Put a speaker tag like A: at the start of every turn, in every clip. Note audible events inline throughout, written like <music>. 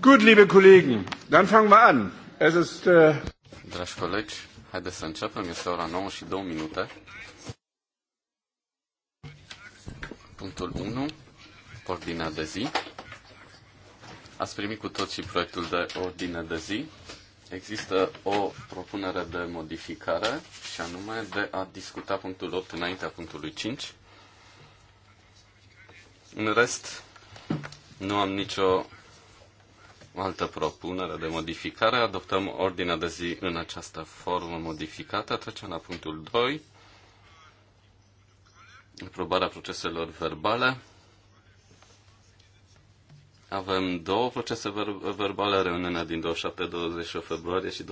A: Gut, liebe Kollegen, dann fangen wir an. Es ist, uh...
B: Dragi colegi, haideți să începem. Este ora 9 și 2 minute. Punctul 1, ordinea de zi. Ați primit cu toții proiectul de ordine de zi. Există o propunere de modificare și anume de a discuta punctul 8 înaintea punctului 5. În rest, nu am nicio altă propunere de modificare. Adoptăm ordinea de zi în această formă modificată. Trecem la punctul 2. Aprobarea proceselor verbale. Avem două procese ver- verbale, reuniunea din 27-28 februarie și 20-21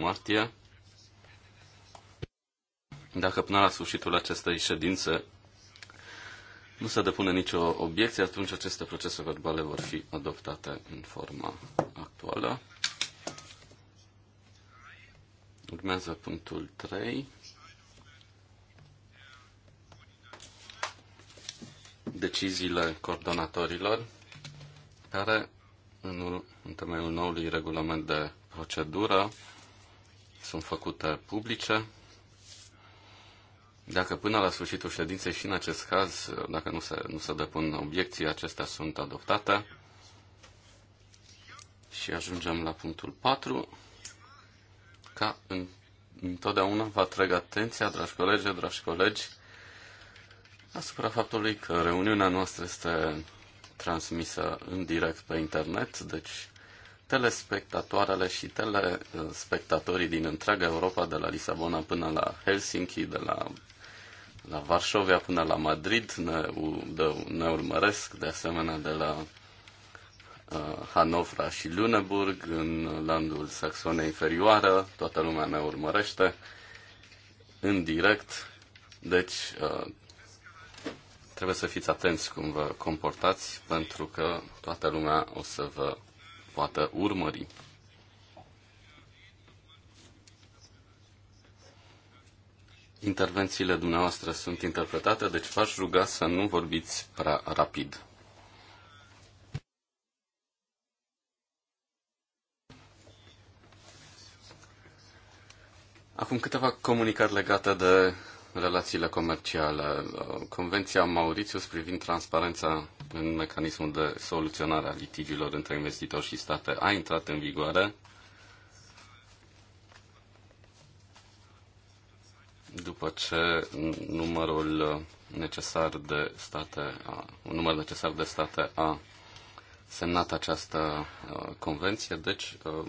B: martie. Dacă până la sfârșitul acestei ședințe nu se depune nicio obiecție, atunci aceste procese verbale vor fi adoptate în forma actuală. Urmează punctul 3. Deciziile coordonatorilor care, în, în temeiul noului regulament de procedură, sunt făcute publice. Dacă până la sfârșitul ședinței și în acest caz, dacă nu se, nu se depun obiecții, acestea sunt adoptate. Și ajungem la punctul 4. Ca în, întotdeauna vă atrag atenția, dragi colegi, dragi colegi, asupra faptului că reuniunea noastră este transmisă în direct pe internet, deci telespectatoarele și telespectatorii din întreaga Europa, de la Lisabona până la Helsinki, de la la Varșovia până la Madrid, ne, de, ne urmăresc de asemenea de la uh, Hanovra și Lüneburg, în landul Saxonia Inferioară, toată lumea ne urmărește în direct, deci uh, trebuie să fiți atenți cum vă comportați, pentru că toată lumea o să vă poată urmări. intervențiile dumneavoastră sunt interpretate, deci v-aș ruga să nu vorbiți prea rapid. Acum câteva comunicări legate de relațiile comerciale. Convenția Mauritius privind transparența în mecanismul de soluționare a litigiilor între investitori și state a intrat în vigoare după ce numărul necesar de state a, un număr necesar de state a semnat această convenție, deci uh,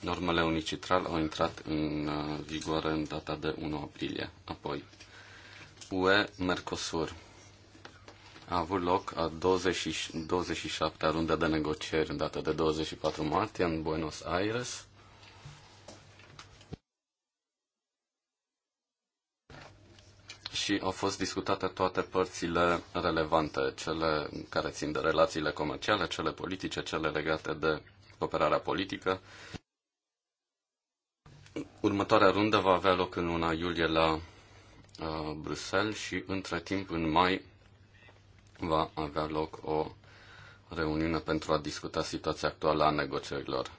B: normele unicitral au intrat în uh, vigoare în data de 1 aprilie. Apoi, UE-Mercosur a avut loc a 20, 27-a rundă de negocieri în data de 24 martie în Buenos Aires și au fost discutate toate părțile relevante, cele care țin de relațiile comerciale, cele politice, cele legate de cooperarea politică. Următoarea rundă va avea loc în luna iulie la uh, Bruxelles și între timp în mai va avea loc o reuniune pentru a discuta situația actuală a negocierilor.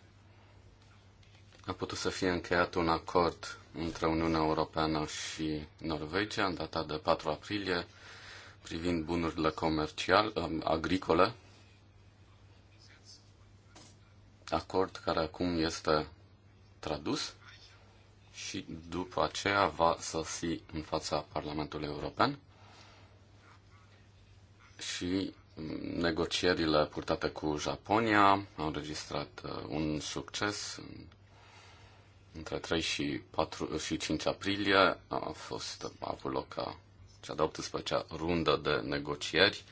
B: A putut să fie încheiat un acord între Uniunea Europeană și Norvegia, în data de 4 aprilie, privind bunurile comerciale, um, agricole, acord care acum este tradus și după aceea va sosi în fața Parlamentului European și um, negocierile purtate cu Japonia au înregistrat uh, un succes în între 3 și, 4, și 5 aprilie a fost a avut loc a, cea de 18-a rundă de negocieri,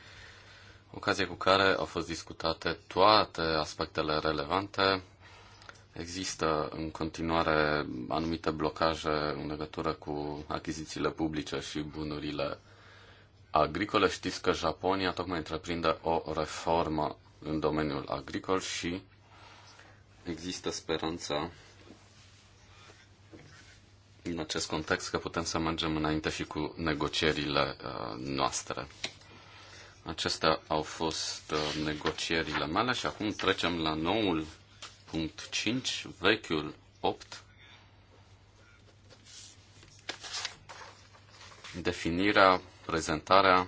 B: ocazie cu care au fost discutate toate aspectele relevante. Există în continuare anumite blocaje în legătură cu achizițiile publice și bunurile agricole. Știți că Japonia tocmai întreprinde o reformă în domeniul agricol și există speranța din acest context că putem să mergem înainte și cu negocierile uh, noastre. Acestea au fost uh, negocierile mele și acum trecem la noul punct 5, vechiul 8, definirea, prezentarea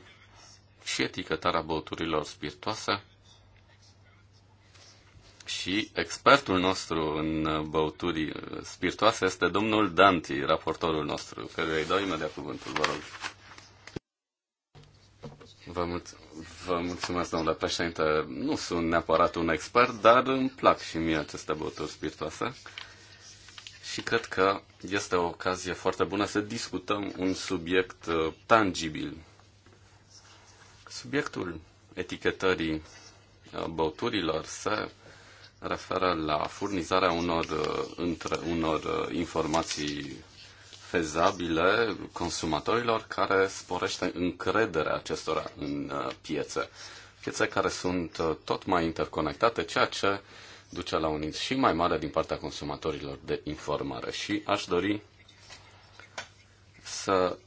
B: și etichetarea băuturilor spiritoase și expertul nostru în băuturi spiritoase este domnul Danti, raportorul nostru, căruia îi dau imediat cuvântul, vă rog. Vă, mul- vă mulțumesc, domnule președinte. Nu sunt neapărat un expert, dar îmi plac și mie aceste băuturi spiritoase. Și cred că este o ocazie foarte bună să discutăm un subiect uh, tangibil. Subiectul etichetării uh, băuturilor se referă la furnizarea unor, uh, între, unor uh, informații fezabile consumatorilor care sporește încrederea acestora în uh, piețe. Piețe care sunt tot mai interconectate, ceea ce duce la un și mai mare din partea consumatorilor de informare. Și aș dori să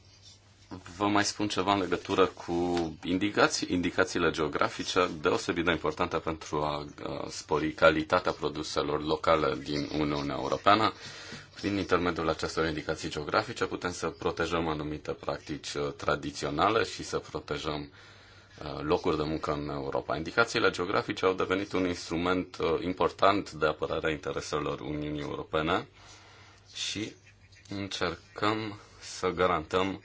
B: Vă mai spun ceva în legătură cu indicații, indicațiile geografice deosebit de importante pentru a spori calitatea produselor locale din Uniunea Europeană. Prin intermediul acestor indicații geografice putem să protejăm anumite practici tradiționale și să protejăm locuri de muncă în Europa. Indicațiile geografice au devenit un instrument important de apărare a intereselor Uniunii Europene și încercăm să garantăm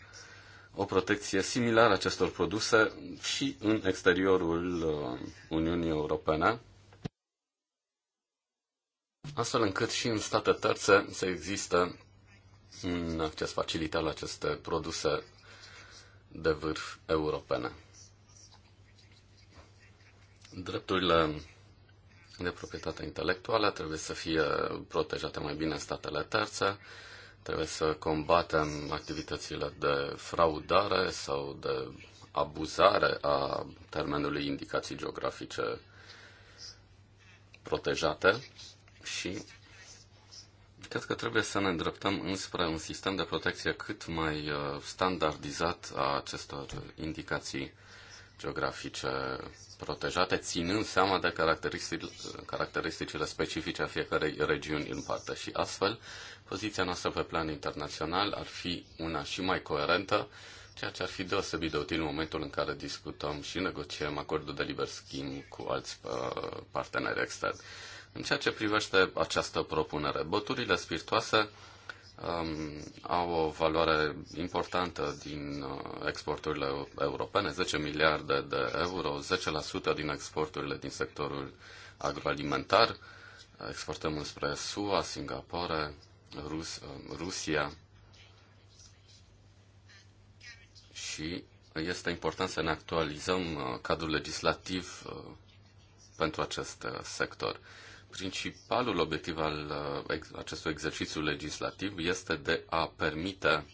B: o protecție similară acestor produse și în exteriorul uh, Uniunii Europene, astfel încât și în state terțe să există un acces facilitat la aceste produse de vârf europene. Drepturile de proprietate intelectuală trebuie să fie protejate mai bine în statele terțe, Trebuie să combatem activitățile de fraudare sau de abuzare a termenului indicații geografice protejate și cred că trebuie să ne îndreptăm înspre un sistem de protecție cât mai uh, standardizat a acestor indicații geografice protejate, ținând seama de caracteristicile specifice a fiecărei regiuni în parte. Și astfel poziția noastră pe plan internațional ar fi una și mai coerentă, ceea ce ar fi deosebit de util în momentul în care discutăm și negociem acordul de liber schimb cu alți uh, parteneri externi. În ceea ce privește această propunere, băturile spiritoase um, au o valoare importantă din uh, exporturile europene, 10 miliarde de euro, 10% din exporturile din sectorul agroalimentar. Exportăm înspre SUA, Singapore, Rus, Rusia și este important să ne actualizăm uh, cadrul legislativ uh, pentru acest uh, sector. Principalul obiectiv al acestui exercițiu legislativ este de a permite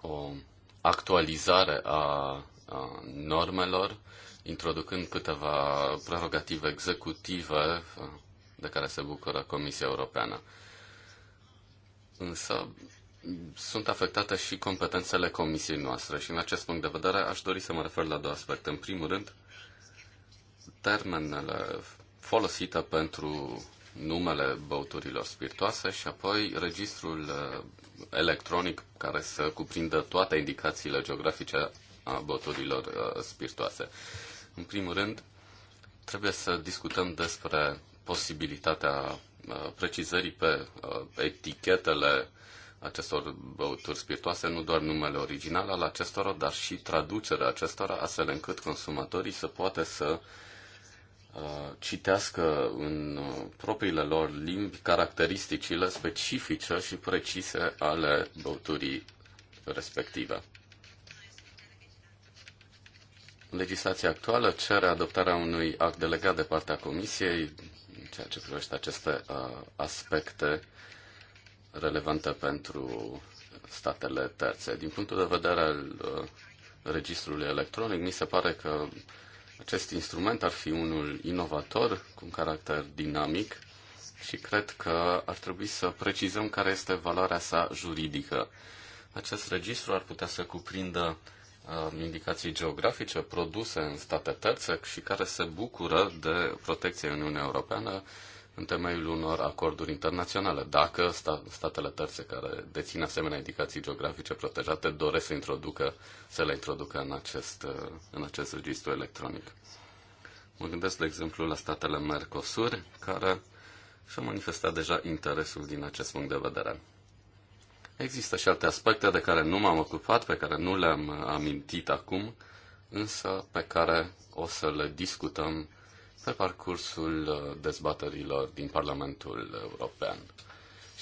B: o actualizare a, normelor introducând câteva prerogative executive uh, de care se bucură Comisia Europeană. Însă sunt afectate și competențele Comisiei noastre și în acest punct de vedere aș dori să mă refer la două aspecte. În primul rând, termenele folosite pentru numele băuturilor spiritoase și apoi registrul uh, electronic care să cuprindă toate indicațiile geografice a băuturilor uh, spiritoase. În primul rând, trebuie să discutăm despre posibilitatea uh, precizării pe uh, etichetele acestor băuturi spiritoase, nu doar numele original al acestora, dar și traducerea acestora, astfel încât consumatorii să poată să uh, citească în propriile lor limbi caracteristicile specifice și precise ale băuturii respective. Legislația actuală cere adoptarea unui act delegat de partea Comisiei în ceea ce privește aceste uh, aspecte relevante pentru statele terțe. Din punctul de vedere al uh, registrului electronic, mi se pare că acest instrument ar fi unul inovator, cu un caracter dinamic și cred că ar trebui să precizăm care este valoarea sa juridică. Acest registru ar putea să cuprindă Um, indicații geografice produse în state terțe și care se bucură de protecție Uniunii Europene Europeană în temeiul unor acorduri internaționale. Dacă statele terțe care dețin asemenea indicații geografice protejate doresc să, introducă, să le introducă în acest, uh, în acest registru electronic. Mă gândesc, de exemplu, la statele Mercosur, care și-au manifestat deja interesul din acest punct de vedere. Există și alte aspecte de care nu m-am ocupat, pe care nu le-am amintit acum, însă pe care o să le discutăm pe parcursul dezbaterilor din Parlamentul European.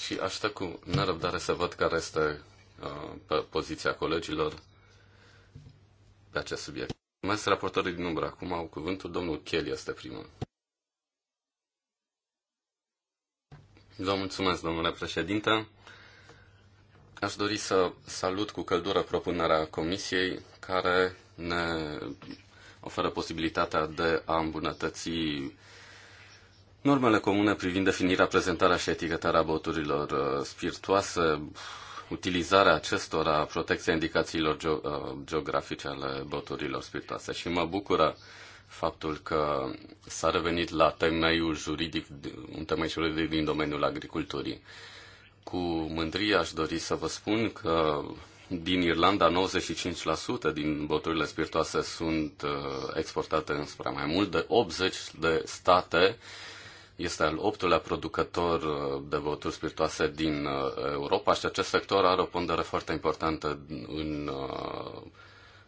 B: Și aștept cu nerăbdare să văd care este uh, poziția colegilor pe acest subiect. Mulțumesc raportorii din umbră. Acum au cuvântul domnul Kelly este primul. Vă mulțumesc, domnule președinte. Aș dori să salut cu căldură propunerea Comisiei care ne oferă posibilitatea de a îmbunătăți normele comune privind definirea, prezentarea și etichetarea băuturilor uh, spiritoase, utilizarea acestora, protecția indicațiilor uh, geografice ale băuturilor spiritoase. Și mă bucură faptul că s-a revenit la temeiul juridic, un temei juridic din domeniul agriculturii cu mândrie aș dori să vă spun că din Irlanda 95% din băuturile spiritoase sunt uh, exportate înspre mai mult de 80 de state. Este al optulea producător uh, de băuturi spiritoase din uh, Europa și acest sector are o pondere foarte importantă în,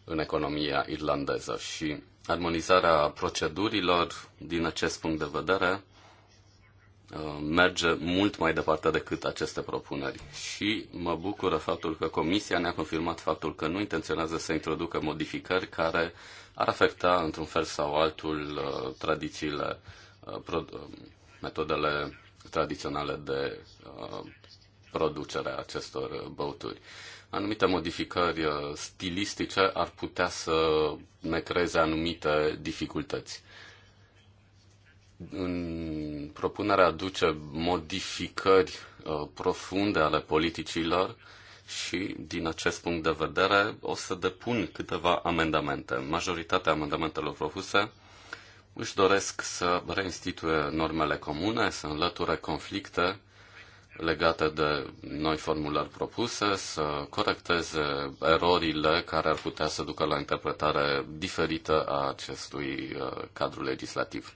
B: în economia irlandeză și armonizarea procedurilor din acest punct de vedere Uh, merge mult mai departe decât aceste propuneri și mă bucură faptul că Comisia ne-a confirmat faptul că nu intenționează să introducă modificări care ar afecta într-un fel sau altul uh, tradițiile, uh, metodele tradiționale de producere a acestor băuturi. Anumite modificări stilistice ar putea să ne creeze anumite dificultăți în propunerea aduce modificări uh, profunde ale politicilor și, din acest punct de vedere, o să depun câteva amendamente. Majoritatea amendamentelor propuse își doresc să reinstituie normele comune, să înlăture conflicte legate de noi formulări propuse, să corecteze erorile care ar putea să ducă la interpretare diferită a acestui uh, cadru legislativ.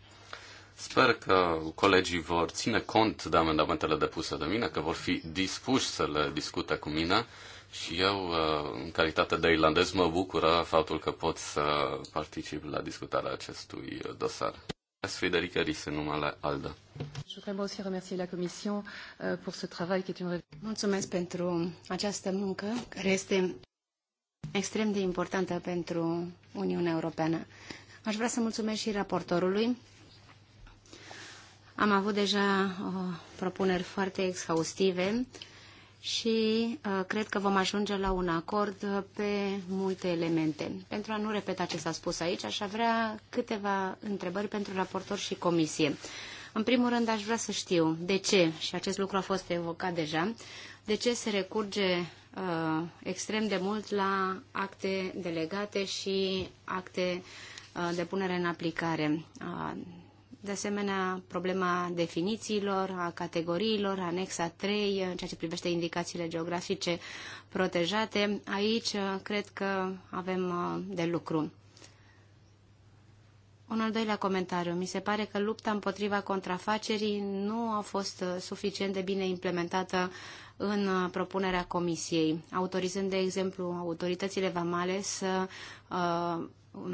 B: Sper că colegii vor ține cont de amendamentele depuse de mine, că vor fi dispuși să le discute cu mine și eu, uh, în calitate de irlandez, mă bucură faptul că pot să particip la discutarea acestui dosar. Frederica Ris, în numele ALDA.
A: Euh, mulțumesc pentru această muncă, care este extrem de importantă pentru Uniunea Europeană. Aș vrea să mulțumesc și raportorului am avut deja uh, propuneri foarte exhaustive și uh, cred că vom ajunge la un acord uh, pe multe elemente. Pentru a nu repeta ce s-a spus aici, aș avea câteva întrebări pentru raportor și comisie. În primul rând, aș vrea să știu de ce, și acest lucru a fost evocat deja, de ce se recurge uh, extrem de mult la acte delegate și acte uh, de punere în aplicare. Uh, de asemenea problema definițiilor, a categoriilor, anexa 3, în ceea ce privește indicațiile geografice protejate. Aici uh, cred că avem uh, de lucru. Un al doilea comentariu. Mi se pare că lupta împotriva contrafacerii nu a fost uh, suficient de bine implementată în propunerea comisiei, autorizând, de exemplu, autoritățile vamale să uh,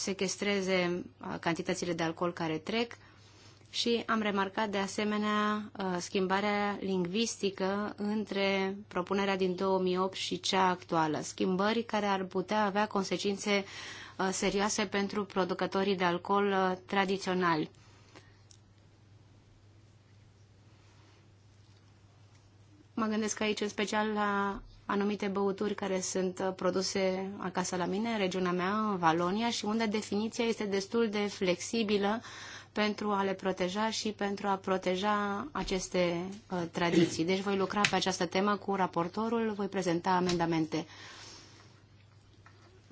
A: sequestreze uh, cantitățile de alcool care trec și am remarcat de asemenea uh, schimbarea lingvistică între propunerea din 2008 și cea actuală, schimbări care ar putea avea consecințe uh, serioase pentru producătorii de alcool tradiționali. Mă gândesc aici în special la anumite băuturi care sunt uh, produse acasă la mine, în regiunea mea, în Valonia, și unde definiția este destul de flexibilă pentru a le proteja și pentru a proteja aceste uh, tradiții. Deci voi lucra pe această temă cu raportorul, voi prezenta amendamente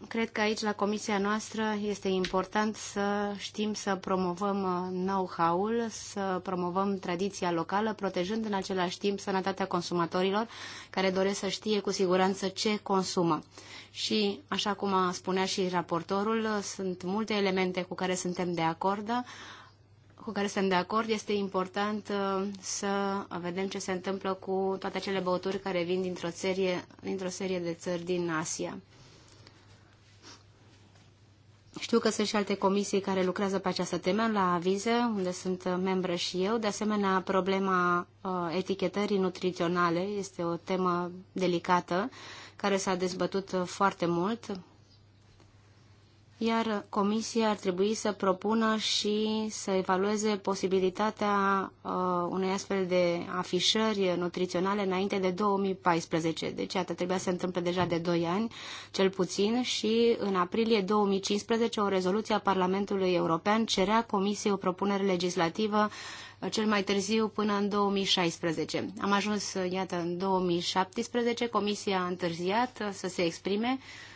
A: cred că aici, la comisia noastră, este important să știm să promovăm uh, know-how-ul, să promovăm tradiția locală, protejând în același timp sănătatea consumatorilor care doresc să știe cu siguranță ce consumă. Și, așa cum a spunea și raportorul, uh, sunt multe elemente cu care suntem de acord, uh, cu care suntem de acord, este important să vedem ce se întâmplă cu toate acele băuturi care vin dintr-o serie, dintr-o serie de țări din Asia. Știu că sunt și alte comisii care lucrează pe această temă la avize, unde sunt membră și eu. De asemenea, problema uh, etichetării nutriționale este o temă delicată care s-a dezbătut uh, foarte mult iar Comisia ar trebui să propună și să evalueze posibilitatea uh, unei astfel de afișări nutriționale înainte de 2014. Deci, atât trebuia să se întâmple deja de 2 ani, cel puțin, și în aprilie 2015 o rezoluție a Parlamentului European cerea Comisiei o propunere legislativă uh, cel mai târziu până în 2016. Am ajuns, iată, în 2017, Comisia a întârziat uh, să se exprime, uh,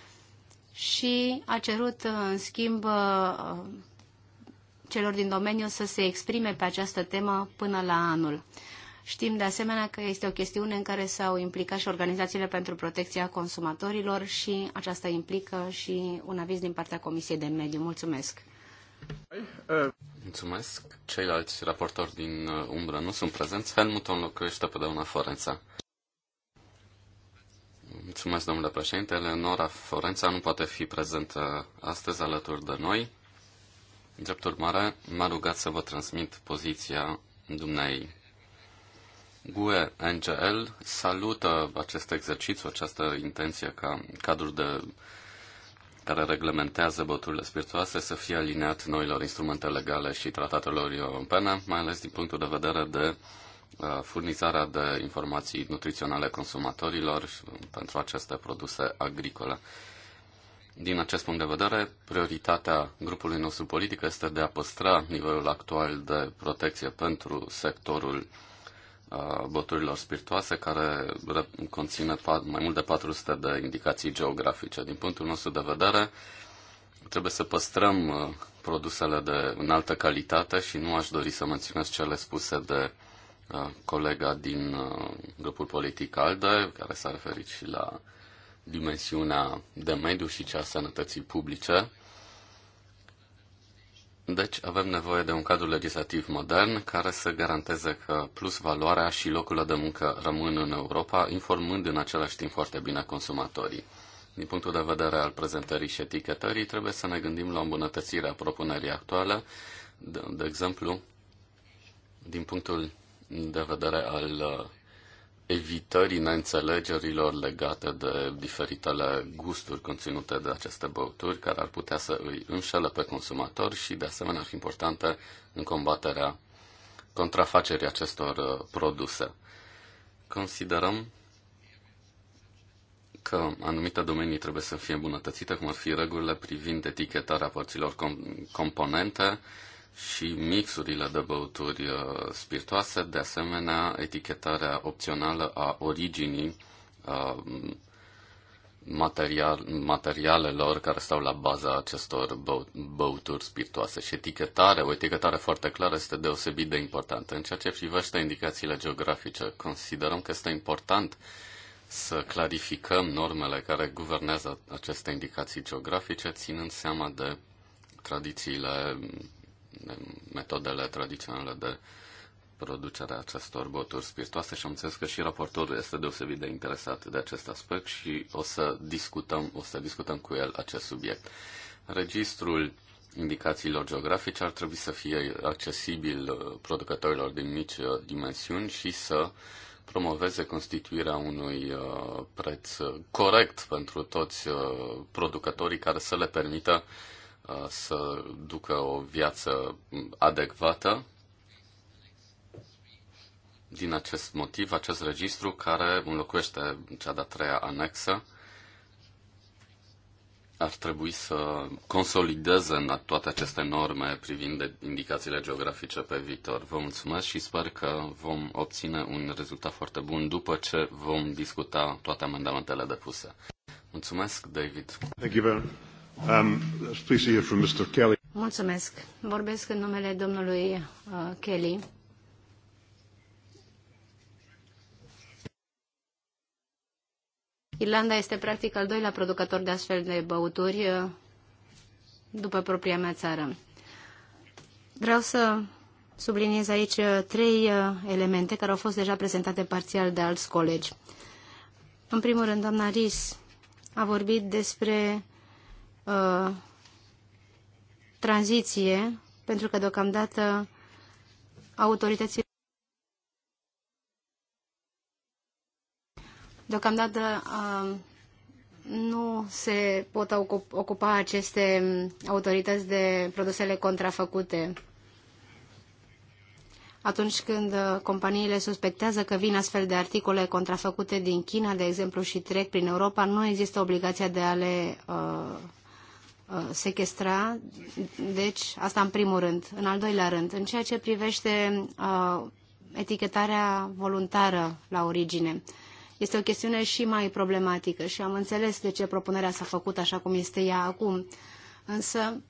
A: și a cerut, uh, în schimb, uh, celor din domeniu să se exprime pe această temă până la anul. Știm de asemenea că este o chestiune în care s-au implicat și organizațiile pentru protecția consumatorilor și aceasta implică și un aviz din partea Comisiei de Mediu. Mulțumesc!
B: Mulțumesc. Ceilalți raportori din uh, umbră nu sunt prezenți. Helmut înlocuiește pe una Forența. Mulțumesc, domnule președinte. Eleonora Forența nu poate fi prezentă astăzi alături de noi. drept urmare, m-a rugat să vă transmit poziția dumnei. GUE NGL salută acest exercițiu, această intenție ca cadrul de care reglementează băturile spirituoase să fie aliniat noilor instrumente legale și tratatelor europene, mai ales din punctul de vedere de uh, Uh, furnizarea de informații nutriționale consumatorilor pentru aceste produse agricole. Din acest punct de vedere, prioritatea grupului nostru politic este de a păstra nivelul actual de protecție pentru sectorul uh, băturilor spiritoase, care conține mai mult de 400 de indicații geografice. Din punctul nostru de vedere, trebuie să păstrăm uh, produsele de înaltă calitate și nu aș dori să menționez cele spuse de colega din uh, grupul politic ALDE, care s-a referit și la dimensiunea de mediu și cea a sănătății publice. Deci avem nevoie de un cadru legislativ modern care să garanteze că plus valoarea și locul de muncă rămân în Europa, informând în același timp foarte bine consumatorii. Din punctul de vedere al prezentării și etichetării, trebuie să ne gândim la îmbunătățirea propunerii actuale, de, de exemplu, din punctul de vedere al uh, evitării neînțelegerilor legate de diferitele gusturi conținute de aceste băuturi, care ar putea să îi înșele pe consumatori și, de asemenea, ar fi importante în combaterea contrafacerii acestor uh, produse. Considerăm că anumite domenii trebuie să fie îmbunătățite, cum ar fi regulile privind etichetarea părților com- componente, și mixurile de băuturi uh, spiritoase, de asemenea etichetarea opțională a originii uh, material, materialelor care stau la baza acestor băuturi spiritoase și etichetare, o etichetare foarte clară este deosebit de importantă. În ceea ce privește indicațiile geografice, considerăm că este important să clarificăm normele care guvernează aceste indicații geografice, ținând seama de tradițiile metodele tradiționale de producerea acestor băuturi spiritoase și am înțeles că și raportorul este deosebit de interesat de acest aspect și o să discutăm, o să discutăm cu el acest subiect. Registrul indicațiilor geografice ar trebui să fie accesibil uh, producătorilor din mici uh, dimensiuni și să promoveze constituirea unui uh, preț corect pentru toți producătorii care să le permită Uh, să ducă o viață adecvată. Din acest motiv, acest registru care înlocuiește cea de-a treia anexă ar trebui să consolideze în toate aceste norme privind indicațiile geografice pe viitor. Vă mulțumesc și sper că vom obține un rezultat foarte bun după ce vom discuta toate amendamentele depuse. Mulțumesc, David. Thank you, Um,
A: Mulțumesc. Vorbesc în numele domnului uh, Kelly. Irlanda este practic al doilea producător de astfel de băuturi uh, după propria mea țară. Vreau să subliniez aici uh, trei uh, elemente care au fost deja prezentate parțial de alți colegi. În primul rând, doamna Ris a vorbit despre Uh, tranziție, pentru că deocamdată autoritățile deocamdată uh, nu se pot ocupa aceste autorități de produsele contrafăcute. Atunci când uh, companiile suspectează că vin astfel de articole contrafăcute din China, de exemplu, și trec prin Europa, nu există obligația de a le uh, Uh, sechestra. Deci, asta în primul rând. În al doilea rând, în ceea ce privește uh, etichetarea voluntară la origine, este o chestiune și mai problematică și am înțeles de ce propunerea s-a făcut așa cum este ea acum. Însă,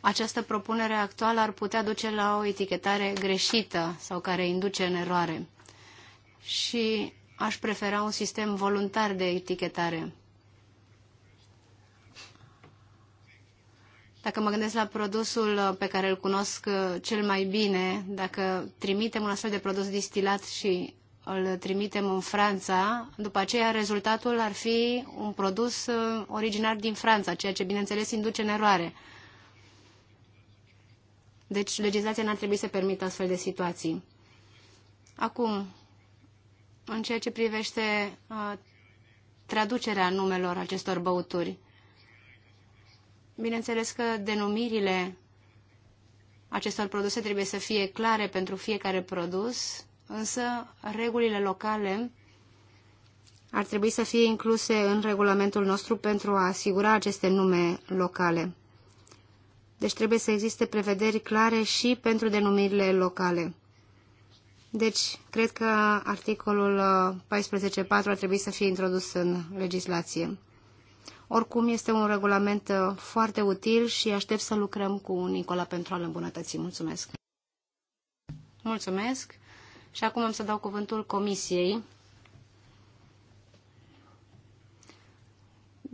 A: această propunere actuală ar putea duce la o etichetare greșită sau care induce în eroare. Și aș prefera un sistem voluntar de etichetare. Dacă mă gândesc la produsul uh, pe care îl cunosc uh, cel mai bine, dacă trimitem un astfel de produs distilat și îl trimitem în Franța, după aceea rezultatul ar fi un produs uh, originar din Franța, ceea ce bineînțeles induce în eroare. Deci legislația n-ar trebui să permită astfel de situații. Acum, în ceea ce privește uh, traducerea numelor acestor băuturi, Bineînțeles că denumirile acestor produse trebuie să fie clare pentru fiecare produs, însă regulile locale ar trebui să fie incluse în regulamentul nostru pentru a asigura aceste nume locale. Deci trebuie să existe prevederi clare și pentru denumirile locale. Deci, cred că articolul 14.4 uh, ar trebui să fie introdus în legislație. Oricum, este un regulament uh, foarte util și aștept să lucrăm cu Nicola pentru a-l îmbunătăți. Mulțumesc! Mulțumesc! Și acum am să dau cuvântul Comisiei.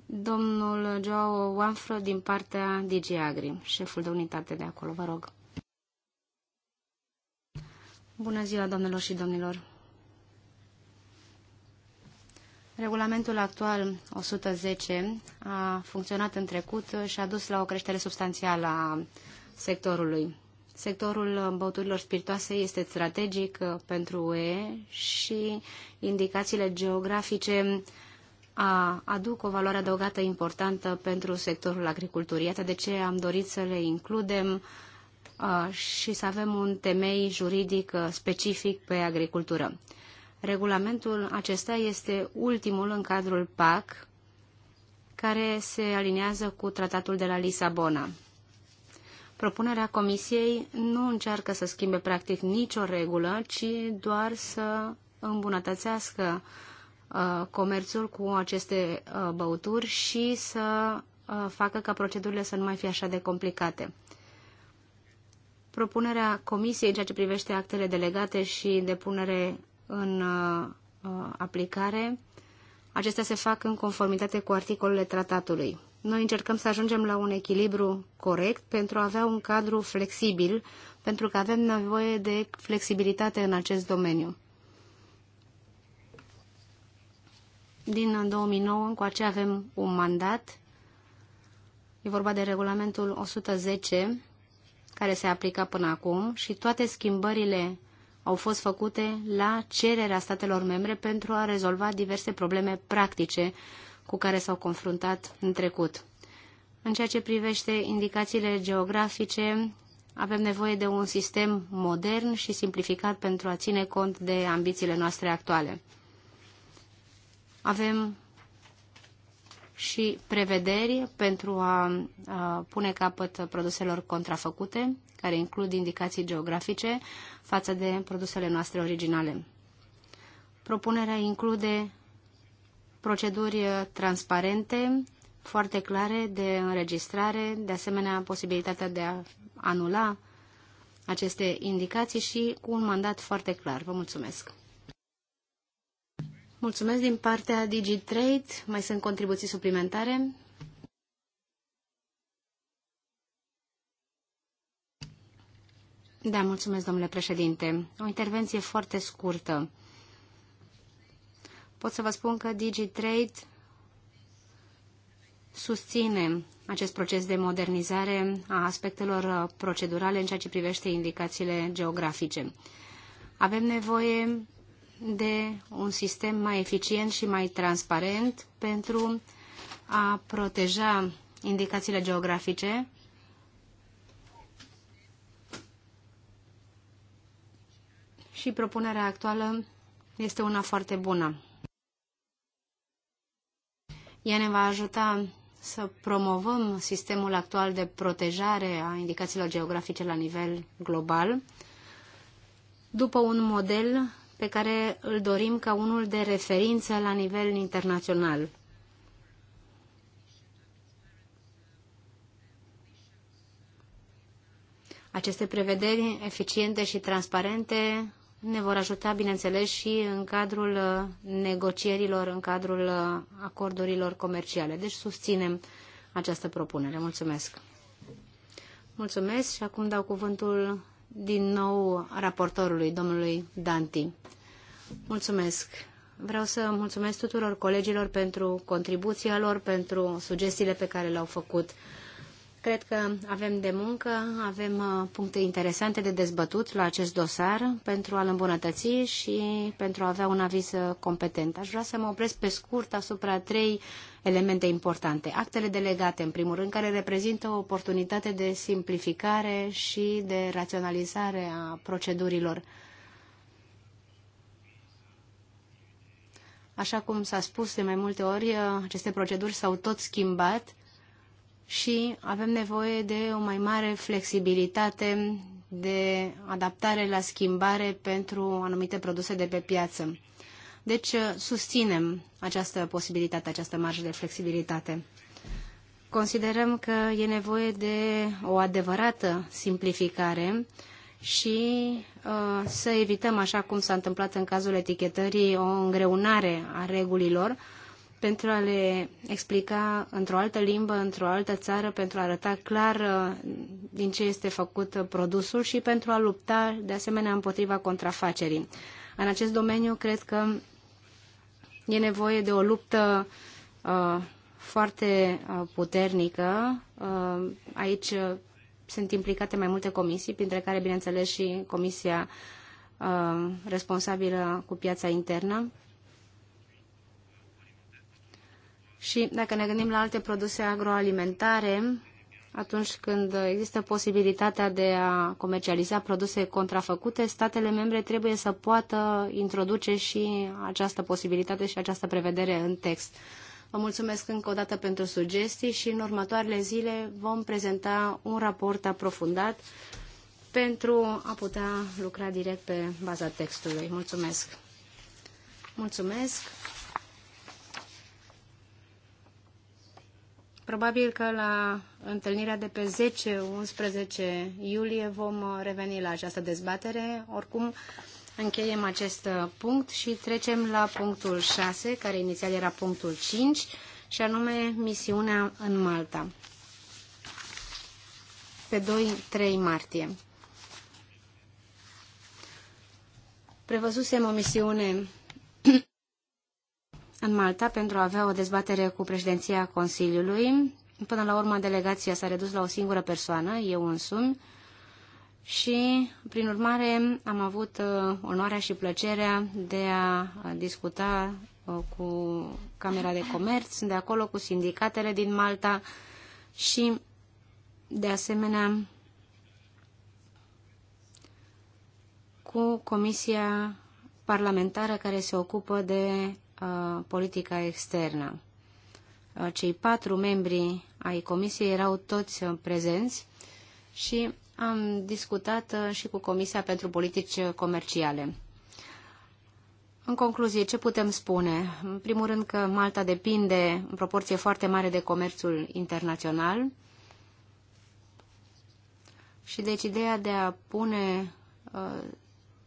A: Domnul Joao Wanfră din partea DG Agri, șeful de unitate de acolo, vă rog. Bună ziua, doamnelor și domnilor! Regulamentul actual 110 a funcționat în trecut și a dus la o creștere substanțială a sectorului. Sectorul băuturilor spiritoase este strategic pentru UE și indicațiile geografice a, aduc o valoare adăugată importantă pentru sectorul agriculturii. Iată de ce am dorit să le includem și să avem un temei juridic specific pe agricultură. Regulamentul acesta este ultimul în cadrul PAC, care se aliniază cu tratatul de la Lisabona. Propunerea Comisiei nu încearcă să schimbe practic nicio regulă, ci doar să îmbunătățească uh, comerțul cu aceste uh, băuturi și să uh, facă ca procedurile să nu mai fie așa de complicate. Propunerea Comisiei în ceea ce privește actele delegate și depunere în uh, uh, aplicare, acestea se fac în conformitate cu articolele tratatului. Noi încercăm să ajungem la un echilibru corect pentru a avea un cadru flexibil, pentru că avem nevoie de flexibilitate în acest domeniu. Din 2009 încoace avem un mandat. E vorba de regulamentul 110, care se aplica până acum și toate schimbările au fost făcute la cererea statelor membre pentru a rezolva diverse probleme practice cu care s-au confruntat în trecut. În ceea ce privește indicațiile geografice, avem nevoie de un sistem modern și simplificat pentru a ține cont de ambițiile noastre actuale. Avem și prevederi pentru a, a pune capăt produselor contrafăcute care includ indicații geografice față de produsele noastre originale. Propunerea include proceduri uh, transparente, foarte clare de înregistrare, de asemenea posibilitatea de a anula aceste indicații și cu un mandat foarte clar. Vă mulțumesc! Mulțumesc din partea DigiTrade. Mai sunt contribuții suplimentare? Da, mulțumesc, domnule președinte. O intervenție foarte scurtă. Pot să vă spun că DigiTrade susține acest proces de modernizare a aspectelor procedurale în ceea ce privește indicațiile geografice. Avem nevoie de un sistem mai eficient și mai transparent pentru a proteja indicațiile geografice și propunerea actuală este una foarte bună. Ea ne va ajuta să promovăm sistemul actual de protejare a indicațiilor geografice la nivel global, după un model pe care îl dorim ca unul de referință la nivel internațional. Aceste prevederi eficiente și transparente ne vor ajuta, bineînțeles, și în cadrul uh, negocierilor, în cadrul uh, acordurilor comerciale. Deci susținem această propunere. Mulțumesc! Mulțumesc și acum dau cuvântul din nou raportorului, domnului Danti. Mulțumesc! Vreau să mulțumesc tuturor colegilor pentru contribuția lor, pentru sugestiile pe care le-au făcut. Cred că avem de muncă, avem uh, puncte interesante de dezbătut la acest dosar pentru a-l îmbunătăți și pentru a avea un aviz uh, competent. Aș vrea să mă opresc pe scurt asupra trei elemente importante. Actele delegate, în primul rând, care reprezintă o oportunitate de simplificare și de raționalizare a procedurilor. Așa cum s-a spus de mai multe ori, uh, aceste proceduri s-au tot schimbat și avem nevoie de o mai mare flexibilitate de adaptare la schimbare pentru anumite produse de pe piață. Deci uh, susținem această posibilitate, această marjă de flexibilitate. Considerăm că e nevoie de o adevărată simplificare și uh, să evităm, așa cum s-a întâmplat în cazul etichetării, o îngreunare a regulilor pentru a le explica într-o altă limbă, într-o altă țară, pentru a arăta clar uh, din ce este făcut uh, produsul și pentru a lupta de asemenea împotriva contrafacerii. În acest domeniu cred că e nevoie de o luptă uh, foarte uh, puternică. Uh, aici uh, sunt implicate mai multe comisii, printre care, bineînțeles, și comisia uh, responsabilă cu piața internă. Și dacă ne gândim la alte produse agroalimentare, atunci când există posibilitatea de a comercializa produse contrafăcute, statele membre trebuie să poată introduce și această posibilitate și această prevedere în text. Vă mulțumesc încă o dată pentru sugestii și în următoarele zile vom prezenta un raport aprofundat pentru a putea lucra direct pe baza textului. Mulțumesc! Mulțumesc! Probabil că la întâlnirea de pe 10-11 iulie vom uh, reveni la această dezbatere. Oricum, încheiem acest uh, punct și trecem la punctul 6, care inițial era punctul 5, și anume misiunea în Malta. Pe 2-3 martie. Prevăzusem o misiune în Malta pentru a avea o dezbatere cu președinția Consiliului. Până la urmă, delegația s-a redus la o singură persoană, eu însumi, și, prin urmare, am avut uh, onoarea și plăcerea de a discuta uh, cu Camera de Comerț, de acolo cu sindicatele din Malta și, de asemenea, cu Comisia Parlamentară care se ocupă de politica externă. Cei patru membri ai comisiei erau toți prezenți și am discutat și cu Comisia pentru Politici Comerciale. În concluzie, ce putem spune? În primul rând că Malta depinde în proporție foarte mare de comerțul internațional și deci ideea de a pune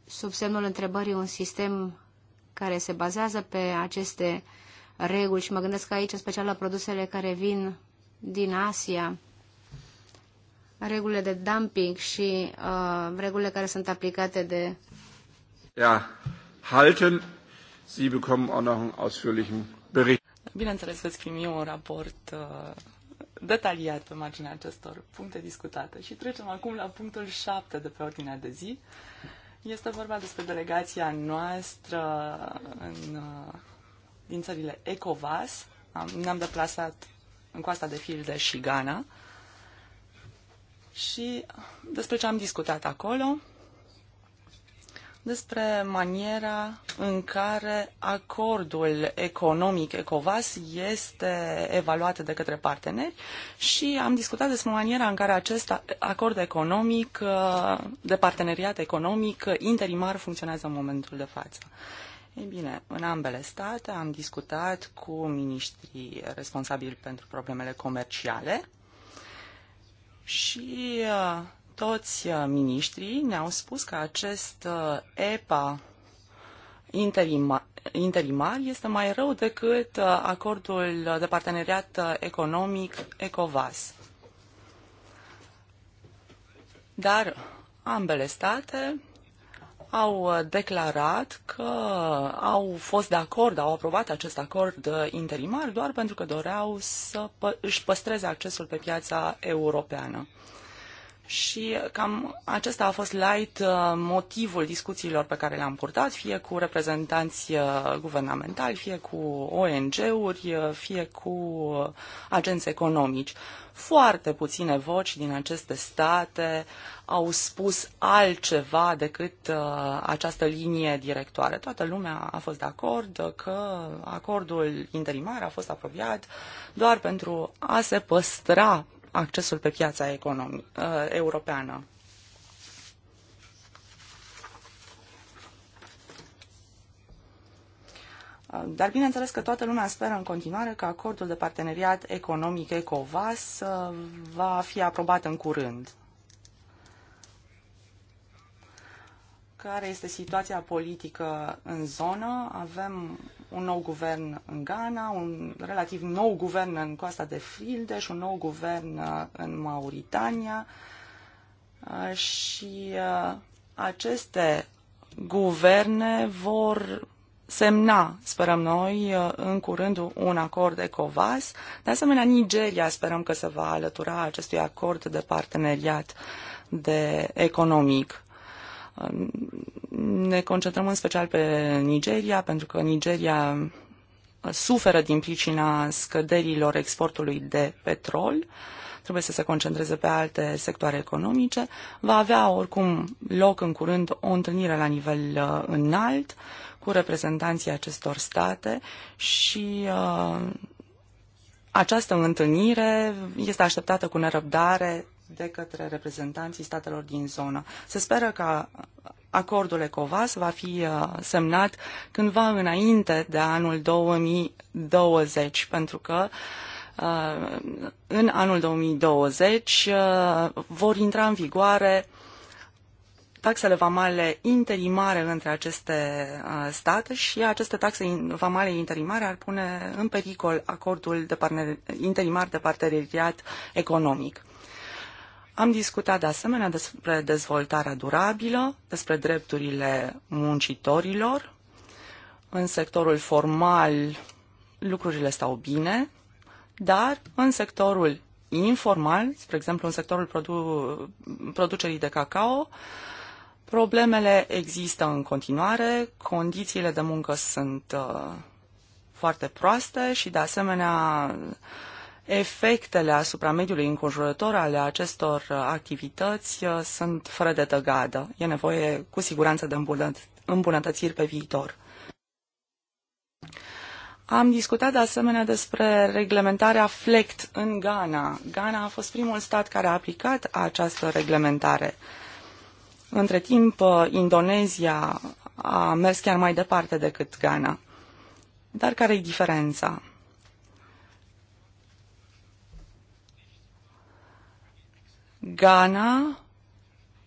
A: sub semnul întrebării un sistem care se bazează pe aceste reguli și mă gândesc aici în special la produsele care vin din Asia, regulile de dumping și uh, regulile care sunt aplicate de
B: ja, halten. Sie bekommen auch noch einen ausführlichen Bericht.
C: Bineînțeles, veți primi un raport uh, detaliat pe marginea acestor puncte discutate. Și trecem acum la punctul 7 de pe ordinea de zi. Uh, este vorba despre delegația noastră în, uh, din țările ECOVAS. Ne-am deplasat în coasta de Filde și Ghana. Și despre ce am discutat acolo despre maniera în care acordul economic ECOVAS este evaluat de către parteneri și am discutat despre maniera în care acest acord economic uh, de parteneriat economic interimar funcționează în momentul de față. Ei bine, în ambele state am discutat cu miniștrii responsabili pentru problemele comerciale și uh, toți uh, miniștrii ne-au spus că acest uh, EPA interima, interimar este mai rău decât uh, acordul de parteneriat economic ECOVAS. Dar ambele state au declarat că au fost de acord, au aprobat acest acord interimar doar pentru că doreau să își păstreze accesul pe piața europeană. Și cam acesta a fost light uh, motivul discuțiilor pe care le-am purtat, fie cu reprezentanți uh, guvernamentali, fie cu ONG-uri, uh, fie cu agenți economici. Foarte puține voci din aceste state au spus altceva decât această linie directoare. Toată lumea a fost de acord că acordul interimar a fost apropiat doar pentru a se păstra accesul pe piața economic, uh, europeană. Uh, dar bineînțeles că toată lumea speră în continuare că acordul de parteneriat economic ECOVAS uh, va fi aprobat în curând. Care este situația politică în zonă? Avem un nou guvern în Ghana, un relativ nou guvern în coasta de Fildeș, un nou guvern uh, în Mauritania uh, și uh, aceste guverne vor semna, sperăm noi, în curând un acord de covas. De asemenea, Nigeria sperăm că se va alătura acestui acord de parteneriat de economic. Ne concentrăm în special pe Nigeria, pentru că Nigeria suferă din pricina scăderilor exportului de petrol, trebuie să se concentreze pe alte sectoare economice. Va avea oricum loc în curând o întâlnire la nivel uh, înalt cu reprezentanții acestor state și uh, această întâlnire este așteptată cu nerăbdare de către reprezentanții statelor din zonă. Se speră că acordul ECOVAS va fi uh, semnat cândva înainte de anul 2020, pentru că uh, în anul 2020 uh, vor intra în vigoare taxele vamale interimare între aceste state și aceste taxe vamale interimare ar pune în pericol acordul de interimar de parteneriat economic. Am discutat de asemenea despre dezvoltarea durabilă, despre drepturile muncitorilor. În sectorul formal lucrurile stau bine, dar în sectorul informal, spre exemplu în sectorul produ- producerii de cacao, problemele există în continuare, condițiile de muncă sunt uh, foarte proaste și de asemenea uh, efectele asupra mediului înconjurător ale acestor uh, activități uh, sunt fără de tăgadă. E nevoie cu siguranță de îmbunătățiri pe viitor. Am discutat de asemenea despre reglementarea FLECT în Ghana. Ghana a fost primul stat care a aplicat această reglementare. Între timp, uh, Indonezia a mers chiar mai departe decât Ghana. Dar care e diferența? Ghana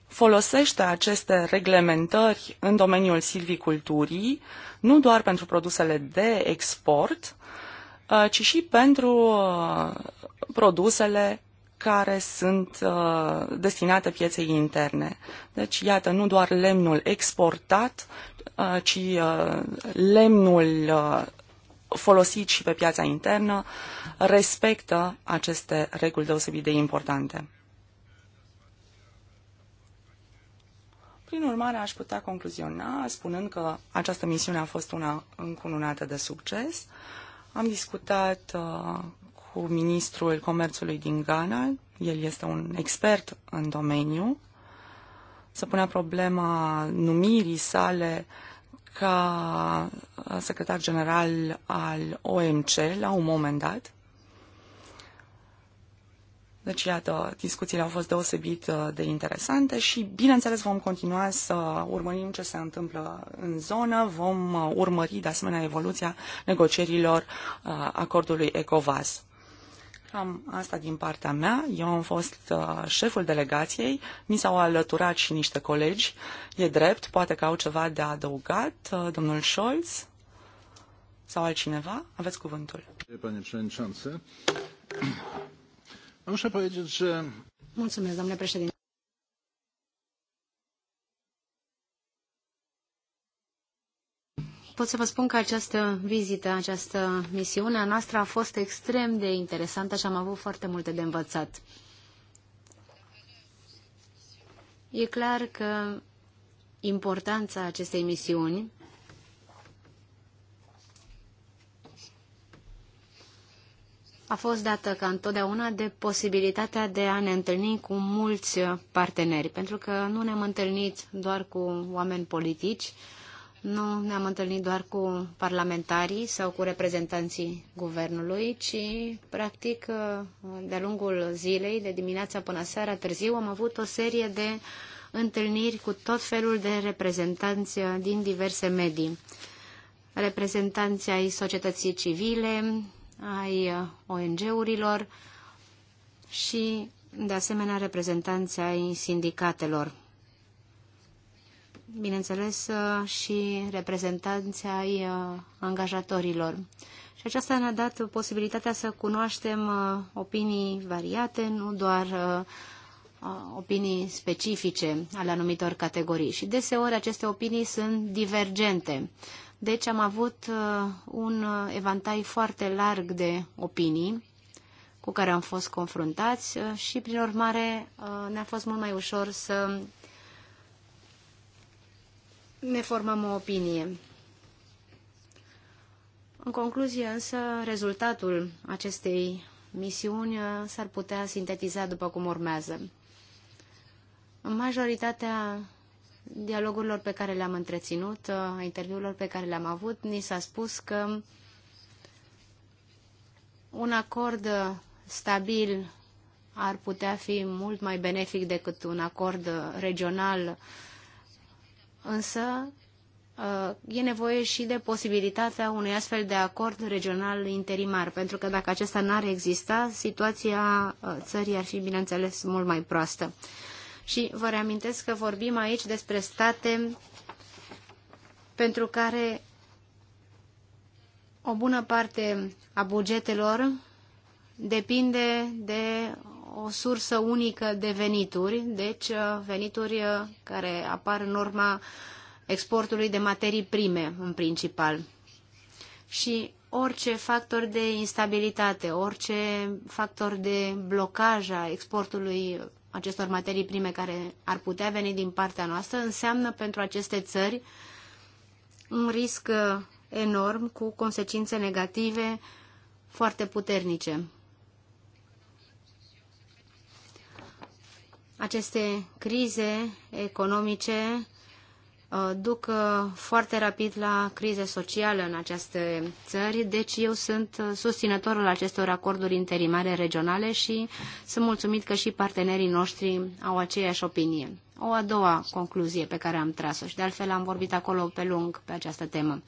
C: folosește aceste reglementări în domeniul silviculturii nu doar pentru produsele de export, uh, ci și pentru uh, produsele care sunt uh, destinate pieței interne. Deci, iată, nu doar lemnul exportat, ci lemnul folosit și pe piața internă respectă aceste reguli deosebit de importante. Prin urmare, aș putea concluziona spunând că această misiune a fost una încununată de succes. Am discutat uh, cu ministrul comerțului din Ghana, el este un expert în domeniu, să punea problema numirii sale ca secretar general al OMC la un moment dat. Deci, iată, discuțiile au fost deosebit uh, de interesante și, bineînțeles, vom continua să urmărim ce se întâmplă în zonă, vom uh, urmări, de asemenea, evoluția negocierilor uh, acordului ECOVAS. Cam asta din partea mea. Eu am fost șeful delegației, mi s-au alăturat și niște colegi. E drept, poate că au ceva de adăugat, domnul Scholz sau altcineva. Aveți cuvântul.
A: Panie președinte,
C: Muszę powiedzieć, że...
A: Mulțumesc, domnule președinte. Pot să vă spun că această vizită, această misiune a noastră a fost extrem de interesantă și am avut foarte multe de învățat. E clar că importanța acestei misiuni a fost dată ca întotdeauna de posibilitatea de a ne întâlni cu mulți parteneri, pentru că nu ne-am întâlnit doar cu oameni politici, nu ne-am întâlnit doar cu parlamentarii sau cu reprezentanții guvernului, ci, practic, de-a lungul zilei, de dimineața până seara târziu, am avut o serie de întâlniri cu tot felul de reprezentanți din diverse medii. Reprezentanții ai societății civile, ai uh, ONG-urilor și, de asemenea, reprezentanți ai sindicatelor. Bineînțeles, uh, și reprezentanți ai uh, angajatorilor. Și aceasta ne-a dat posibilitatea să cunoaștem opinii variate, nu doar opinii specifice ale anumitor categorii. Și deseori aceste opinii sunt divergente. Deci am avut uh, un uh, evantai foarte larg de opinii cu care am fost confruntați uh, și, prin urmare, ne-a fost mult mai ușor să ne formăm o opinie. În concluzie, însă, rezultatul acestei misiuni s-ar putea sintetiza după cum urmează. În majoritatea dialogurilor pe care le-am întreținut, uh, a interviurilor pe care le-am avut, ni s-a spus că un acord stabil ar putea fi mult mai benefic decât un acord regional, însă uh, e nevoie și de posibilitatea unui astfel de acord regional interimar, pentru că dacă acesta n-ar exista, situația uh, țării ar fi, bineînțeles, mult mai proastă. Și vă reamintesc că vorbim aici despre state pentru care o bună parte a bugetelor depinde de o sursă unică de venituri, deci uh, venituri uh, care apar în urma exportului de materii prime, în principal. Și orice factor de instabilitate, orice factor de blocaj a exportului acestor materii prime care ar putea veni din partea noastră înseamnă pentru aceste țări un risc uh, enorm cu consecințe negative foarte puternice. Aceste crize economice Uh, duc uh, foarte rapid la crize sociale în aceste țări, deci eu sunt uh, susținătorul acestor acorduri interimare regionale și sunt mulțumit că și partenerii noștri au aceeași opinie. O a doua concluzie pe care am tras-o și de altfel am vorbit acolo pe lung pe această temă.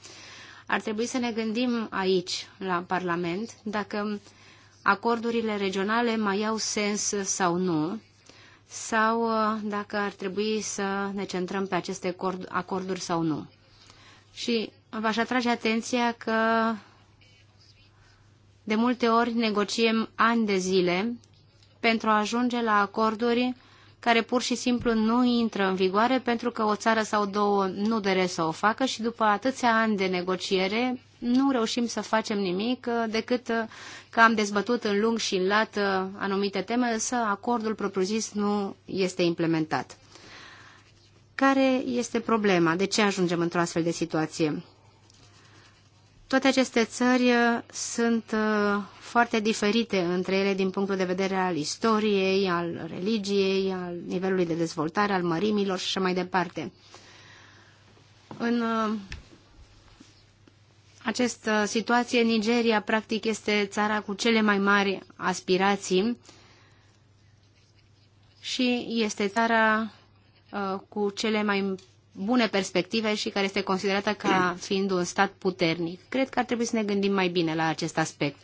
A: Ar trebui să ne gândim aici, la Parlament, dacă acordurile regionale mai au sens sau nu, sau uh, dacă ar trebui să ne centrăm pe aceste acorduri sau nu. Și v-aș atrage atenția că de multe ori negociem ani de zile pentru a ajunge la acorduri care pur și simplu nu intră în vigoare pentru că o țară sau două nu doresc să o facă și după atâția ani de negociere nu reușim să facem nimic uh, decât uh, că am dezbătut în lung și în lat uh, anumite teme, însă acordul propriu-zis nu este implementat. Care este problema? De ce ajungem într-o astfel de situație? Toate aceste țări sunt foarte diferite între ele din punctul de vedere al istoriei, al religiei, al nivelului de dezvoltare, al mărimilor și așa mai departe. În această situație, Nigeria practic este țara cu cele mai mari aspirații și este țara uh, cu cele mai bune perspective și care este considerată ca fiind un stat puternic. Cred că ar trebui să ne gândim mai bine la acest aspect.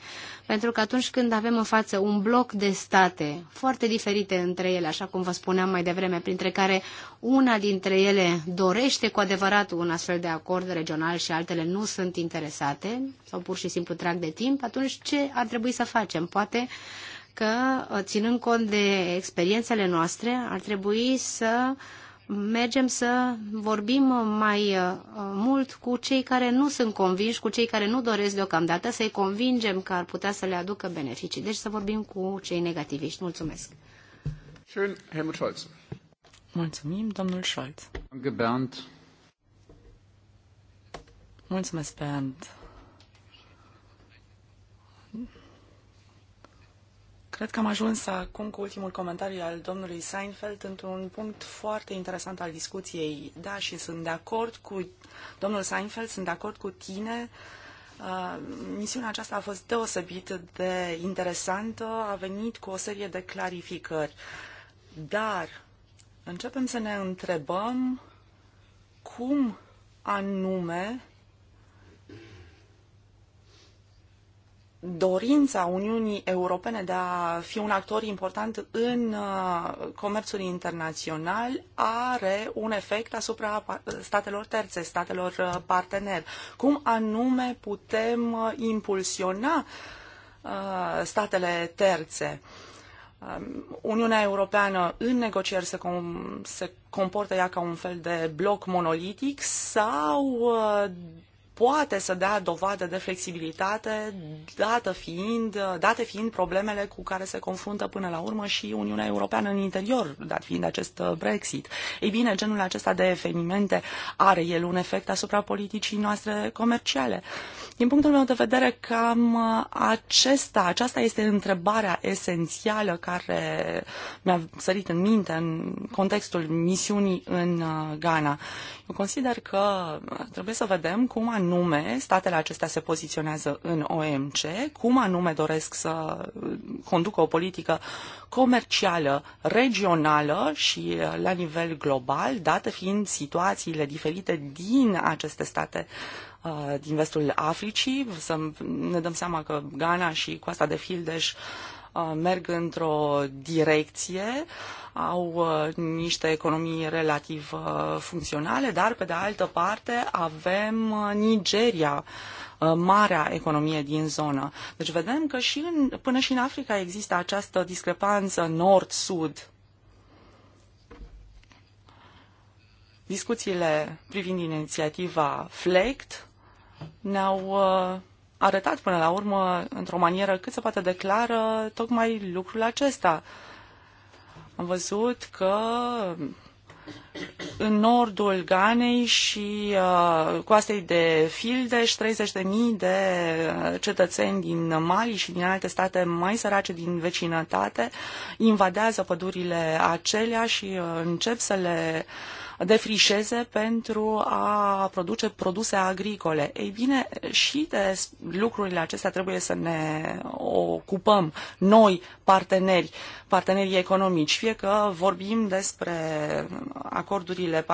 A: Pentru că atunci când avem în față un bloc de state foarte diferite între ele, așa cum vă spuneam mai devreme, printre care una dintre ele dorește cu adevărat un astfel de acord regional și altele nu sunt interesate sau pur și simplu trag de timp, atunci ce ar trebui să facem? Poate că, ținând cont de experiențele noastre, ar trebui să uh, mergem să vorbim mai uh, mult cu cei care nu sunt convinși, cu cei care nu doresc deocamdată, să-i convingem că ar putea să le aducă beneficii. Deci să vorbim cu cei negativiști. Mulțumesc!
C: Schön, Helmut Scholz. Mulțumim, domnul Scholz. Danke, Bernd. Mulțumesc, Bernd. Cred că am ajuns acum cu ultimul comentariu al domnului Seinfeld într-un punct foarte interesant al discuției. Da, și sunt de acord cu domnul Seinfeld, sunt de acord cu tine. Uh, misiunea aceasta a fost deosebit de interesantă, a venit cu o serie de clarificări. Dar începem să ne întrebăm cum anume dorința Uniunii Europene de a fi un actor important în uh, comerțul internațional are un efect asupra uh, statelor terțe, statelor uh, partener. Cum anume putem impulsiona statele terțe? Um, Uniunea Europeană în negocieri se, com- se comportă ea ca un fel de bloc monolitic sau poate să dea dovadă de flexibilitate, dată fiind, date fiind problemele cu care se confruntă până la urmă și Uniunea Europeană în interior, dat fiind acest uh, Brexit. Ei bine, genul acesta de evenimente are el un efect asupra politicii noastre comerciale. Din punctul meu de vedere, cam uh, acesta, aceasta este întrebarea esențială care mi-a sărit în minte în contextul misiunii în uh, Ghana. Consider că trebuie să vedem cum anume statele acestea se poziționează în OMC, cum anume doresc să conducă o politică comercială, regională și eh, la nivel global, date fiind situațiile diferite din aceste state eh, din vestul Africii. Să ne dăm seama că Ghana și Coasta de Fildeș Uh, merg într-o direcție, au uh, niște economii relativ uh, funcționale, dar pe de altă parte avem Nigeria, marea economie din zonă. Deci vedem că și în, până și în Africa există această discrepanță nord-sud. Discuțiile privind inițiativa FLECT ne-au uh, arătat până la urmă, într-o manieră cât se poate declară, tocmai lucrul acesta. Am văzut că în nordul Ganei și uh, coastei de Fildeș, 30.000 de uh, cetățeni din Mali și din alte state mai sărace din vecinătate invadează pădurile acelea și uh, încep să le uh, defrișeze pentru a produce produse agricole. Ei bine, și de lucrurile acestea trebuie să ne ocupăm noi, parteneri. Uh, partenerii economici, fie că vorbim despre acordurile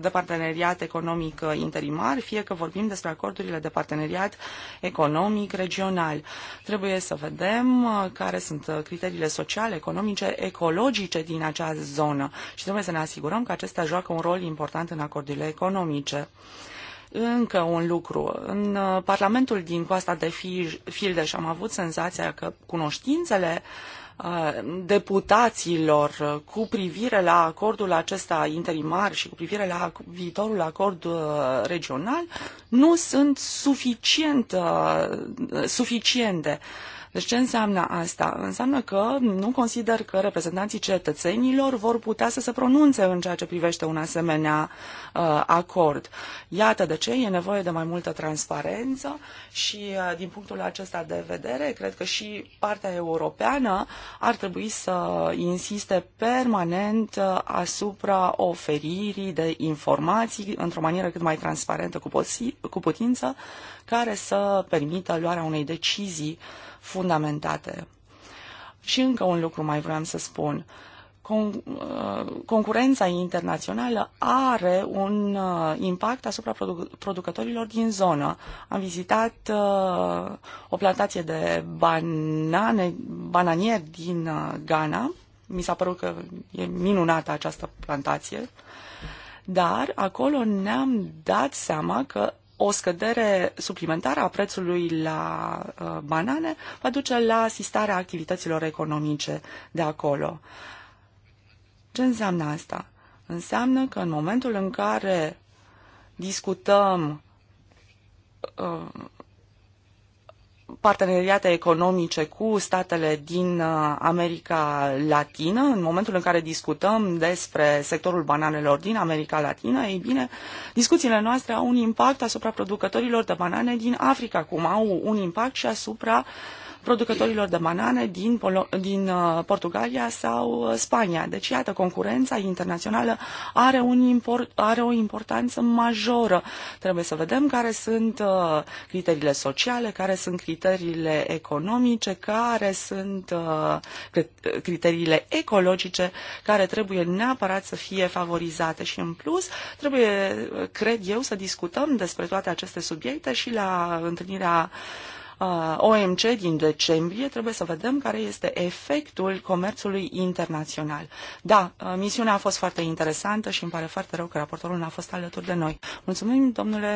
C: de parteneriat economic interimar, fie că vorbim despre acordurile de parteneriat economic regional. Trebuie să vedem care sunt criteriile sociale, economice, ecologice din acea zonă și trebuie să ne asigurăm că acestea joacă un rol important în acordurile economice încă un lucru. În Parlamentul din Coasta de Fildeș am avut senzația că cunoștințele uh, deputaților cu privire la acordul acesta interimar și cu privire la viitorul acord uh, regional nu sunt suficient, uh, suficiente. Deci ce înseamnă asta? Înseamnă că nu consider că reprezentanții cetățenilor vor putea să se pronunțe în ceea ce privește un asemenea uh, acord. Iată de ce e nevoie de mai multă transparență și uh, din punctul acesta de vedere, cred că și partea europeană ar trebui să insiste permanent uh, asupra oferirii de informații într-o manieră cât mai transparentă cu, cu putință, care să permită luarea unei decizii fundamentate. Și încă un lucru mai vreau să spun. Con- uh, concurența internațională are un uh, impact asupra produ- producătorilor din zonă. Am vizitat uh, o plantație de banane, bananieri din uh, Ghana. Mi s-a părut că e minunată această plantație. Dar acolo ne-am dat seama că o scădere suplimentară a prețului la uh, banane va duce la asistarea activităților economice de acolo. Ce înseamnă asta? Înseamnă că în momentul în care discutăm uh, parteneriate economice cu statele din uh, America Latină, în momentul în care discutăm despre sectorul bananelor din America Latină, ei bine, discuțiile noastre au un impact asupra producătorilor de banane din Africa, cum au un impact și asupra uh, producătorilor de banane din, Polo- din uh, Portugalia sau uh, Spania. Deci, iată, concurența internațională are, un import, are o importanță majoră. Trebuie să vedem care sunt uh, criteriile sociale, care sunt criteriile economice, care sunt criteriile ecologice care trebuie neapărat să fie favorizate și în plus trebuie, cred eu, să discutăm despre toate aceste subiecte și la întâlnirea uh, Uh, OMC din decembrie, trebuie să vedem care este efectul comerțului internațional. Da, uh, misiunea a fost foarte interesantă și îmi pare foarte rău că raportorul n-a fost alături de noi. Mulțumim, domnule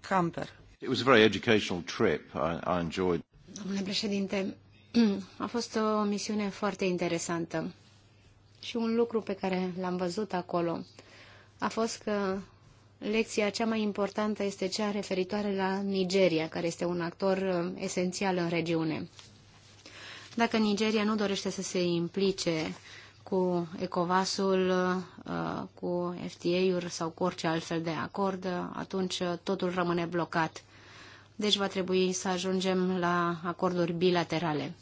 C: Camper. It was a very educational trip. I, I enjoyed.
A: Domnule președinte, <clears throat> a fost o misiune foarte interesantă. Și un lucru pe care l-am văzut acolo a fost că Lecția cea mai importantă este cea referitoare la Nigeria, care este un actor uh, esențial în regiune. Dacă Nigeria nu dorește să se implice cu ECOVAS-ul, uh, cu FTA-uri sau cu orice altfel de acord, uh, atunci totul rămâne blocat. Deci va trebui să ajungem la acorduri bilaterale.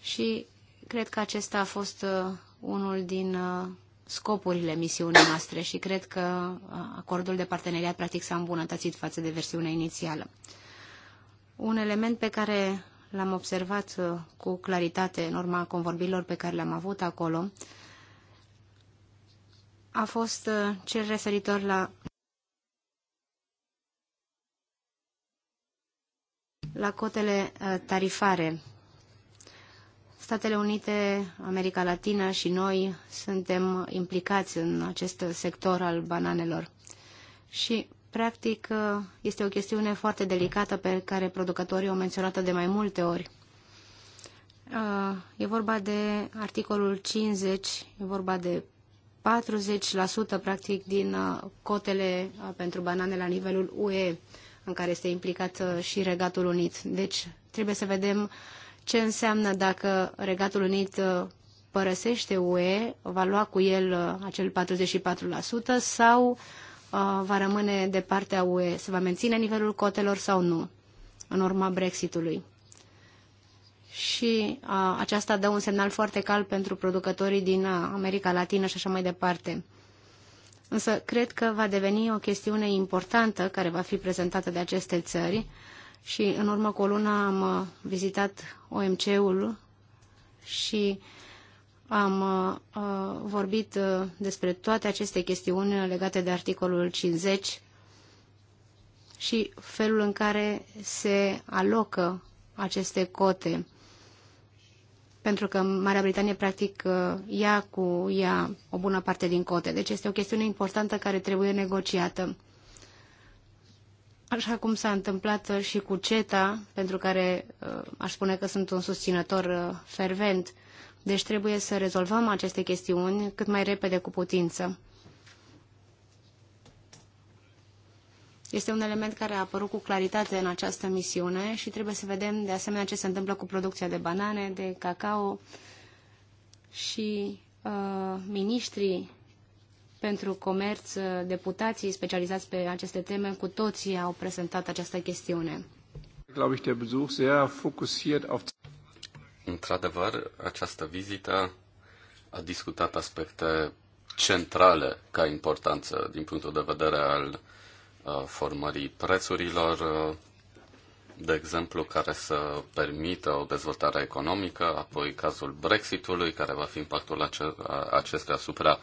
A: Și cred că acesta a fost unul din scopurile misiunii noastre și cred că acordul de parteneriat practic s-a îmbunătățit față de versiunea inițială. Un element pe care l-am observat uh, cu claritate în urma convorbirilor pe care le-am avut acolo a fost uh, cel referitor la la cotele uh, tarifare Statele Unite, America Latină și noi suntem implicați în acest sector al bananelor. Și, practic, este o chestiune foarte delicată pe care producătorii au menționat de mai multe ori. E vorba de articolul 50, e vorba de 40% practic din cotele pentru banane la nivelul UE în care este implicat și Regatul Unit. Deci trebuie să vedem uh, ce înseamnă dacă Regatul Unit uh, părăsește UE, va lua cu el uh, acel 44% sau uh, va rămâne de partea UE, se va menține nivelul cotelor sau nu, în urma Brexitului. Și a, aceasta dă un semnal foarte cal pentru producătorii din America Latină și așa mai departe. Însă cred că va deveni o chestiune importantă care va fi prezentată de aceste țări și în urmă cu o lună am uh, vizitat OMC-ul și am uh, uh, vorbit uh, despre toate aceste chestiuni legate de articolul 50 și felul în care se alocă aceste cote. Pentru că Marea Britanie, practic, uh, ia cu ea o bună parte din cote. Deci este o chestiune importantă care trebuie negociată așa cum s-a întâmplat uh, și cu CETA, pentru care uh, aș spune că sunt un susținător uh, fervent. Deci trebuie să rezolvăm aceste chestiuni cât mai repede cu putință. Este un element care a apărut cu claritate în această misiune și trebuie să vedem de asemenea ce se întâmplă cu producția de banane, de cacao și uh, miniștrii pentru Comerț, deputații specializați pe aceste teme, cu toții au prezentat această chestiune.
B: Într-adevăr, această vizită a discutat aspecte centrale ca importanță din punctul de vedere al uh, formării prețurilor, uh, de exemplu, care să permită o dezvoltare economică, apoi cazul Brexitului, care va fi impactul acest, acestuia asupra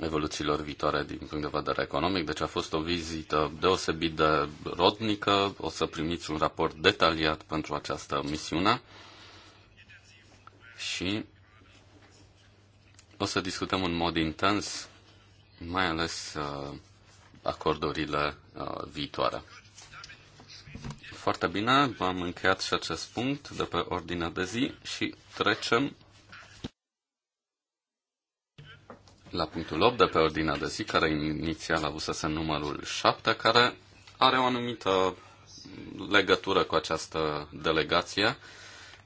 B: evoluțiilor viitoare din punct de vedere economic. Deci a fost o vizită deosebit de rodnică. O să primiți un raport detaliat pentru această misiune și o să discutăm în mod intens, mai ales uh, acordurile uh, viitoare. Foarte bine, am încheiat și acest punct de pe ordinea de zi și trecem la punctul 8 de pe ordinea de zi, care inițial avusese numărul 7, care are o anumită legătură cu această delegație.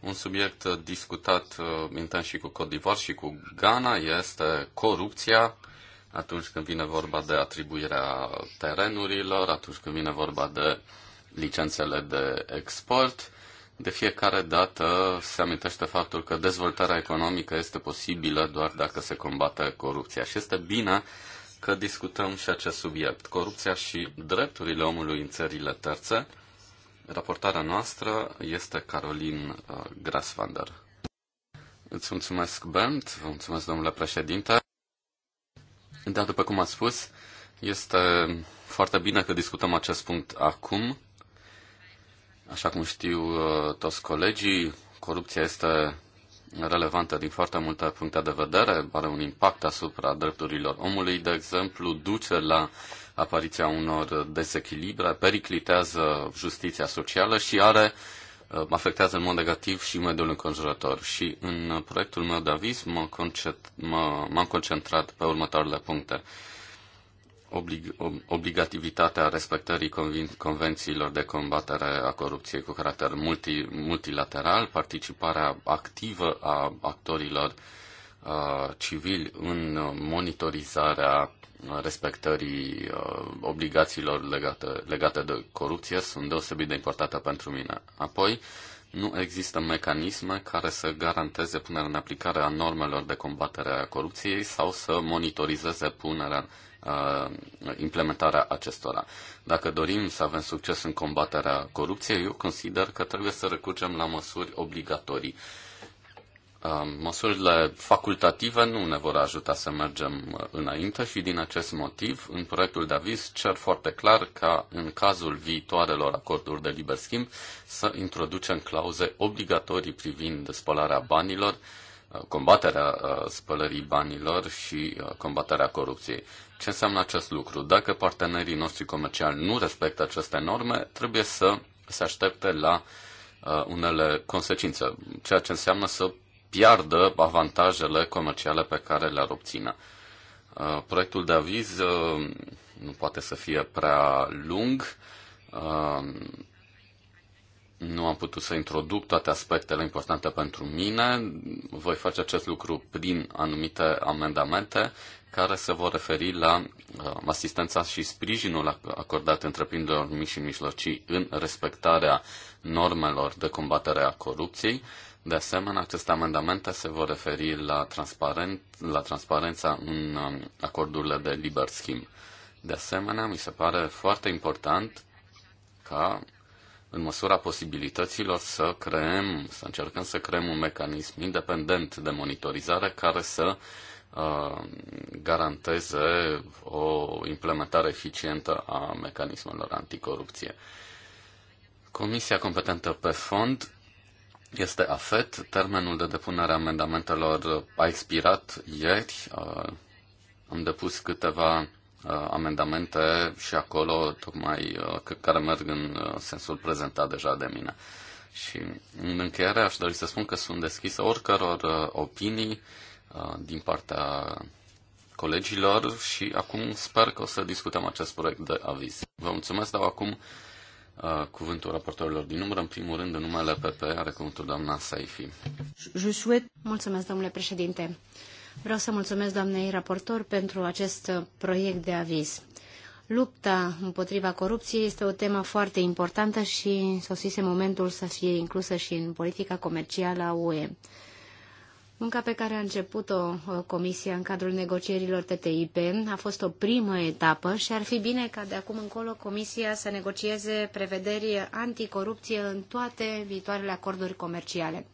B: Un subiect discutat uh, intens și cu d'Ivoire și cu Ghana este corupția atunci când vine vorba de atribuirea terenurilor, atunci când vine vorba de licențele de export de fiecare dată se amintește faptul că dezvoltarea economică este posibilă doar dacă se combate corupția. Și este bine că discutăm și acest subiect, corupția și drepturile omului în țările terțe. Raportarea noastră este Carolin uh, Grasvander. Îți mulțumesc, Bent, vă mulțumesc, domnule președinte. Dar, după cum am spus, este foarte bine că discutăm acest punct acum. Așa cum știu uh, toți colegii, corupția este relevantă din foarte multe puncte de vedere, are un impact asupra drepturilor omului, de exemplu, duce la apariția unor dezechilibre, periclitează justiția socială și are uh, afectează în mod negativ și mediul înconjurător. Și în proiectul meu de aviz m-am concentrat pe următoarele puncte oblig, obligativitatea respectării convențiilor de combatere a corupției cu caracter multi, multilateral, participarea activă a actorilor uh, civili în monitorizarea respectării uh, obligațiilor legate, legate de corupție sunt deosebit de importante pentru mine. Apoi, nu există mecanisme care să garanteze punerea în aplicare a normelor de combatere a corupției sau să monitorizeze punerea Uh, implementarea acestora. Dacă dorim să avem succes în combaterea corupției, eu consider că trebuie să recurgem la măsuri obligatorii. Uh, măsurile facultative nu ne vor ajuta să mergem uh, înainte și din acest motiv, în proiectul de aviz cer foarte clar ca în cazul viitoarelor acorduri de liber schimb să introducem clauze obligatorii privind spălarea banilor, combaterea spălării banilor și combaterea corupției. Ce înseamnă acest lucru? Dacă partenerii noștri comerciali nu respectă aceste norme, trebuie să se aștepte la uh, unele consecințe, ceea ce înseamnă să piardă avantajele comerciale pe care le-ar obține. Uh, proiectul de aviz uh, nu poate să fie prea lung. Uh, nu am putut să introduc toate aspectele importante pentru mine. Voi face acest lucru prin anumite amendamente care se vor referi la uh, asistența și sprijinul acordat întreprinderilor mici și mijlocii în respectarea normelor de combatere a corupției. De asemenea, aceste amendamente se vor referi la, transparent, la transparența în um, acordurile de liber schimb. De asemenea, mi se pare foarte important ca, în măsura posibilităților, să creăm, să încercăm să creăm un mecanism independent de monitorizare care să uh, garanteze o implementare eficientă a mecanismelor anticorupție. Comisia competentă pe fond este AFET. Termenul de depunere a amendamentelor a expirat ieri. Am depus câteva amendamente și acolo tocmai care merg în sensul prezentat deja de mine. Și în încheiere aș dori să spun că sunt deschis oricăror opinii Uh, din partea colegilor și acum sper că o să discutăm acest proiect de aviz. Vă mulțumesc, dau acum uh, cuvântul raportorilor din număr. În primul rând, în numele PP, are cuvântul doamna Saifi.
A: Mulțumesc, domnule președinte. Vreau să mulțumesc doamnei raportor pentru acest proiect de aviz. Lupta împotriva corupției este o temă foarte importantă și sosise momentul să fie inclusă și în politica comercială a UE. Munca pe care a început-o uh, Comisia în cadrul negocierilor TTIP a fost o primă etapă și ar fi bine ca de acum încolo Comisia să negocieze prevederi anticorupție în toate viitoarele acorduri comerciale.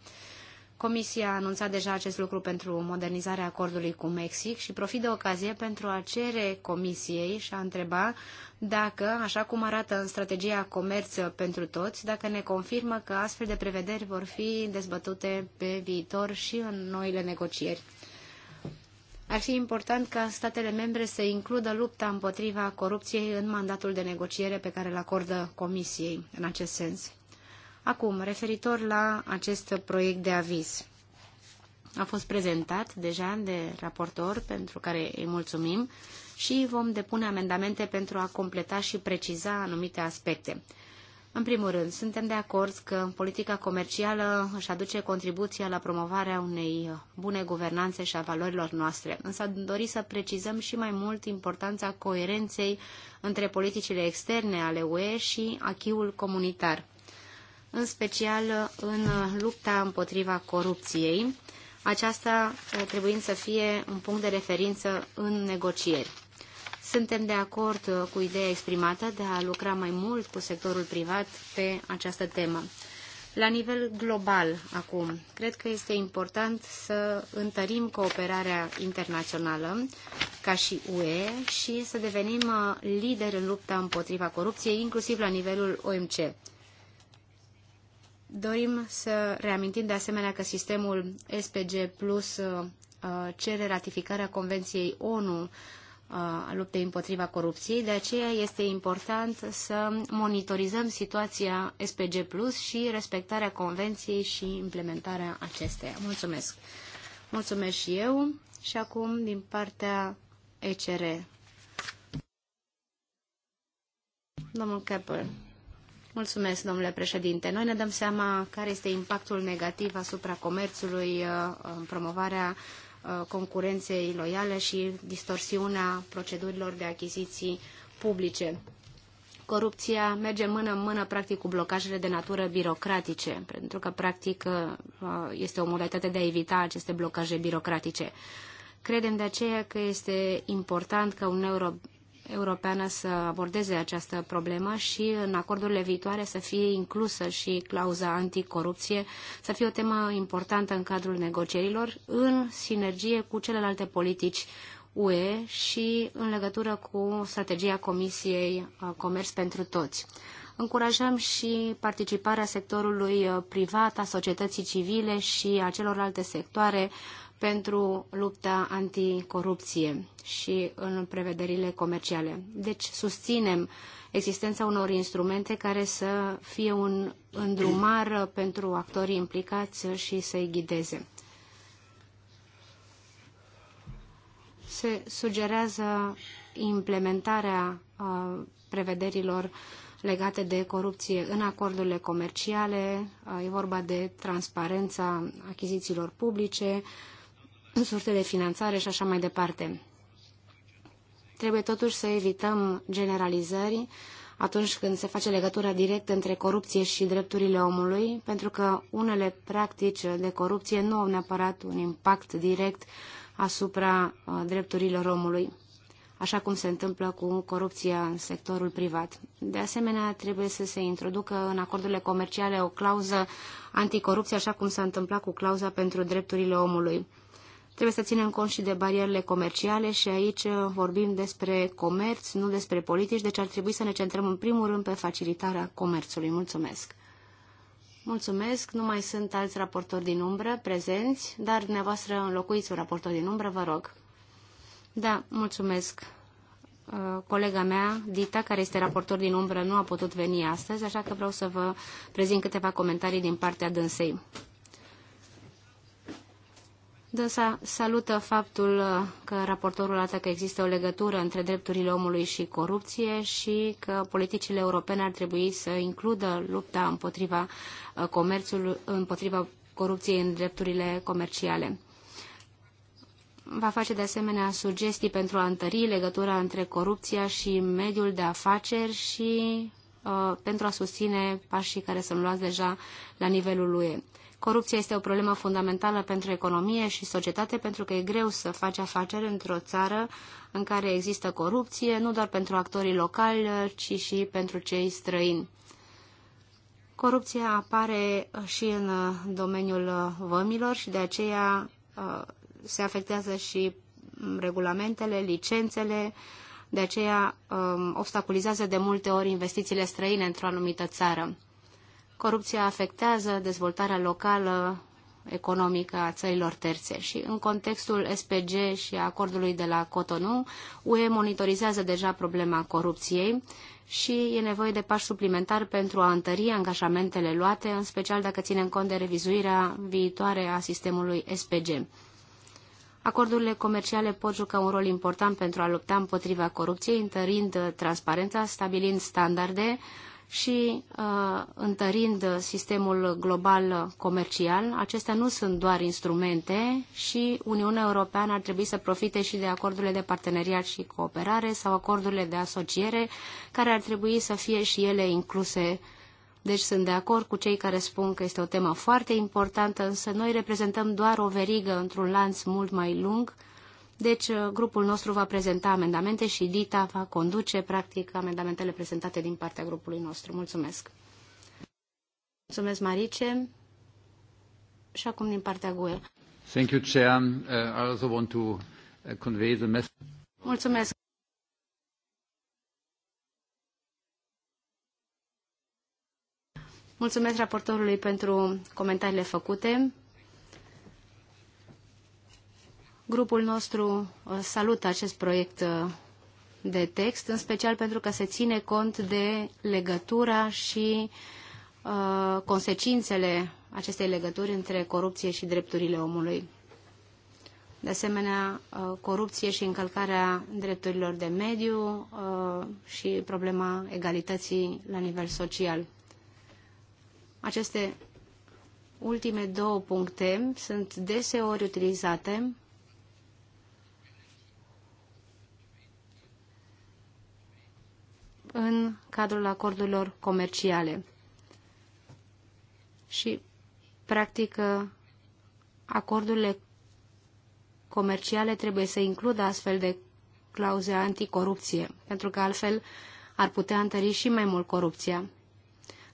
A: Comisia a anunțat deja acest lucru pentru modernizarea acordului cu Mexic și profit de ocazie pentru a cere Comisiei și a întreba dacă, așa cum arată în strategia Comerț pentru toți, dacă ne confirmă că astfel de prevederi vor fi dezbătute pe viitor și în noile negocieri. Ar fi important ca statele membre să includă lupta împotriva corupției în mandatul de negociere pe care îl acordă Comisiei în acest sens. Acum, referitor la acest proiect de aviz. A fost prezentat deja de raportor, pentru care îi mulțumim, și vom depune amendamente pentru a completa și preciza anumite aspecte. În primul rând, suntem de acord că politica comercială își aduce contribuția la promovarea unei bune guvernanțe și a valorilor noastre, însă am dori să precizăm și mai mult importanța coerenței între politicile externe ale UE și achiul comunitar în special în lupta împotriva corupției, aceasta eh, trebuind să fie un punct de referință în negocieri. Suntem de acord eh, cu ideea exprimată de a lucra mai mult cu sectorul privat pe această temă. La nivel global, acum, cred că este important să întărim cooperarea internațională ca și UE și să devenim eh, lideri în lupta împotriva corupției, inclusiv la nivelul OMC. Dorim să reamintim de asemenea că sistemul SPG Plus uh, uh, cere ratificarea Convenției ONU uh, a luptei împotriva corupției, de aceea este important să monitorizăm situația SPG Plus și respectarea convenției și implementarea acesteia. Mulțumesc! Mulțumesc și eu și acum din partea ECR. Domnul Keppel. Mulțumesc, domnule președinte. Noi ne dăm seama care este impactul negativ asupra comerțului, uh, promovarea uh, concurenței loiale și distorsiunea procedurilor de achiziții publice. Corupția merge mână în mână, practic, cu blocajele de natură birocratice, pentru că, practic, uh, este o modalitate de a evita aceste blocaje birocratice. Credem de aceea că este important ca Uniunea Europeană să abordeze această problemă și în acordurile viitoare să fie inclusă și clauza anticorupție, să fie o temă importantă în cadrul negocierilor, în sinergie cu celelalte politici UE și în legătură cu strategia Comisiei uh, Comerț pentru Toți. Încurajăm și participarea sectorului uh, privat, a societății civile și a celorlalte sectoare uh, pentru lupta anticorupție și în prevederile comerciale. Deci susținem existența unor instrumente care să fie un îndrumar pentru actorii implicați și să-i ghideze. Se sugerează implementarea uh, prevederilor legate de corupție în acordurile comerciale, uh, e vorba de transparența achizițiilor publice, surse de finanțare și așa mai departe. Trebuie totuși să evităm generalizări atunci când se face legătura directă între corupție și drepturile omului, pentru că unele practici de corupție nu au neapărat un impact direct asupra uh, drepturilor omului, așa cum se întâmplă cu corupția în sectorul privat. De asemenea, trebuie să se introducă în acordurile comerciale o clauză anticorupție, așa cum s-a întâmplat cu clauza pentru drepturile omului. Trebuie să ținem cont și de barierele comerciale și aici uh, vorbim despre comerț, nu despre politici, deci ar trebui să ne centrăm în primul rând pe facilitarea comerțului. Mulțumesc! Mulțumesc, nu mai sunt alți raportori din umbră prezenți, dar dumneavoastră înlocuiți un raportor din umbră, vă rog. Da, mulțumesc. Uh, colega mea, Dita, care este raportor din umbră, nu a putut veni astăzi, așa că vreau să vă prezint câteva comentarii din partea dânsei. Dânsa da, salută faptul uh, că raportorul arată că există o legătură între drepturile omului și corupție și că politicile europene ar trebui să includă lupta împotriva uh, comerțului, împotriva corupției în drepturile comerciale. Va face de asemenea sugestii pentru a întări legătura între corupția și mediul de afaceri și uh, pentru a susține pașii care sunt luați deja la nivelul UE. Corupția este o problemă fundamentală pentru economie și societate pentru că e greu să faci afaceri într-o țară în care există corupție, nu doar pentru actorii locali, ci și pentru cei străini. Corupția apare uh, și în uh, domeniul uh, vămilor și de aceea se afectează și mm, regulamentele, licențele, de aceea um, obstaculizează de multe ori investițiile străine într-o anumită țară. Corupția afectează dezvoltarea locală economică a țărilor terțe și în contextul SPG și a acordului de la Cotonou, UE monitorizează deja problema corupției și e nevoie de pași suplimentari pentru a întări angajamentele luate, în special dacă ținem cont de revizuirea viitoare a sistemului SPG. Acordurile comerciale pot juca un rol important pentru a lupta împotriva corupției, întărind transparența, stabilind standarde, și uh, întărind sistemul global comercial. Acestea nu sunt doar instrumente și Uniunea Europeană ar trebui să profite și de acordurile de parteneriat și cooperare sau acordurile de asociere, care ar trebui să fie și ele incluse. Deci sunt de acord cu cei care spun că este o temă foarte importantă, însă noi reprezentăm doar o verigă într-un lanț mult mai lung, uh, deci, uh, grupul nostru va prezenta amendamente și DITA va conduce, practic, amendamentele prezentate din partea grupului nostru. Mulțumesc! Mulțumesc, Marice! Și acum din partea GUE.
B: Thank you, Chair. Uh, I also want to uh, convey the message.
A: Mulțumesc! Mulțumesc raportorului pentru comentariile făcute. Grupul nostru uh, salută acest proiect uh, de text, în special pentru că se ține cont de legătura și uh, consecințele acestei legături între corupție și drepturile omului. De asemenea, uh, corupție și încălcarea drepturilor de mediu uh, și problema egalității la nivel social. Aceste ultime două puncte sunt deseori utilizate în cadrul acordurilor comerciale. Și, practic, acordurile comerciale trebuie să includă astfel de clauze anticorupție, pentru că altfel ar putea întări și mai mult corupția.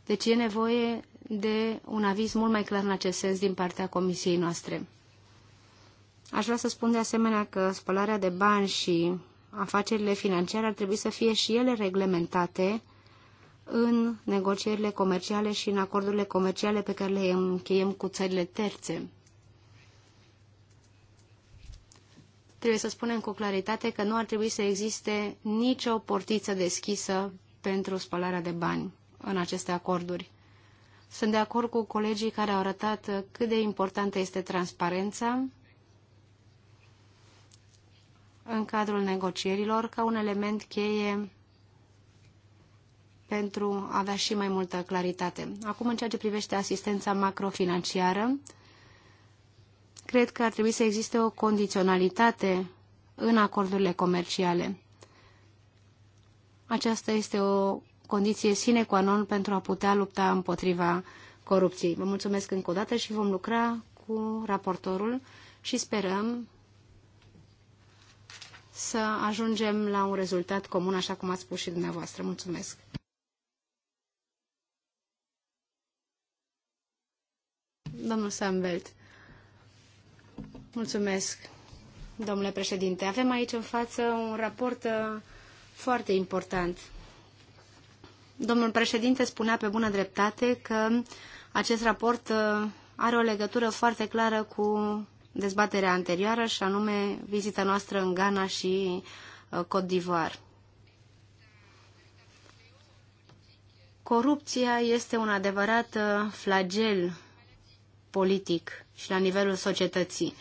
A: Deci e nevoie de un aviz mult mai clar în acest sens din partea comisiei noastre. Aș vrea să spun de asemenea că spălarea de bani și afacerile financiare ar trebui să fie și ele reglementate în negocierile comerciale și în acordurile comerciale pe care le încheiem cu țările terțe. Trebuie să spunem cu claritate că nu ar trebui să existe nicio portiță deschisă pentru spălarea de bani în aceste acorduri. Sunt de acord cu colegii care au arătat cât de importantă este transparența în cadrul negocierilor ca un element cheie pentru a avea și mai multă claritate. Acum, în ceea ce privește asistența macrofinanciară, cred că ar trebui să existe o condiționalitate în acordurile comerciale. Aceasta este o condiție sine qua non pentru a putea lupta împotriva corupției. Vă mulțumesc încă o dată și vom lucra cu raportorul și sperăm să ajungem la un rezultat comun, așa cum ați spus și dumneavoastră. Mulțumesc! Domnul Sambelt, mulțumesc, domnule președinte. Avem aici în față un raport uh, foarte important. Domnul președinte spunea pe bună dreptate că acest raport uh, are o legătură foarte clară cu dezbaterea anterioară și anume vizita noastră în Ghana și uh, Côte d'Ivoire. Corupția este un adevărat uh, flagel politic și la nivelul societății.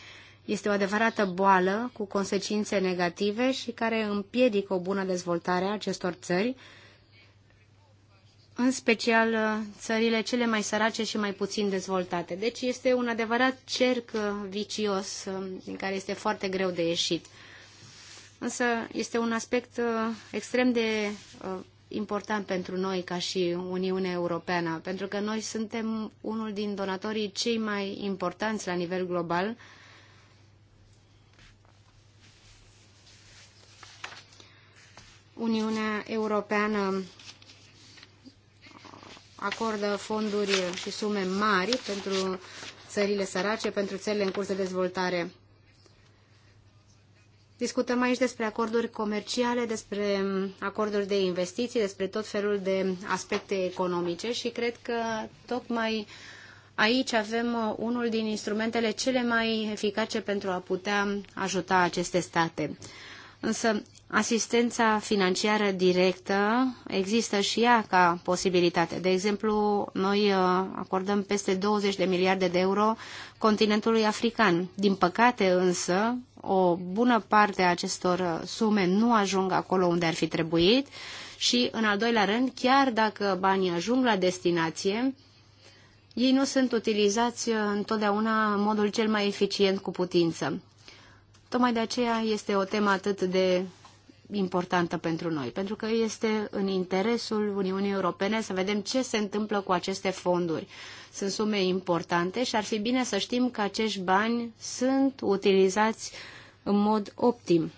A: Este o adevărată boală cu consecințe negative și care împiedică o bună dezvoltare a acestor țări în special uh, țările cele mai sărace și mai puțin dezvoltate. Deci este un adevărat cerc uh, vicios uh, din care este foarte greu de ieșit. Însă este un aspect extrem de important pentru noi ca și Uniunea Europeană, pentru că noi suntem unul din donatorii cei mai importanți la nivel global. Uniunea Europeană acordă fonduri și sume mari pentru țările sărace, pentru țările în curs de dezvoltare. Discutăm aici despre acorduri comerciale, despre acorduri de investiții, despre tot felul de aspecte economice și cred că tocmai aici avem uh, unul din instrumentele cele mai eficace pentru a putea ajuta aceste state. Însă asistența financiară directă există și ea ca posibilitate. De exemplu, noi uh, acordăm peste 20 de miliarde de euro continentului african. Din păcate însă, o bună parte a acestor uh, sume nu ajung acolo unde ar fi trebuit și, în al doilea rând, chiar dacă banii ajung la destinație, ei nu sunt utilizați uh, întotdeauna în modul cel mai eficient cu putință. Tocmai de aceea este o temă atât de importantă pentru noi, pentru că este în interesul Uniunii Europene să vedem ce se întâmplă cu aceste fonduri. Sunt sume importante și ar fi bine să știm că acești bani sunt utilizați în mod optim.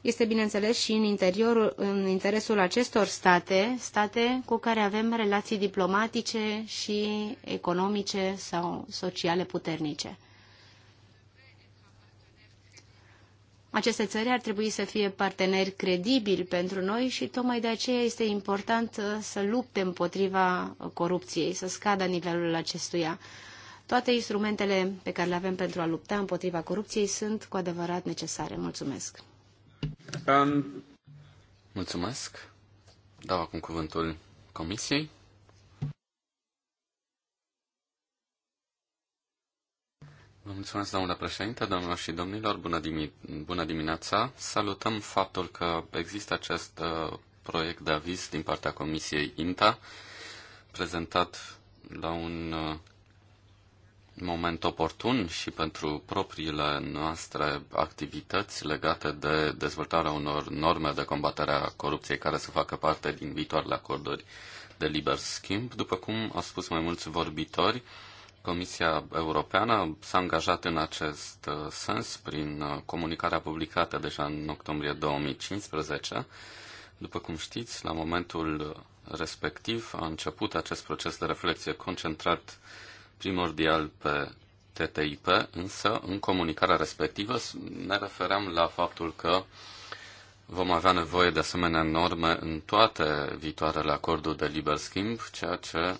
A: Este, bineînțeles, și în, interiorul, în interesul acestor state, state cu care avem relații diplomatice și economice sau sociale puternice. Aceste țări ar trebui să fie parteneri credibili pentru noi și tocmai de aceea este important uh, să lupte împotriva corupției, să scadă nivelul acestuia. Toate instrumentele pe care le avem pentru a lupta împotriva corupției sunt cu adevărat necesare. Mulțumesc!
B: Um, mulțumesc! Dau acum cuvântul Comisiei. Vă mulțumesc, doamna președinte, doamnelor și domnilor, bună, dimi- bună dimineața. Salutăm faptul că există acest uh, proiect de aviz din partea Comisiei INTA, prezentat la un uh, moment oportun și pentru propriile noastre activități legate de dezvoltarea unor norme de combatere a corupției care să facă parte din viitoarele acorduri de liber schimb. După cum au spus mai mulți vorbitori, uh, Comisia Europeană s-a angajat în acest uh, sens prin uh, comunicarea publicată deja în octombrie 2015. După cum știți, la momentul respectiv a început acest proces de reflexie concentrat primordial pe TTIP, însă în comunicarea respectivă ne refeream la faptul că vom avea nevoie de asemenea norme în toate viitoarele acorduri de liber schimb, ceea ce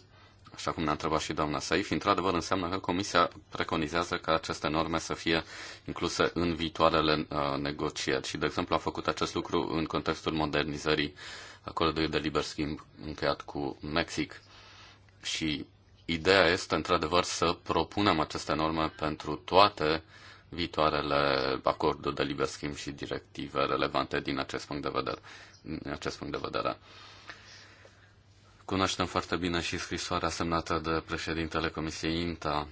B: așa cum ne-a întrebat și doamna Saif, într-adevăr înseamnă că Comisia preconizează ca aceste norme să fie incluse în viitoarele uh, negocieri și, de exemplu, a făcut acest lucru în contextul modernizării acordului de liber schimb încheiat cu Mexic. Și ideea este, într-adevăr, să propunem aceste norme pentru toate viitoarele acorduri de liber schimb și directive relevante din acest punct de vedere. Din acest punct de vedere. Cunoaștem foarte bine și scrisoarea semnată de președintele Comisiei INTA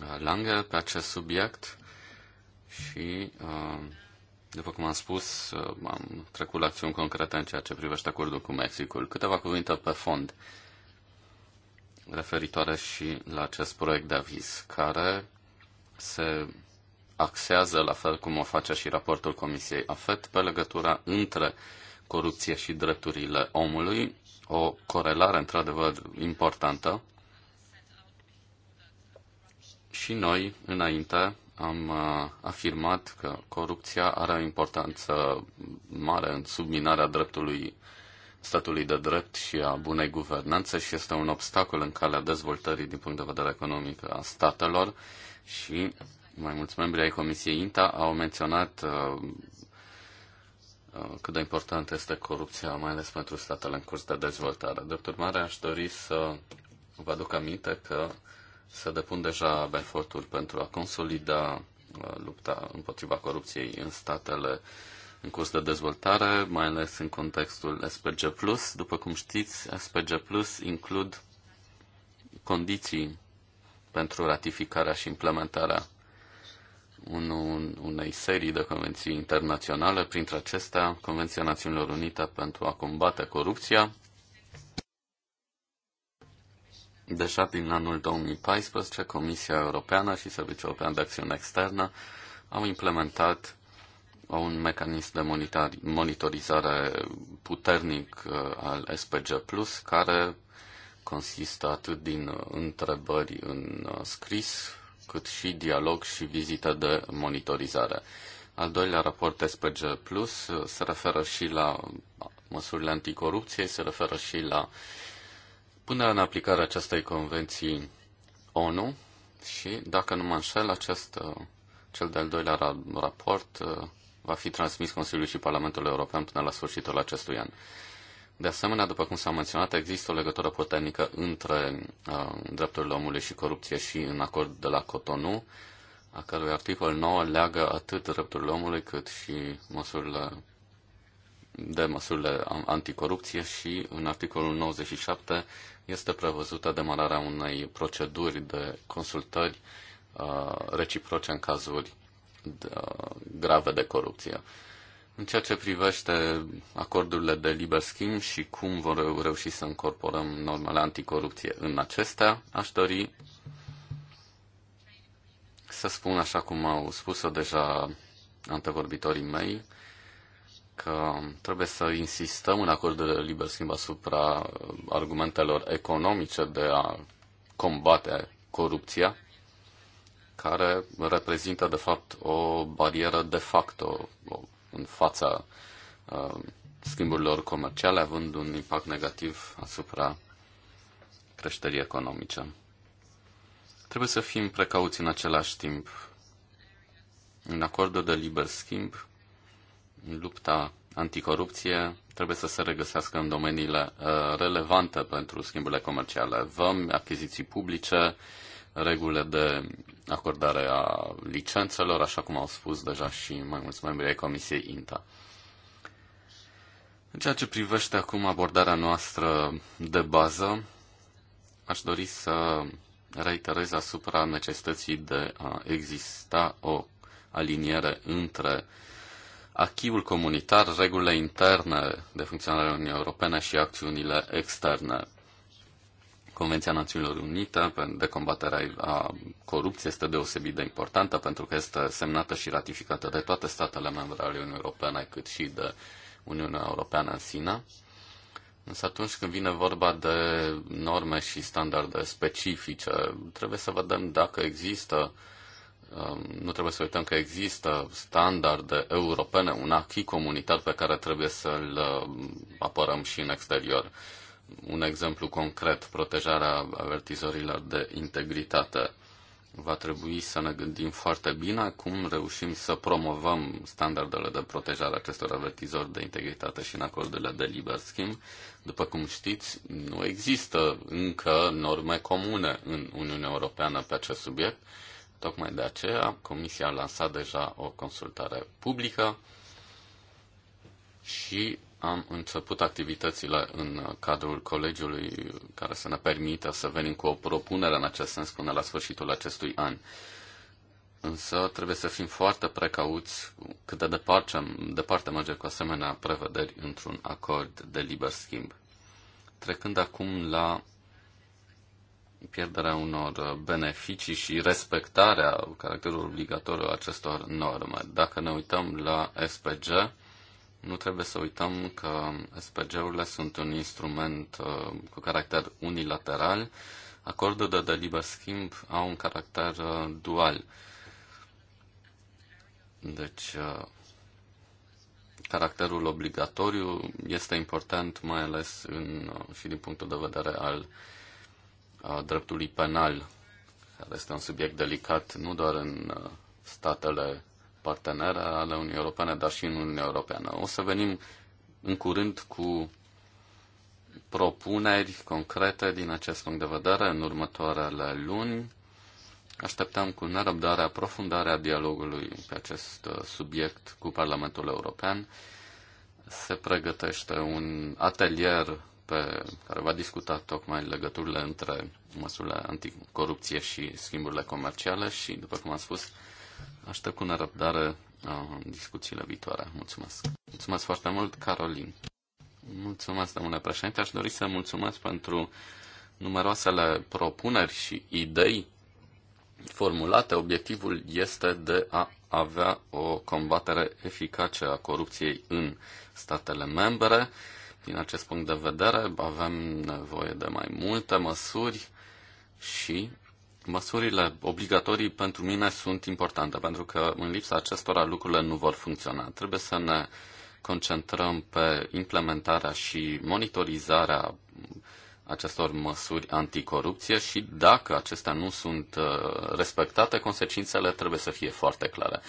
B: uh, Lange pe acest subiect și, uh, după cum am spus, uh, am trecut la acțiuni concrete în ceea ce privește acordul cu Mexicul. Câteva cuvinte pe fond referitoare și la acest proiect de aviz, care se axează, la fel cum o face și raportul Comisiei AFET, pe legătura între corupție și drepturile omului, o corelare într-adevăr importantă. Și noi, înainte, am uh, afirmat că corupția are o importanță mare în subminarea dreptului statului de drept și a bunei guvernanțe și este un obstacol în calea dezvoltării din punct de vedere economic a statelor și mai mulți membri ai Comisiei INTA au menționat uh, Uh, cât de importantă este corupția, mai ales pentru statele în curs de dezvoltare. Drept urmare, aș dori să vă aduc aminte că se depun deja eforturi pentru a consolida uh, lupta împotriva corupției în statele în curs de dezvoltare, mai ales în contextul SPG+. După cum știți, SPG+, includ condiții pentru ratificarea și implementarea un un unei serii de convenții internaționale, printre acestea Convenția Națiunilor Unite pentru a combate corupția. Deja din anul 2014, Comisia Europeană și Serviciul European de Acțiune Externă au implementat un mecanism de monitorizare puternic uh, al SPG+, care consistă atât din uh, întrebări în uh, scris, cât și dialog și vizită de monitorizare. Al doilea raport SPG Plus se referă și la măsurile anticorupției, se referă și la punerea în aplicare acestei convenții ONU și, dacă nu mă înșel, acest, cel de-al doilea raport va fi transmis Consiliului și Parlamentului European până la sfârșitul acestui an. De asemenea, după cum s-a menționat, există o legătură puternică între uh, drepturile omului și corupție și în acordul de la Cotonou, a cărui articol 9 leagă atât drepturile omului cât și măsurile de măsurile anticorupție și în articolul 97 este prevăzută demararea unei proceduri de consultări uh, reciproce în cazuri de, uh, grave de corupție. În ceea ce privește acordurile de liber schimb și cum vor reuși să încorporăm normele anticorupție în acestea, aș dori să spun, așa cum au spus-o deja antevorbitorii mei, că trebuie să insistăm în acordul de liber schimb asupra argumentelor economice de a combate corupția, care reprezintă, de fapt, o barieră de facto, o în fața uh, schimburilor comerciale, având un impact negativ asupra creșterii economice. Trebuie să fim precauți în același timp. În acordul de liber schimb, lupta anticorupție trebuie să se regăsească în domeniile uh, relevante pentru schimburile comerciale. Văm, achiziții publice, regulile de acordare a licențelor, așa cum au spus deja și mai mulți membri ai Comisiei INTA. În ceea ce privește acum abordarea noastră de bază, aș dori să reiterez asupra necesității de a exista o aliniere între achiul comunitar, regulile interne de funcționare a Uniunii Europene și acțiunile externe. Convenția Națiunilor Unite de combatere a corupției este deosebit de importantă pentru că este semnată și ratificată de toate statele membre ale Uniunii Europene, cât și de Uniunea Europeană în sine. Însă atunci când vine vorba de norme și standarde specifice, trebuie să vedem dacă există, um, nu trebuie să uităm că există standarde europene, un acquis comunitar pe care trebuie să-l um, apărăm și în exterior un exemplu concret, protejarea avertizorilor de integritate. Va trebui să ne gândim foarte bine cum reușim să promovăm standardele de protejare acestor avertizori de integritate și în acordurile de liber schimb. După cum știți, nu există încă norme comune în Uniunea Europeană pe acest subiect. Tocmai de aceea, Comisia a lansat deja o consultare publică și am început activitățile în cadrul colegiului care să ne permită să venim cu o propunere în acest sens până la sfârșitul acestui an. Însă trebuie să fim foarte precauți cât de departe, departe merge cu asemenea prevederi într-un acord de liber schimb. Trecând acum la pierderea unor beneficii și respectarea caracterului obligatoriu acestor norme. Dacă ne uităm la SPG, nu trebuie să uităm că SPG-urile sunt un instrument uh, cu caracter unilateral. Acordurile de liber schimb au un caracter uh, dual. Deci, uh, caracterul obligatoriu este important, mai ales în, și din punctul de vedere al dreptului penal, care este un subiect delicat nu doar în statele partenere ale Uniunii Europene, dar și în Uniunea Europeană. O să venim în curând cu propuneri concrete din acest punct de vedere în următoarele luni. Așteptăm cu nerăbdare aprofundarea dialogului pe acest uh, subiect cu Parlamentul European. Se pregătește un atelier pe care va discuta tocmai legăturile între măsurile anticorupție și schimburile comerciale și, după cum am spus, Aștept cu nerăbdare uh, discuțiile viitoare. Mulțumesc. Mulțumesc foarte mult, Carolin. Mulțumesc, domnule președinte. Aș dori să mulțumesc pentru numeroasele propuneri și idei formulate. Obiectivul este de a avea o combatere eficace a corupției în statele membre. Din acest punct de vedere, avem nevoie de mai multe măsuri și Măsurile obligatorii pentru mine sunt importante, pentru că în lipsa acestora lucrurile nu vor funcționa. Trebuie să ne concentrăm pe implementarea și monitorizarea acestor măsuri anticorupție și dacă acestea nu sunt uh, respectate, consecințele trebuie să fie foarte clare.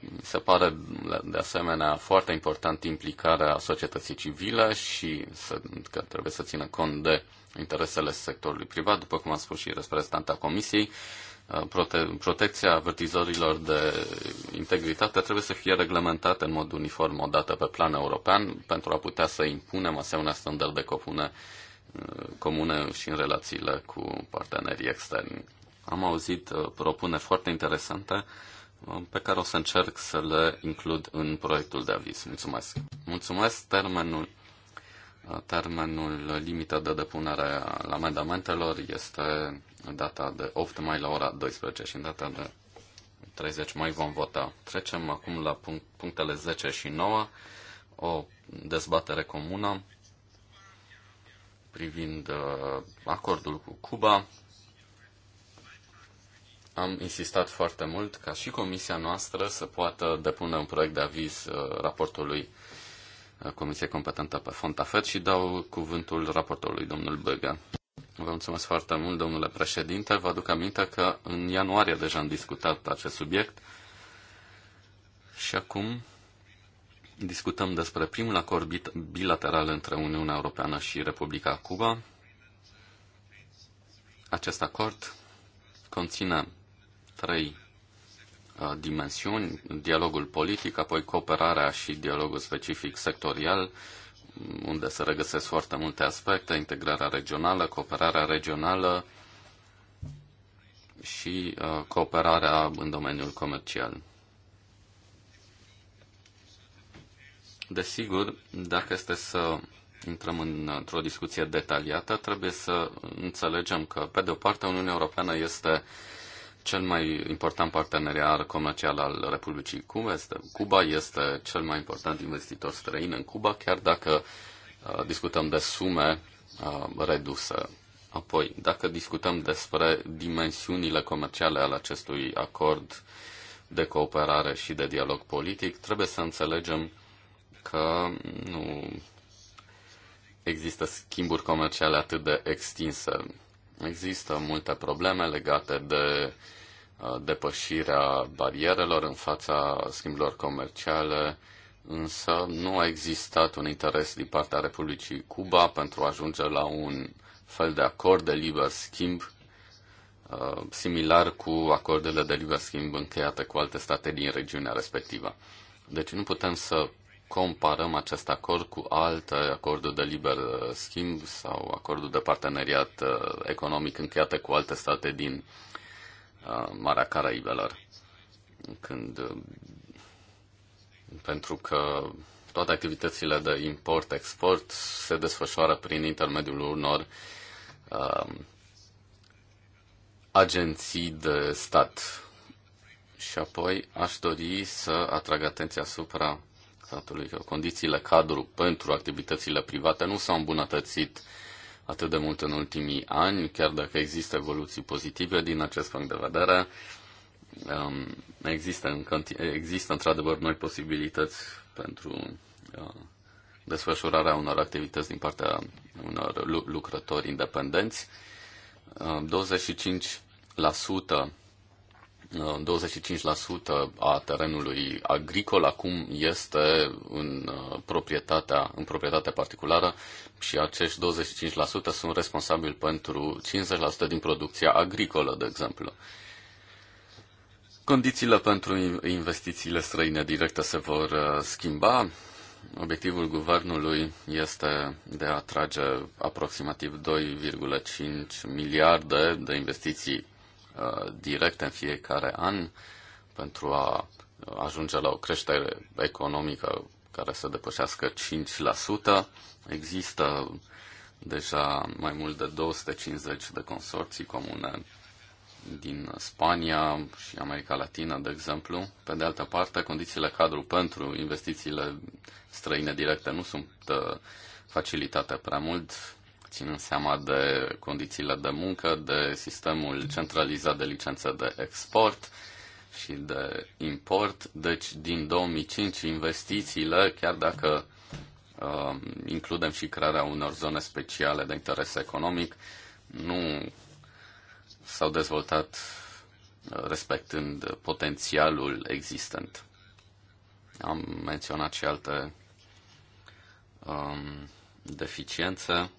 B: Mi se pare de asemenea foarte important implicarea societății civile și să, că trebuie să țină cont de interesele sectorului privat, după cum a spus și reprezentanta Comisiei, uh, prote- protecția avertizorilor de integritate trebuie să fie reglementată în mod uniform odată pe plan european pentru a putea să impunem asemenea standarde comune, uh, comune și în relațiile cu partenerii externi. Am auzit uh, propuneri foarte interesante pe care o să încerc să le includ în proiectul de aviz. Mulțumesc! Mulțumesc! Termenul Termenul limită de depunere al amendamentelor este data de 8 mai la ora 12 și în data de 30 mai vom vota. Trecem acum la punctele 10 și 9, o dezbatere comună privind uh, acordul cu Cuba. Am insistat foarte mult ca și comisia noastră să poată depune un proiect de aviz uh, raportului uh, Comisiei Competentă pe Fond Tafet și dau cuvântul raportorului, domnul Băga. Vă mulțumesc foarte mult, domnule președinte. Vă aduc aminte că în ianuarie deja am discutat acest subiect și acum discutăm despre primul acord bilateral între Uniunea Europeană și Republica Cuba. Acest acord conține trei Uh, dimensiuni, dialogul politic, apoi cooperarea și dialogul specific sectorial, mm, unde se regăsesc foarte multe aspecte, integrarea regională, cooperarea regională și uh, cooperarea în domeniul comercial. Desigur, dacă este să intrăm într-o discuție detaliată, trebuie să înțelegem că, pe de o parte, Uniunea Europeană este uh, cel mai important parteneriar comercial al Republicii Cuba este, Cuba este cel mai important investitor străin în Cuba, chiar dacă uh, discutăm de sume uh, reduse. Apoi, dacă discutăm despre dimensiunile comerciale ale acestui acord de cooperare și de dialog politic, trebuie să înțelegem că nu există schimburi comerciale atât de extinse. Există multe probleme legate de uh, depășirea barierelor în fața schimburilor comerciale, însă nu a existat un interes din partea Republicii Cuba pentru a ajunge la un fel de acord de liber schimb uh, similar cu acordele de liber schimb încheiate cu alte state din regiunea respectivă. Deci nu putem să comparăm acest acord cu alte acorduri de liber uh, schimb sau acordul de parteneriat uh, economic încheiate cu alte state din Marea Caraibelor. Când, pentru că toate activitățile de import-export se desfășoară prin intermediul unor uh, agenții de stat. Și apoi aș dori să atrag atenția asupra statului că condițiile cadru pentru activitățile private nu s-au îmbunătățit uh, atât de mult în ultimii ani, chiar dacă există evoluții pozitive din acest punct de vedere. Um, există, în există într-adevăr noi posibilități pentru uh, desfășurarea unor activități din partea unor lucrători independenți. 25% uh, 25% a terenului agricol acum este în uh, proprietatea, în proprietatea particulară și acești 25% sunt responsabili pentru 50% din producția agricolă, de exemplu. Condițiile pentru investițiile străine directe se vor uh, schimba. Obiectivul guvernului este de a atrage aproximativ 2,5 miliarde de investiții Uh, direct în fiecare an pentru a ajunge la o creștere economică care să depășească 5%. Există deja mai mult de 250 de consorții comune din Spania și America Latină, de exemplu. Pe de altă parte, condițiile cadru pentru investițiile străine directe nu sunt uh, facilitate prea mult ținând seama de condițiile de muncă, de sistemul centralizat de licențe de export și de import. Deci, din 2005, investițiile, chiar dacă uh, includem și crearea unor zone speciale de interes economic, nu s-au dezvoltat uh, respectând potențialul existent. Am menționat și alte um, deficiențe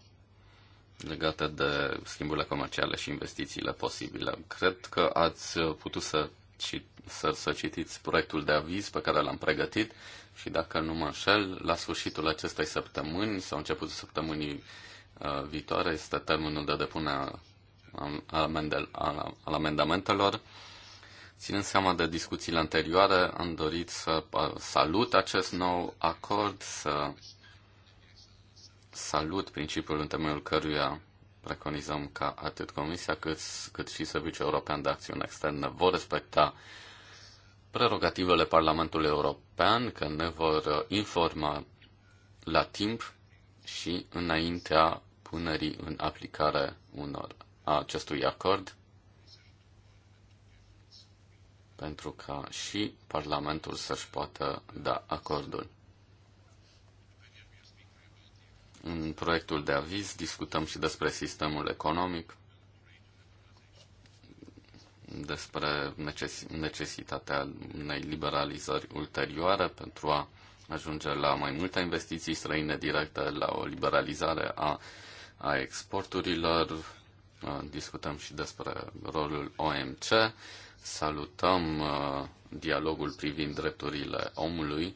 B: legate de schimburile comerciale și investițiile posibile. Cred că ați putut să, să, să citiți proiectul de aviz pe care l-am pregătit și dacă nu mă înșel, la sfârșitul acestei săptămâni sau începutul săptămânii uh, viitoare este termenul de depunere al amendamentelor. Ținând seama de discuțiile anterioare, am dorit să uh, salut acest nou acord, să salut principiul în temeiul căruia preconizăm ca atât Comisia cât, cât și Serviciul European de Acțiune Externă vor respecta prerogativele Parlamentului European, că ne vor uh, informa la timp și înaintea punerii în aplicare unor a acestui acord, pentru ca și Parlamentul să-și poată da acordul. În proiectul de aviz discutăm și despre sistemul economic, despre neces- necesitatea unei liberalizări ulterioare pentru a ajunge la mai multe investiții străine directe, la o liberalizare a, a exporturilor. Discutăm și despre rolul OMC. Salutăm dialogul privind drepturile omului,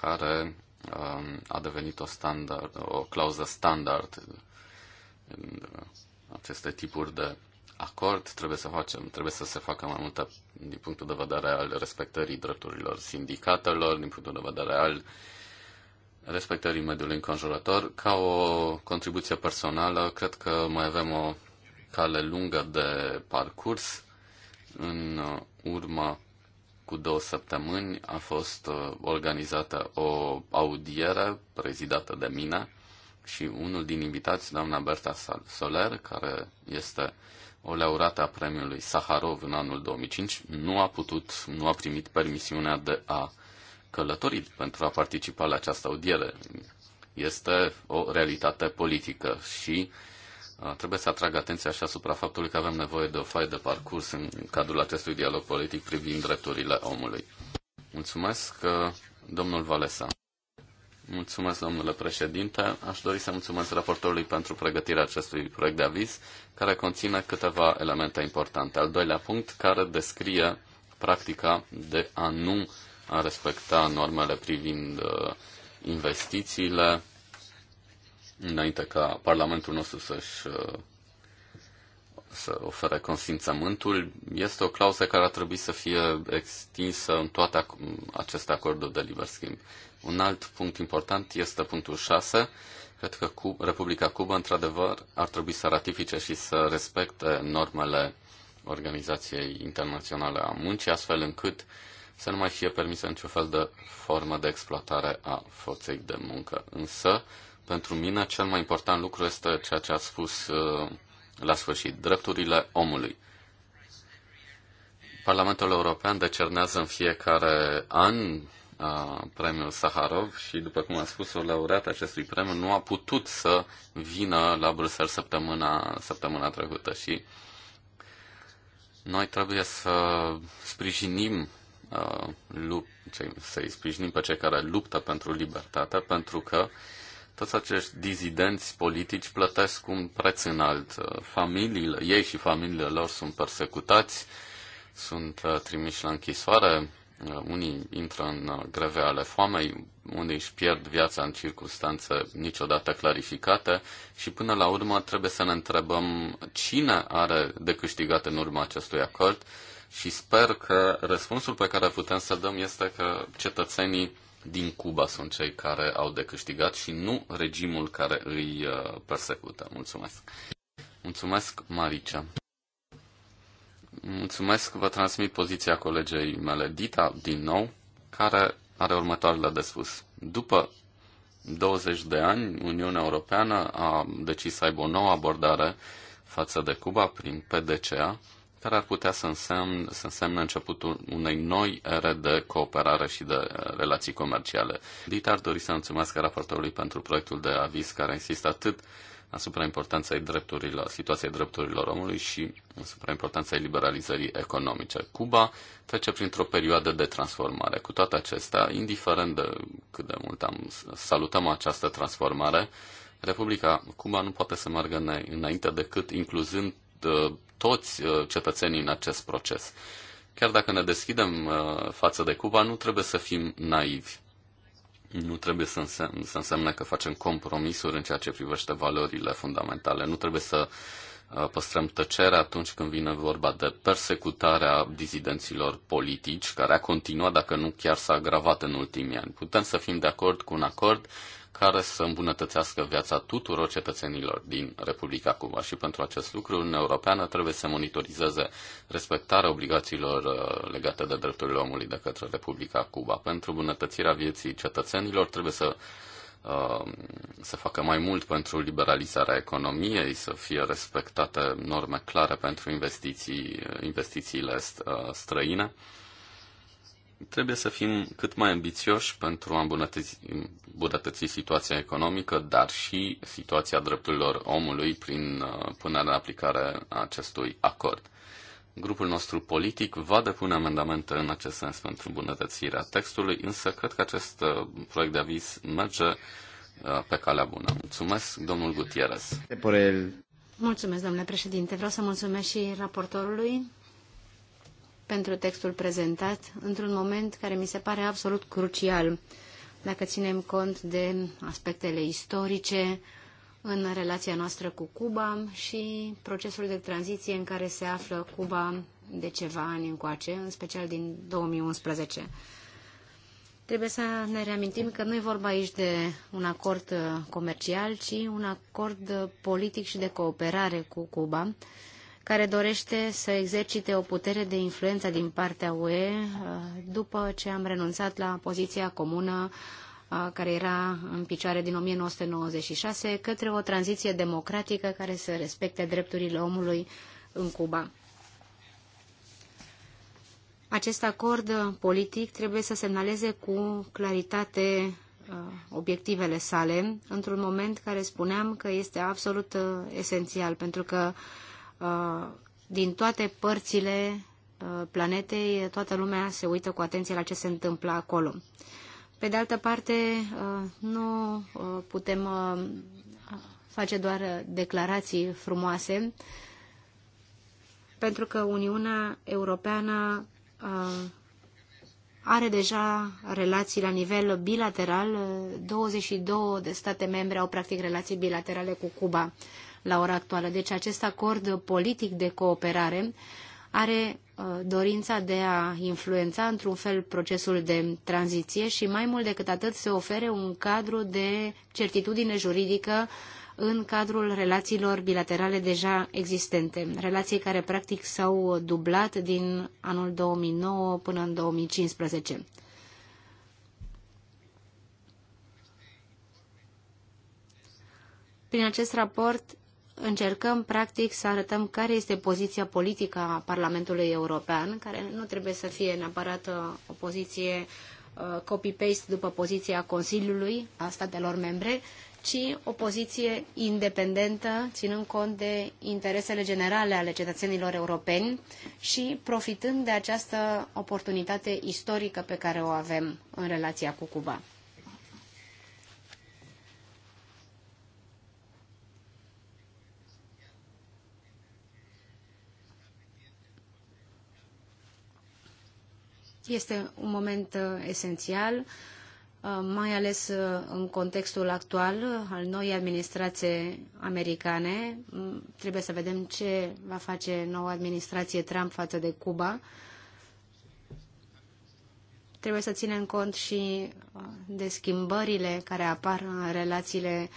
B: care Um, a devenit o, standard, o clauză standard în aceste tipuri de acord. Trebuie să, facem, trebuie să se facă mai multe din punctul de vedere al respectării drepturilor sindicatelor, din punctul de vedere al respectării mediului înconjurător. Ca o contribuție personală, cred că mai avem o cale lungă de parcurs în urma cu două săptămâni a fost uh, organizată o audiere prezidată de mine și unul din invitați, doamna Berta Soler, care este o laureată a premiului Saharov în anul 2005, nu a putut, nu a primit permisiunea de a călători pentru a participa la această audiere. Este o realitate politică și uh, trebuie să atrag atenția și asupra faptului că avem nevoie de o foaie de parcurs în cadrul acestui dialog politic privind drepturile omului. Mulțumesc, domnul Valesa. Mulțumesc, domnule președinte. Aș dori să mulțumesc raportorului pentru pregătirea acestui proiect de aviz, care conține câteva elemente importante. Al doilea punct, care descrie practica de a nu a respecta normele privind uh, investițiile, înainte ca Parlamentul nostru să-și uh, să ofere consimțământul, este o clauză care ar trebui să fie extinsă în toate aceste acorduri de liber schimb. Un alt punct important este punctul 6. Cred că Republica Cuba, într-adevăr, ar trebui să ratifice și să respecte normele Organizației Internaționale a Muncii, astfel încât să nu mai fie permisă niciun fel de formă de exploatare a forței de muncă. Însă, pentru mine cel mai important lucru este ceea ce a spus uh, la sfârșit, drepturile omului. Parlamentul European decernează în fiecare an uh, premiul Saharov și, după cum a spus, o laureată acestui premiu nu a putut să vină la Bruxelles săptămâna, săptămâna trecută și noi trebuie să sprijinim a, uh, lup, să-i sprijinim pe cei care luptă pentru libertate, pentru că toți acești dizidenți politici plătesc un preț înalt. Familiile, ei și familiile lor sunt persecutați, sunt uh, trimiși la închisoare, uh, unii intră în uh, greve ale foamei, unii își pierd viața în circunstanțe niciodată clarificate și până la urmă trebuie să ne întrebăm cine are de câștigat în urma acestui acord și sper că răspunsul pe care putem să dăm este că cetățenii din Cuba sunt cei care au de câștigat și nu regimul care îi uh, persecută. Mulțumesc. Mulțumesc, Maricea. Mulțumesc, vă transmit poziția colegei mele, Dita, din nou, care are următoarele de spus. După 20 de ani, Uniunea Europeană a decis să aibă o nouă abordare față de Cuba prin PDCA, care ar putea să însemne, să însemne începutul unei noi ere de cooperare și de uh, relații comerciale. Dita ar dori să mulțumesc raportorului pentru proiectul de aviz care insistă atât asupra importanței drepturilor, situației drepturilor omului și asupra importanței liberalizării economice. Cuba trece printr-o perioadă de transformare. Cu toate acestea, indiferent de cât de mult am, salutăm această transformare, Republica Cuba nu poate să meargă înainte decât incluzând uh, toți uh, cetățenii în acest proces. Chiar dacă ne deschidem uh, față de Cuba, nu trebuie să fim naivi. Nu trebuie să, însemn, să însemne că facem compromisuri în ceea ce privește valorile fundamentale. Nu trebuie să uh, păstrăm tăcerea atunci când vine vorba de persecutarea dizidenților politici, care a continuat, dacă nu chiar s-a agravat în ultimii ani. Putem să fim de acord cu un acord care să îmbunătățească viața tuturor cetățenilor din Republica Cuba. Și pentru acest lucru, Uniunea Europeană trebuie să monitorizeze respectarea obligațiilor uh, legate de drepturile omului de către Republica Cuba. Pentru îmbunătățirea vieții cetățenilor trebuie să uh, să facă mai mult pentru liberalizarea economiei, să fie respectate norme clare pentru investiții, investițiile uh, străine Trebuie să fim cât mai ambițioși pentru a îmbunătăți, îmbunătăți situația economică, dar și situația drepturilor omului prin uh, punerea în aplicare a acestui acord. Grupul nostru politic va depune amendamente în acest sens pentru îmbunătățirea textului, însă cred că acest uh, proiect de aviz merge uh, pe calea bună. Mulțumesc, domnul Gutierrez.
A: Mulțumesc, domnule președinte. Vreau să mulțumesc și raportorului pentru textul prezentat într-un moment care mi se pare absolut crucial dacă ținem cont de aspectele istorice în relația noastră cu Cuba și procesul de tranziție în care se află Cuba de ceva ani încoace, în special din 2011. Trebuie să ne reamintim că nu e vorba aici de un acord comercial, ci un acord politic și de cooperare cu Cuba, care dorește să exercite o putere de influență din partea UE uh, după ce am renunțat la poziția comună uh, care era în picioare din 1996 către o tranziție democratică care să respecte drepturile omului în Cuba. Acest acord politic trebuie să semnaleze cu claritate uh, obiectivele sale într-un moment care spuneam că este absolut esențial pentru că uh, din toate părțile uh, planetei, toată lumea se uită cu atenție la ce se întâmplă acolo. Pe de altă parte, uh, nu uh, putem face doar declarații frumoase, pentru că Uniunea Europeană are deja relații la nivel bilateral. 22 de state membre au practic relații bilaterale cu Cuba la ora actuală. Deci acest acord politic de cooperare are uh, dorința de a influența într-un fel procesul de tranziție și mai mult decât atât se ofere un cadru de certitudine juridică în cadrul relațiilor bilaterale deja existente, relații care practic s-au dublat din anul 2009 până în 2015. Prin acest raport încercăm practic să arătăm care este poziția politică a Parlamentului European, care nu trebuie să fie neapărat uh, o poziție uh, copy-paste după poziția Consiliului a statelor membre, ci o poziție independentă, ținând cont de interesele generale ale cetățenilor europeni și profitând de această oportunitate istorică pe care o avem în relația cu Cuba. Este un moment uh, esențial, uh, mai ales uh, în contextul actual al noii administrații americane. Mm, trebuie să vedem ce va face noua administrație Trump față de Cuba trebuie să ținem cont și de schimbările care apar în relațiile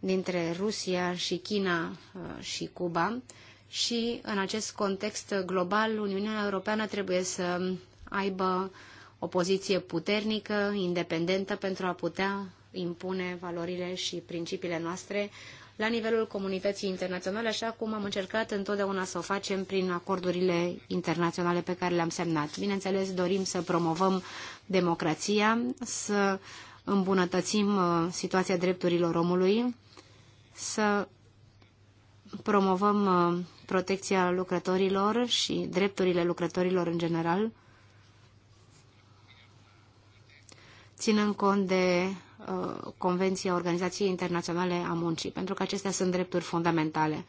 A: dintre Rusia și China și Cuba. Și în acest context global, Uniunea Europeană trebuie să aibă o poziție puternică, independentă, pentru a putea impune valorile și principiile noastre la nivelul comunității internaționale, așa cum am încercat întotdeauna să o facem prin acordurile internaționale pe care le-am semnat. Bineînțeles, dorim să promovăm democrația, să îmbunătățim uh, situația drepturilor omului, să promovăm uh, protecția lucrătorilor și drepturile lucrătorilor în general, ținând cont de uh, Convenția Organizației Internaționale a Muncii, pentru că acestea sunt drepturi fundamentale.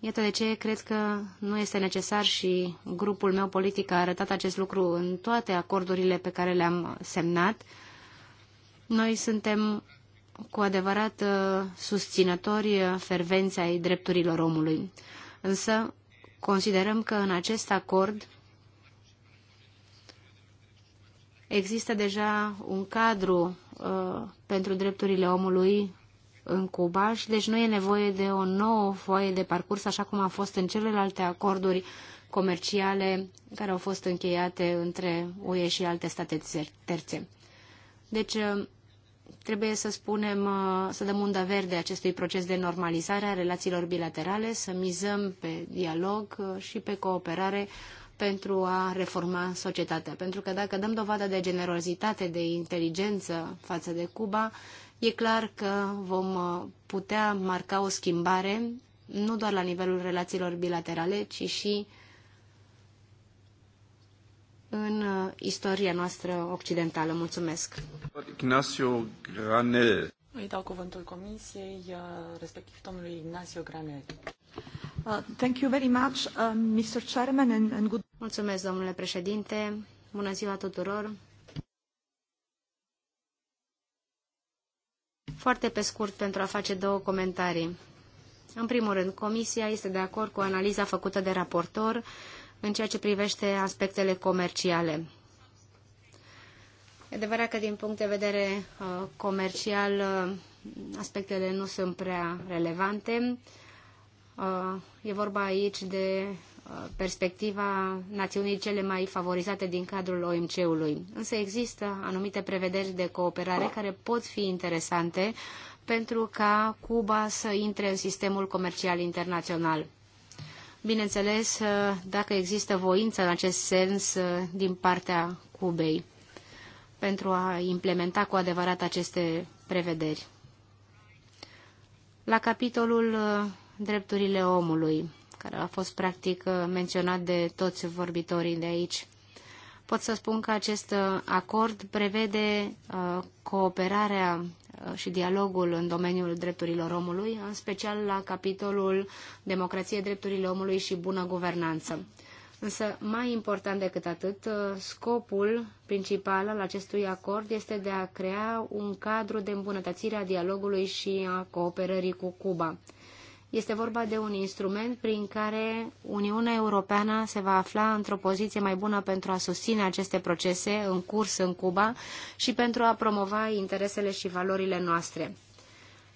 A: Iată de ce cred că nu este necesar și grupul meu politic a arătat acest lucru în toate acordurile pe care le-am semnat. Noi suntem cu adevărat uh, susținători uh, fervenței drepturilor omului. Însă considerăm că în acest acord Există deja un cadru uh, pentru drepturile omului în Cuba și deci nu e nevoie de o nouă foaie de parcurs, așa cum a fost în celelalte acorduri comerciale care au fost încheiate între UE și alte state terțe. Deci, uh, trebuie să spunem, uh, să dăm undă verde acestui proces de normalizare a relațiilor bilaterale, să mizăm pe dialog uh, și pe cooperare pentru a reforma societatea. Pentru că dacă dăm dovadă de generozitate, de inteligență față de Cuba, e clar că vom uh, putea marca o schimbare nu doar la nivelul relațiilor bilaterale, ci și în uh, istoria noastră occidentală. Mulțumesc!
B: Ignacio Granel.
C: Îi dau cuvântul comisiei, uh, respectiv domnului Ignacio Granel
A: domnule președinte. Bună ziua tuturor. Foarte pe scurt pentru a face două comentarii. În primul rând, Comisia este de acord cu analiza făcută de raportor în ceea ce privește aspectele comerciale. E adevărat că din punct de vedere uh, comercial uh, aspectele nu sunt prea relevante, Uh, e vorba aici de uh, perspectiva națiunii cele mai favorizate din cadrul OMC-ului. Însă există anumite prevederi de cooperare care pot fi interesante pentru ca Cuba să intre în sistemul comercial internațional. Bineînțeles, uh, dacă există voință în acest sens din partea Cubei pentru a implementa cu adevărat aceste prevederi. La capitolul drepturile omului, care a fost practic menționat de toți vorbitorii de aici. Pot să spun că acest uh, acord prevede uh, cooperarea uh, și dialogul în domeniul drepturilor omului, în special la capitolul democrație, drepturile omului și bună guvernanță. Însă, mai important decât atât, scopul principal al acestui acord este de a crea un cadru de îmbunătățire a dialogului și a cooperării cu Cuba. Este vorba de un instrument prin care Uniunea Europeană se va afla într-o poziție mai bună pentru a susține aceste procese în curs în Cuba și pentru a promova interesele și valorile noastre.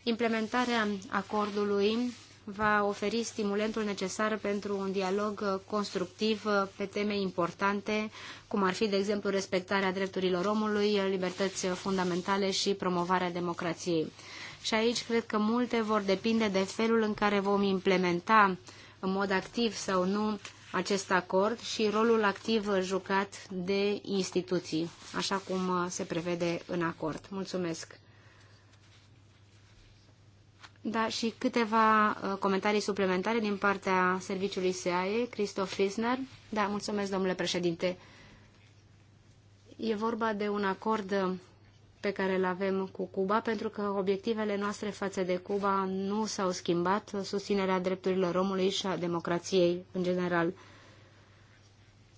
A: Implementarea acordului va oferi stimulentul necesar pentru un dialog constructiv pe teme importante, cum ar fi, de exemplu, respectarea drepturilor omului, libertăți fundamentale și promovarea democrației. Și aici cred că multe vor depinde de felul în care vom implementa în mod activ sau nu acest acord și rolul activ jucat de instituții, așa cum uh, se prevede în acord. Mulțumesc! Da, și câteva uh, comentarii suplimentare din partea serviciului SEAE, Christoph Fisner. Da, mulțumesc, domnule președinte. E vorba de un acord uh, pe care îl avem cu Cuba, pentru că obiectivele noastre față de Cuba nu s-au schimbat, susținerea drepturilor omului și a democrației în general.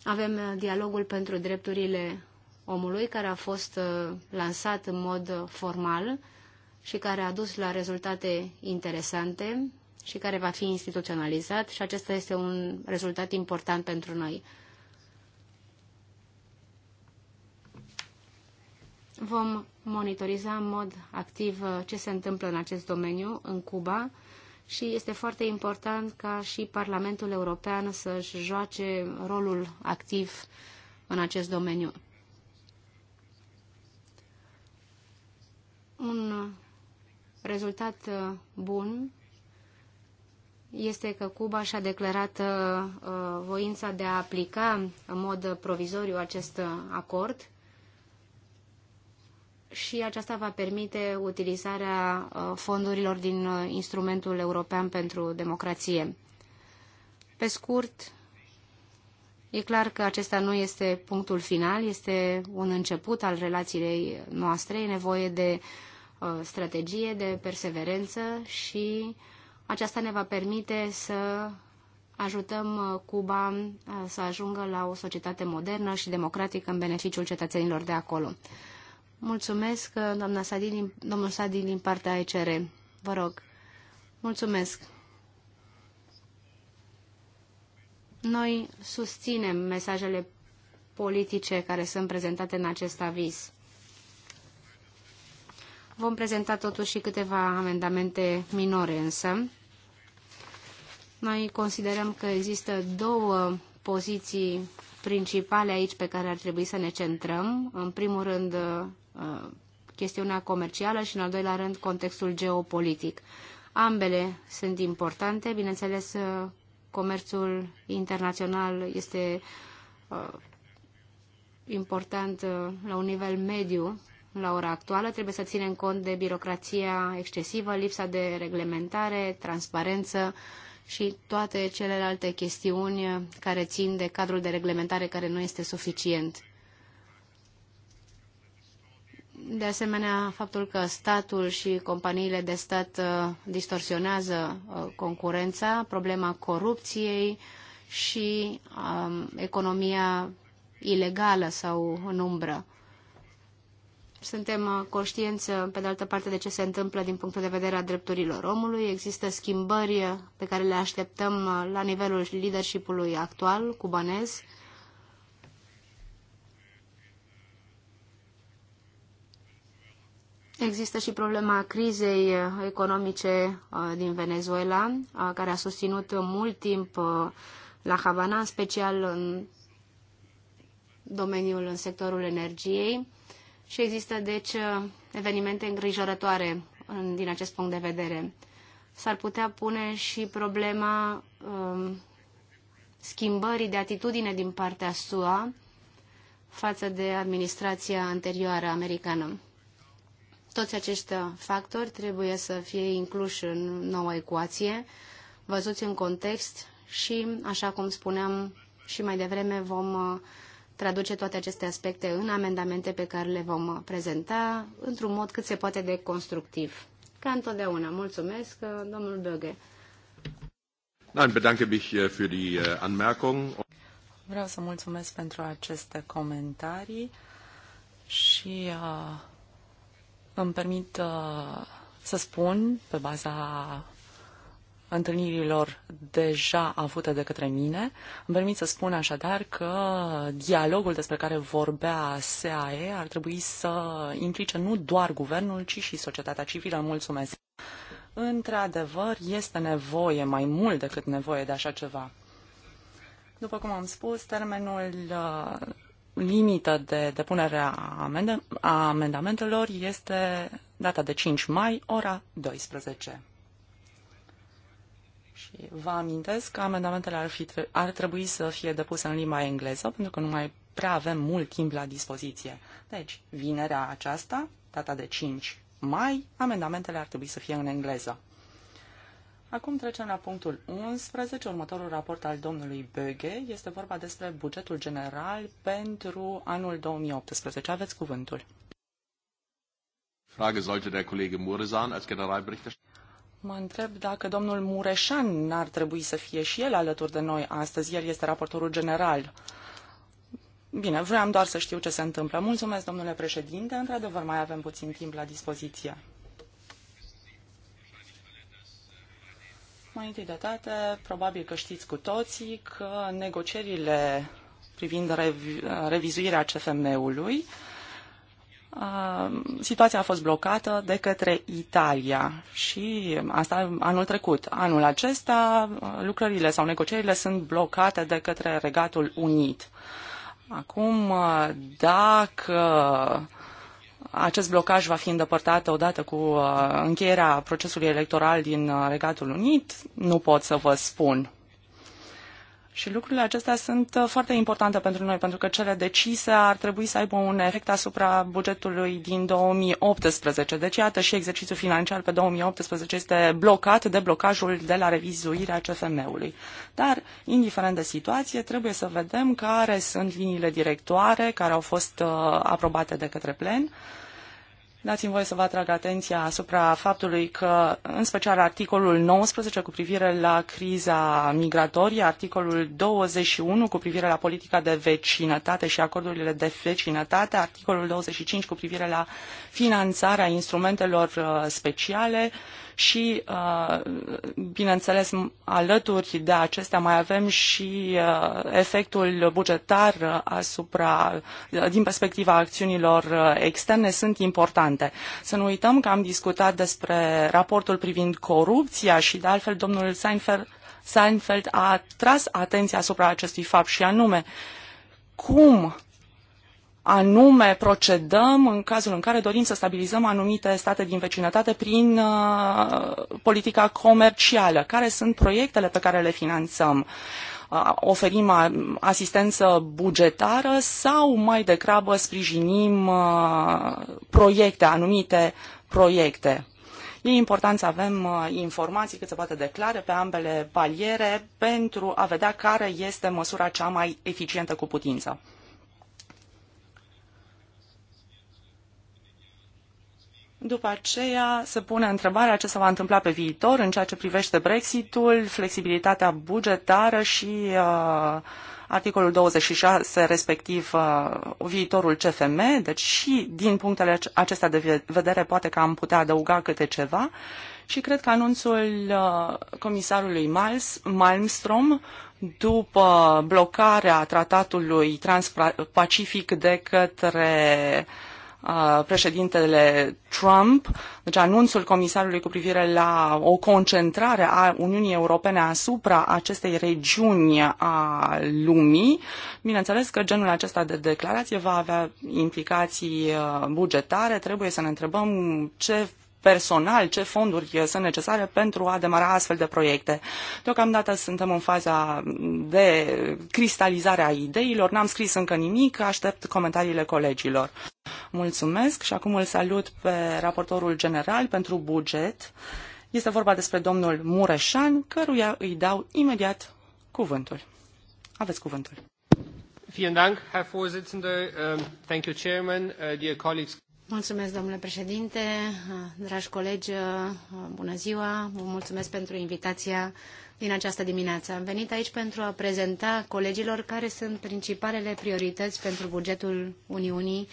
A: Avem uh, dialogul pentru drepturile omului, care a fost uh, lansat în mod uh, formal și care a dus la rezultate interesante și care va fi instituționalizat și acesta este un rezultat important pentru noi. Vom monitoriza în mod activ uh, ce se întâmplă în acest domeniu, în Cuba, și este foarte important ca și Parlamentul European să-și joace rolul activ în acest domeniu. Un rezultat uh, bun este că Cuba și-a declarat uh, voința de a aplica în mod provizoriu acest acord și aceasta va permite utilizarea uh, fondurilor din uh, instrumentul european pentru democrație. Pe scurt, e clar că acesta nu este punctul final, este un început al relației noastre, e nevoie de uh, strategie, de perseverență și aceasta ne va permite să ajutăm Cuba să ajungă la o societate modernă și democratică în beneficiul cetățenilor de acolo. Mulțumesc, uh, doamna Sadin, domnul Sadin din partea ECR. Vă rog. Mulțumesc. Noi susținem mesajele politice care sunt prezentate în acest aviz. Vom prezenta totuși și câteva amendamente minore însă. Noi considerăm că există două poziții principale aici pe care ar trebui să ne centrăm. În primul rând, uh, Uh, chestiunea comercială și, în al doilea rând, contextul geopolitic. Ambele sunt importante. Bineînțeles, uh, comerțul internațional este uh, important la un nivel mediu la ora actuală. Trebuie să ținem cont de birocrația excesivă, lipsa de reglementare, transparență și toate celelalte chestiuni care țin de cadrul de reglementare care nu este suficient de asemenea, faptul că statul și companiile de stat uh, distorsionează uh, concurența, problema corupției și um, economia ilegală sau în umbră. Suntem uh, conștienți, pe de altă parte, de ce se întâmplă din punctul de vedere a drepturilor omului. Există schimbări pe care le așteptăm la nivelul leadership-ului actual cubanez. Există și problema crizei uh, economice uh, din Venezuela, uh, care a susținut mult timp la Havana, în special în domeniul, în sectorul energiei. Și există, deci, evenimente îngrijorătoare din acest punct de vedere. S-ar putea pune și problema um, schimbării de atitudine din partea SUA față de administrația anterioară americană. Toți acești factori trebuie să fie incluși în noua ecuație, văzuți în context și, așa cum spuneam și mai devreme, vom uh, traduce toate aceste aspecte în amendamente pe care le vom uh, prezenta într-un mod cât se poate de constructiv. Ca întotdeauna. Mulțumesc, uh, domnul Böge.
B: Nein, bedanke mich äh, für die äh, Anmerkung.
C: Vreau să mulțumesc pentru aceste comentarii și uh, îmi permit uh, să spun, pe baza întâlnirilor deja avute de către mine. Îmi permit să spun așadar că dialogul despre care vorbea SAE ar trebui să implice nu doar guvernul, ci și societatea civilă. Mulțumesc! Într-adevăr, este nevoie mai mult decât nevoie de așa ceva. După cum am spus, termenul uh, limită de depunere a, amende, a amendamentelor este data de 5 mai, ora 12. Și vă amintesc că amendamentele ar, fi, ar trebui să fie depuse în limba engleză, pentru că nu mai prea avem mult timp la dispoziție. Deci, vinerea aceasta, data de 5 mai, amendamentele ar trebui să fie în engleză. Acum trecem la punctul 11, următorul raport al domnului Böge. Este vorba despre bugetul general pentru anul 2018. Aveți cuvântul.
B: Frage sollte der Kollege Muresan als Generalberichterstatter.
C: Mă întreb dacă domnul Mureșan n-ar trebui să fie și el alături de noi astăzi. El este raportorul general. Bine, vreau doar să știu ce se întâmplă. Mulțumesc, domnule președinte. Într-adevăr, mai avem puțin timp la dispoziție. Mai întâi de toate, probabil că știți cu toții că negocierile privind revi- revizuirea CFM-ului, situația a fost blocată de către Italia și asta anul trecut. Anul acesta, lucrările sau negocierile sunt blocate de către Regatul Unit. Acum, dacă acest blocaj va fi îndepărtat odată cu uh, încheierea procesului electoral din uh, Regatul Unit, nu pot să vă spun. Și lucrurile acestea sunt uh, foarte importante pentru noi, pentru că cele decise ar trebui să aibă un efect asupra bugetului din 2018. Deci, iată, și exercițiul financiar pe 2018 este blocat de blocajul de la revizuirea CFM-ului. Dar, indiferent de situație, trebuie să vedem care sunt liniile directoare care au fost aprobate de către plen Dați-mi voie să vă atrag atenția asupra faptului că, în special articolul 19 cu privire la criza migratorie, articolul 21 cu privire la politica de vecinătate și acordurile de vecinătate, articolul 25 cu privire la finanțarea instrumentelor uh, speciale, și, uh, bineînțeles, alături de acestea mai avem și uh, efectul bugetar uh, asupra, din perspectiva acțiunilor externe, sunt importante. Să nu uităm că am discutat despre raportul privind corupția și, de altfel, domnul Seinfeld, Seinfeld a tras atenția asupra acestui fapt și anume cum anume procedăm în cazul în care dorim să stabilizăm anumite state din vecinătate prin uh, politica comercială, care sunt proiectele pe care le finanțăm. Uh, oferim asistență bugetară sau mai degrabă sprijinim uh, proiecte, anumite proiecte. E important să avem informații cât se poate de clare pe ambele paliere pentru a vedea care este măsura cea mai eficientă cu putință. După aceea se pune întrebarea ce se va întâmpla pe viitor în ceea ce privește Brexitul, flexibilitatea bugetară și uh, articolul 26, respectiv uh, viitorul CFM. Deci și din punctele acestea de vedere poate că am putea adăuga câte ceva. Și cred că anunțul uh, comisarului Miles, Malmstrom după blocarea tratatului transpacific de către uh, președintele Trump, deci anunțul comisarului cu privire la o concentrare a Uniunii Europene asupra acestei regiuni a lumii, bineînțeles că genul acesta de declarație va avea implicații bugetare. Trebuie să ne întrebăm ce personal ce fonduri sunt necesare pentru a demara astfel de proiecte. Deocamdată suntem în faza de cristalizare a ideilor, n-am scris încă nimic, aștept comentariile colegilor. Mulțumesc și acum îl salut pe raportorul general pentru buget. Este vorba despre domnul Mureșan, căruia îi dau imediat cuvântul. Aveți cuvântul. Vielen Dank, Herr Vorsitzender. Ähm, thank you, Chairman, uh, dear colleagues.
A: Mulțumesc, domnule președinte, dragi colegi, bună ziua, vă mulțumesc pentru invitația din această dimineață. Am venit aici pentru a prezenta colegilor care sunt principalele priorități pentru bugetul Uniunii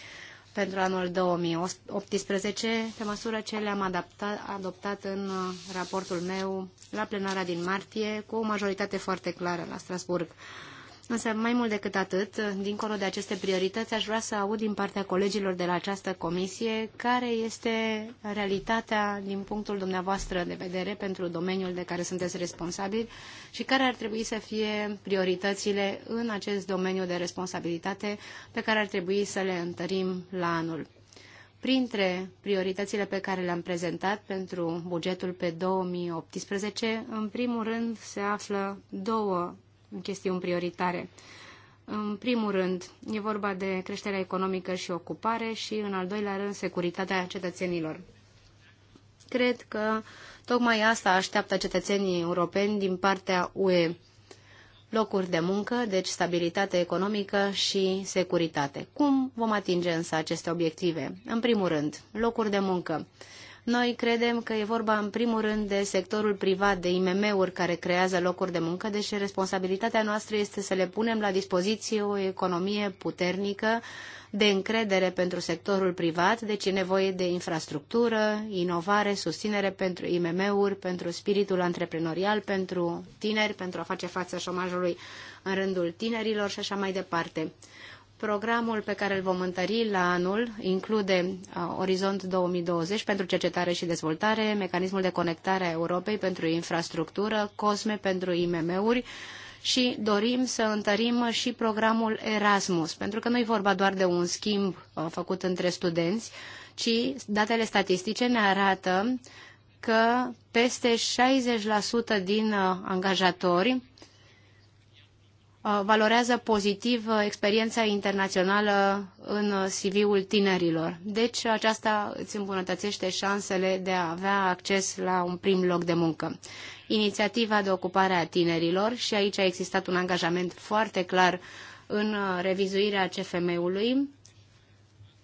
A: pentru anul 2018, pe măsură ce le-am adoptat în raportul meu la plenara din martie, cu o majoritate foarte clară la Strasburg. Însă, mai mult decât atât, dincolo de aceste priorități, aș vrea să aud din partea colegilor de la această comisie care este realitatea din punctul dumneavoastră de vedere pentru domeniul de care sunteți responsabili și care ar trebui să fie prioritățile în acest domeniu de responsabilitate pe care ar trebui să le întărim la anul. Printre prioritățile pe care le-am prezentat pentru bugetul pe 2018, în primul rând se află două chestiuni prioritare. În primul rând, e vorba de creșterea economică și ocupare și, în al doilea rând, securitatea cetățenilor. Cred că tocmai asta așteaptă cetățenii europeni din partea UE. Locuri de muncă, deci stabilitate economică și securitate. Cum vom atinge însă aceste obiective? În primul rând, locuri de muncă. Noi credem că e vorba în primul rând de sectorul privat, de IMM-uri care creează locuri de muncă, deși responsabilitatea noastră este să le punem la dispoziție o economie puternică de încredere pentru sectorul privat, deci e nevoie de infrastructură, inovare, susținere pentru IMM-uri, pentru spiritul antreprenorial, pentru tineri, pentru a face față șomajului în rândul tinerilor și așa mai departe. Programul pe care îl vom întări la anul include uh, Orizont 2020 pentru cercetare și dezvoltare, mecanismul de conectare a Europei pentru infrastructură, COSME pentru IMM-uri și dorim să întărim și programul Erasmus, pentru că nu e vorba doar de un schimb uh, făcut între studenți, ci datele statistice ne arată că peste 60% din uh, angajatori Uh, valorează pozitiv uh, experiența internațională în uh, CV-ul tinerilor. Deci aceasta îți îmbunătățește șansele de a avea acces la un prim loc de muncă. Inițiativa de ocupare a tinerilor și aici a existat un angajament foarte clar în revizuirea CFM-ului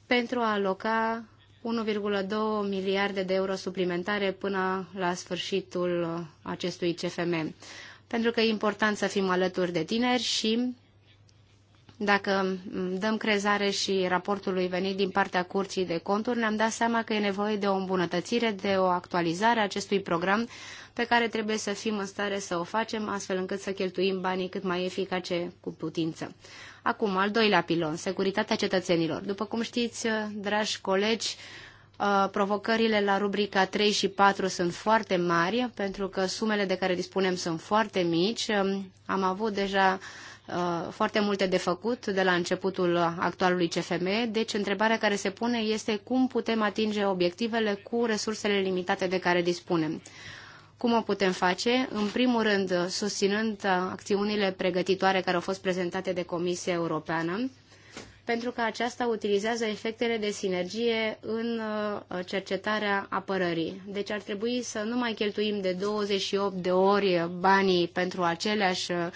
A: pentru a aloca 1,2 miliarde de euro suplimentare până la sfârșitul acestui CFM pentru că e important să fim alături de tineri și dacă dăm crezare și raportului venit din partea Curții de Conturi, ne-am dat seama că e nevoie de o îmbunătățire, de o actualizare a acestui program pe care trebuie să fim în stare să o facem, astfel încât să cheltuim banii cât mai eficace cu putință. Acum, al doilea pilon, securitatea cetățenilor. După cum știți, dragi colegi, Uh, provocările la rubrica 3 și 4 sunt foarte mari, pentru că sumele de care dispunem sunt foarte mici. Um, am avut deja uh, foarte multe de făcut de la începutul actualului CFM, deci întrebarea care se pune este cum putem atinge obiectivele cu resursele limitate de care dispunem. Cum o putem face? În primul rând, susținând acțiunile pregătitoare care au fost prezentate de Comisia Europeană, pentru că aceasta utilizează efectele de sinergie în uh, cercetarea apărării. Deci ar trebui să nu mai cheltuim de 28 de ori banii pentru aceleași uh,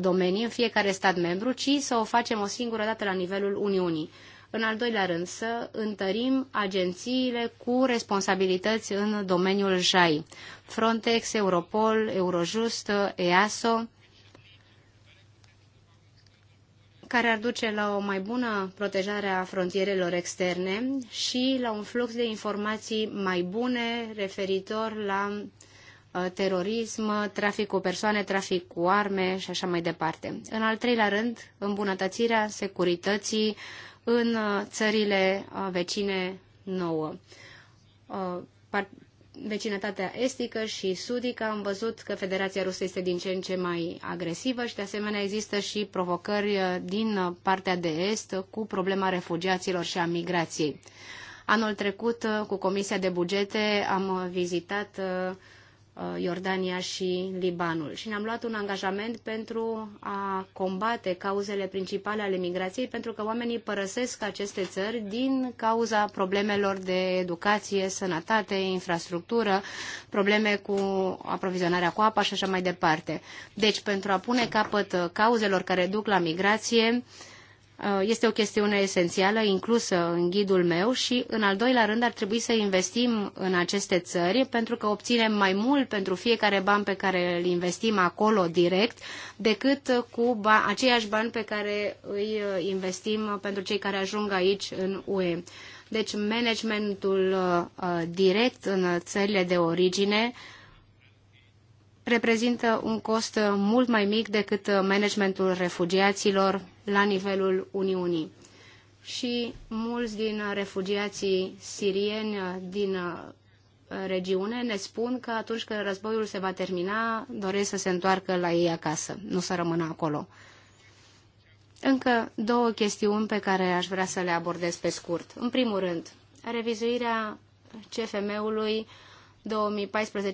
A: domenii în fiecare stat membru, ci să o facem o singură dată la nivelul Uniunii. În al doilea rând, să întărim agențiile cu responsabilități în domeniul JAI. Frontex, Europol, Eurojust, EASO, care ar duce la o mai bună protejare a frontierelor externe și la un flux de informații mai bune referitor la uh, terorism, trafic cu persoane, trafic cu arme și așa mai departe. În al treilea rând, îmbunătățirea securității în uh, țările uh, vecine nouă vecinătatea estică și sudică am văzut că Federația Rusă este din ce în ce mai agresivă și de asemenea există și provocări uh, din uh, partea de est cu problema refugiaților și a migrației. Anul trecut, uh, cu Comisia de Bugete, am vizitat uh, Uh, Iordania și Libanul. Și ne-am luat un angajament pentru a combate cauzele principale ale migrației, pentru că oamenii părăsesc aceste țări din cauza problemelor de educație, sănătate, infrastructură, probleme cu aprovizionarea cu apa și așa mai departe. Deci, pentru a pune capăt cauzelor care duc la migrație, Uh, este o chestiune esențială inclusă în ghidul meu și, în al doilea rând, ar trebui să investim în aceste țări pentru că obținem mai mult pentru fiecare ban pe care îl investim acolo direct decât cu ba- aceiași bani pe care îi uh, investim pentru cei care ajung aici în UE. Deci managementul uh, direct în țările de origine reprezintă un cost mult mai mic decât managementul refugiaților la nivelul Uniunii. Și mulți din refugiații sirieni din uh, regiune ne spun că atunci când războiul se va termina, doresc să se întoarcă la ei acasă, nu să rămână acolo. Încă două chestiuni pe care aș vrea să le abordez pe scurt. În primul rând, revizuirea CFM-ului 2014-2020.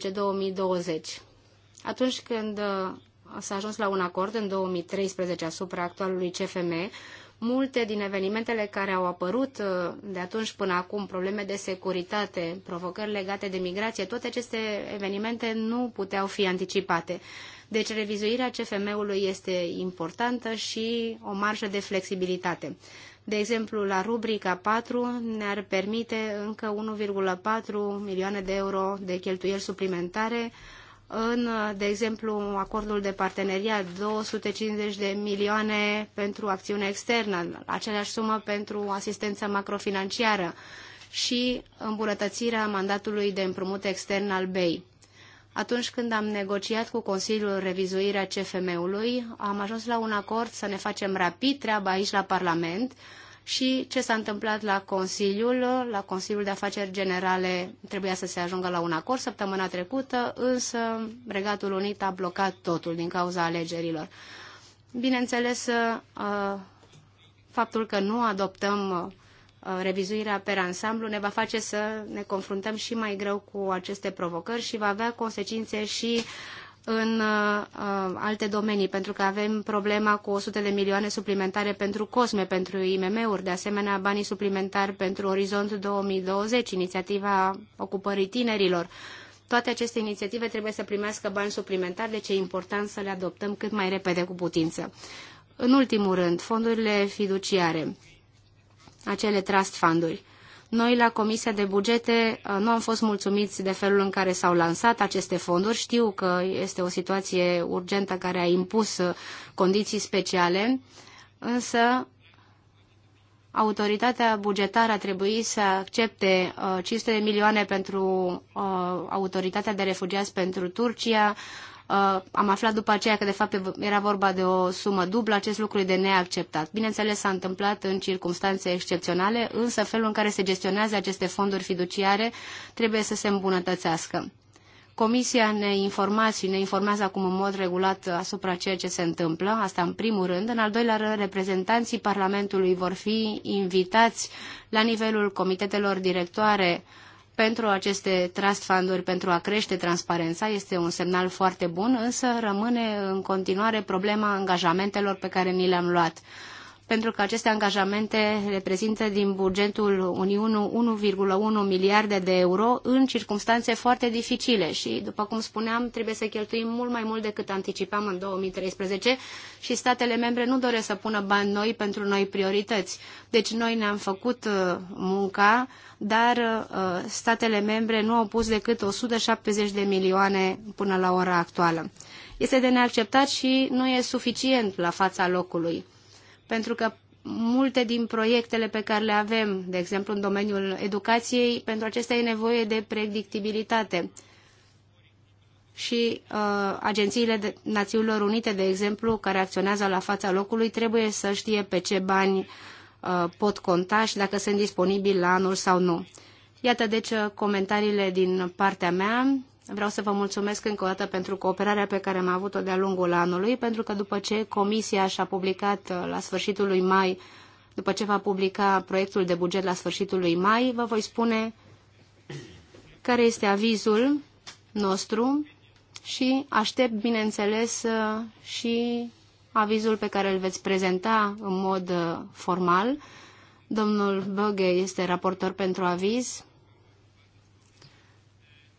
A: Atunci când uh, s-a ajuns la un acord în 2013 asupra actualului CFM. Multe din evenimentele care au apărut uh, de atunci până acum, probleme de securitate, provocări legate de migrație, toate aceste evenimente nu puteau fi anticipate. Deci revizuirea CFM-ului este importantă și o marjă de flexibilitate. De exemplu, la rubrica 4 ne-ar permite încă 1,4 milioane de euro de cheltuieli suplimentare în, de exemplu, acordul de parteneriat, 250 de milioane pentru acțiune externă, aceleași sumă pentru asistență macrofinanciară și îmbunătățirea mandatului de împrumut extern al BEI. Atunci când am negociat cu Consiliul revizuirea CFM-ului, am ajuns la un acord să ne facem rapid treaba aici la Parlament, și ce s-a întâmplat la Consiliul. La Consiliul de Afaceri Generale trebuia să se ajungă la un acord săptămâna trecută, însă Regatul Unit a blocat totul din cauza alegerilor. Bineînțeles, uh, faptul că nu adoptăm uh, revizuirea pe ansamblu ne va face să ne confruntăm și mai greu cu aceste provocări și va avea consecințe și uh, în uh, uh, alte domenii, pentru că avem problema cu 100 de milioane suplimentare pentru COSME, pentru IMM-uri, de asemenea banii suplimentari pentru Orizont 2020, inițiativa ocupării tinerilor. Toate aceste inițiative trebuie să primească bani suplimentari, deci e important să le adoptăm cât mai repede cu putință. În ultimul rând, fondurile fiduciare, acele trust funduri. Noi la Comisia de Bugete uh, nu am fost mulțumiți de felul în care s-au lansat aceste fonduri. Știu că este o situație urgentă care a impus uh, condiții speciale, însă autoritatea bugetară a trebuit să accepte 500 uh, de milioane pentru autoritatea de refugiați pentru Turcia, Uh, am aflat după aceea că de fapt era vorba de o sumă dublă, acest lucru e de neacceptat. Bineînțeles, s-a întâmplat în circunstanțe excepționale, însă felul în care se gestionează aceste fonduri fiduciare trebuie să se îmbunătățească. Comisia ne informa și ne informează acum în mod regulat asupra ceea ce se întâmplă, asta în primul rând. În al doilea rând, reprezentanții Parlamentului vor fi invitați la nivelul comitetelor directoare uh, pentru aceste trust funduri pentru a crește transparența este un semnal foarte bun, însă rămâne în continuare problema angajamentelor pe care ni le-am luat pentru că aceste angajamente reprezintă din bugetul Uniunii 1,1 miliarde de euro în circunstanțe foarte dificile și, după cum spuneam, trebuie să cheltuim mult mai mult decât anticipam în 2013 și statele membre nu doresc să pună bani noi pentru noi priorități. Deci noi ne-am făcut uh, munca, dar uh, statele membre nu au pus decât 170 de milioane până la ora actuală. Este de neacceptat și nu e suficient la fața locului pentru că multe din proiectele pe care le avem, de exemplu în domeniul educației, pentru acestea e nevoie de predictibilitate. Și uh, agențiile de Națiunilor Unite, de exemplu, care acționează la fața locului, trebuie să știe pe ce bani uh, pot conta și dacă sunt disponibili la anul sau nu. Iată deci uh, comentariile din partea mea Vreau să vă mulțumesc încă o dată pentru cooperarea pe care am avut-o de-a lungul anului, pentru că după ce Comisia și-a publicat uh, la sfârșitul lui mai, după ce va publica proiectul de buget la sfârșitul lui mai, vă voi spune care este avizul nostru și aștept, bineînțeles, uh, și avizul pe care îl veți prezenta în mod uh, formal. Domnul Băghe este raportor pentru aviz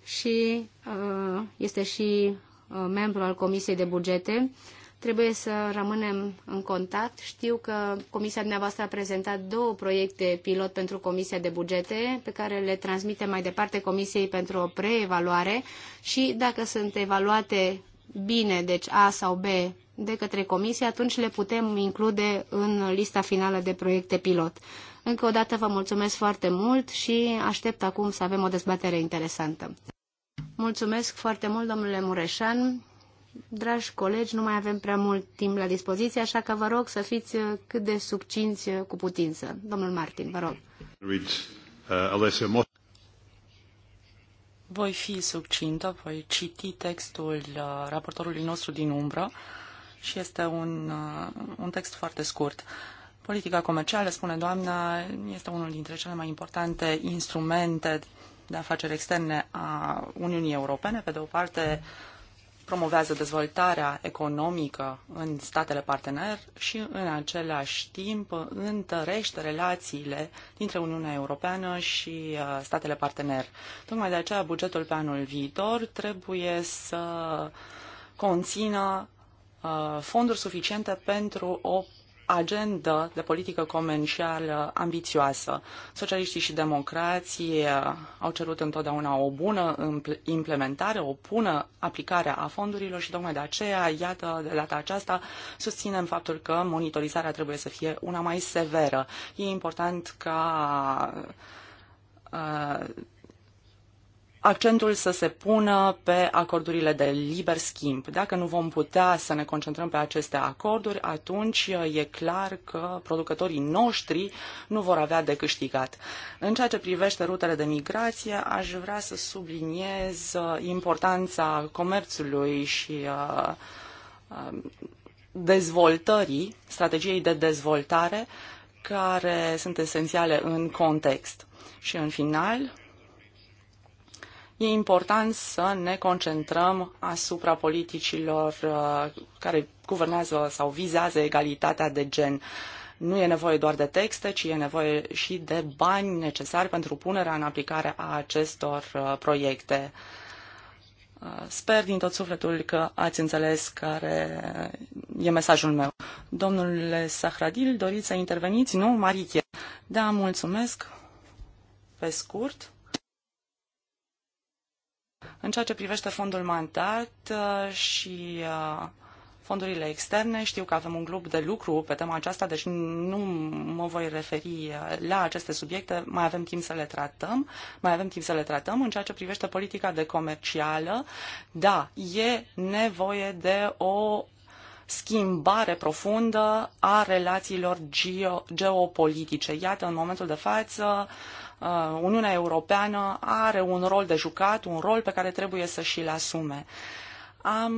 A: și uh, este și uh, membru al Comisiei de Bugete. Trebuie să rămânem în contact. Știu că Comisia dumneavoastră a prezentat două proiecte pilot pentru Comisia de Bugete, pe care le transmitem mai departe Comisiei pentru o preevaluare și dacă sunt evaluate bine, deci A sau B, de către Comisie, atunci le putem include în lista finală de proiecte pilot. Încă o dată vă mulțumesc foarte mult și aștept acum să avem o dezbatere interesantă. Mulțumesc foarte mult, domnule Mureșan. Dragi colegi, nu mai avem prea mult timp la dispoziție, așa că vă rog să fiți cât de succinți cu putință. Domnul
C: Martin, vă rog. Voi fi succintă, voi citi textul uh, raportorului nostru din umbră și este un, uh, un text foarte scurt. Uh, Politica comercială, spune doamna, este unul dintre cele mai importante instrumente de afaceri externe a Uniunii Europene. Pe de o parte, promovează dezvoltarea economică în statele partener și în același timp întărește relațiile dintre Uniunea Europeană și uh, statele partener. Tocmai de aceea bugetul pe anul viitor trebuie să conțină uh, fonduri suficiente pentru o agendă de politică comercială ambițioasă. Socialiștii și democrații eh, au cerut întotdeauna o bună implementare, o bună aplicare a fondurilor și tocmai de aceea, iată, de data aceasta, susținem faptul că monitorizarea trebuie să fie una mai severă. E important ca eh, accentul să se pună pe acordurile de liber schimb. Dacă nu vom putea să ne concentrăm pe aceste acorduri, atunci uh, e clar că producătorii noștri nu vor avea de câștigat. În ceea ce privește rutele de migrație, aș vrea să subliniez uh, importanța comerțului și uh, dezvoltării, strategiei de dezvoltare, care sunt esențiale în context. Și în final, e important să ne concentrăm asupra politicilor uh, care guvernează sau vizează egalitatea de gen. Nu e nevoie doar de texte, ci e nevoie și de bani necesari pentru punerea în aplicare a acestor uh, proiecte. Uh, sper din tot sufletul că ați înțeles care e mesajul meu. Domnule Sahradil, doriți să interveniți? Nu? Marichie. Da, mulțumesc. Pe scurt. În ceea ce privește fondul mandat uh, și uh, fondurile externe, știu că avem un grup de lucru pe tema aceasta, deci nu mă voi referi uh, la aceste subiecte, mai avem timp să le tratăm, mai avem timp să le tratăm. În ceea ce privește politica de comercială, da, e nevoie de o schimbare profundă a relațiilor geo- geopolitice. Iată, în momentul de față, uh, Uh, Uniunea Europeană are un rol de jucat, un rol pe care trebuie să și-l asume. Am,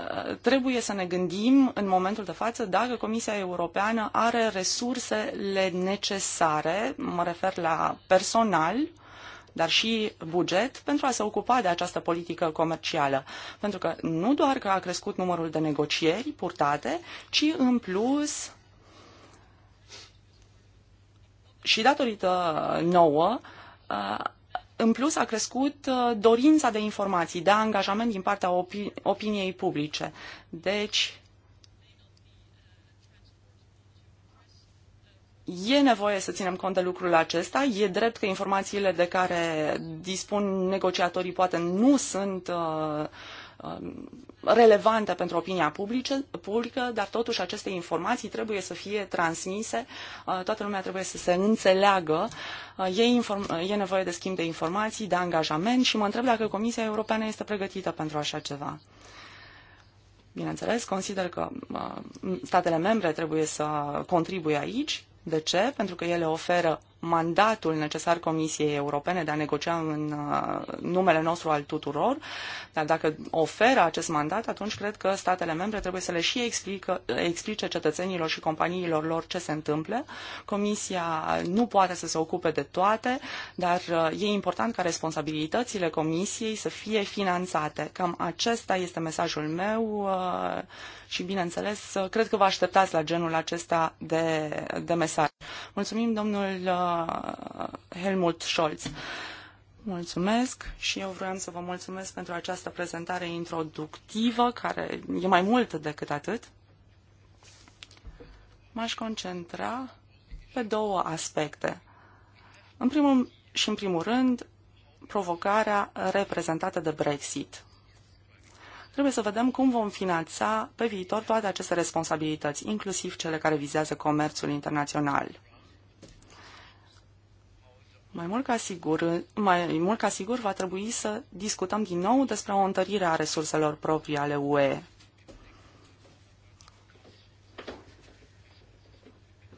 C: uh, trebuie să ne gândim în momentul de față dacă Comisia Europeană are resursele necesare, mă refer la personal, dar și buget pentru a se ocupa de această politică comercială. Pentru că nu doar că a crescut numărul de negocieri purtate, ci în plus și datorită nouă, în plus a crescut dorința de informații, de angajament din partea opini opiniei publice. Deci, E nevoie să ținem cont de lucrul acesta. E drept că informațiile de care dispun negociatorii poate nu sunt uh, uh, relevante pentru opinia publice, publică, dar totuși aceste informații trebuie să fie transmise, uh, toată lumea trebuie să se înțeleagă, uh, e, inform- e nevoie de schimb de informații, de angajament și mă întreb dacă Comisia Europeană este pregătită pentru așa ceva. Bineînțeles, consider că uh, statele membre trebuie să contribuie aici. De ce? Pentru că ele oferă mandatul necesar Comisiei Europene de a negocia în uh, numele nostru al tuturor, dar dacă oferă acest mandat, atunci cred că statele membre trebuie să le și explică, explice cetățenilor și companiilor lor ce se întâmplă. Comisia nu poate să se ocupe de toate, dar uh, e important ca responsabilitățile Comisiei să fie finanțate. Cam acesta este mesajul meu uh, și, bineînțeles, cred că vă așteptați la genul acesta de, de mesaj. Mulțumim, domnul Uh, Helmut Scholz. Mulțumesc și eu vreau să vă mulțumesc pentru această prezentare introductivă, care e mai mult decât atât. M-aș concentra pe două aspecte. În primul și în primul rând, provocarea reprezentată de Brexit. Trebuie să vedem cum vom finanța pe viitor toate aceste responsabilități, inclusiv cele care vizează comerțul internațional. Mai mult, ca sigur, mai mult ca sigur va trebui să discutăm din nou despre o întărire a resurselor proprii ale UE.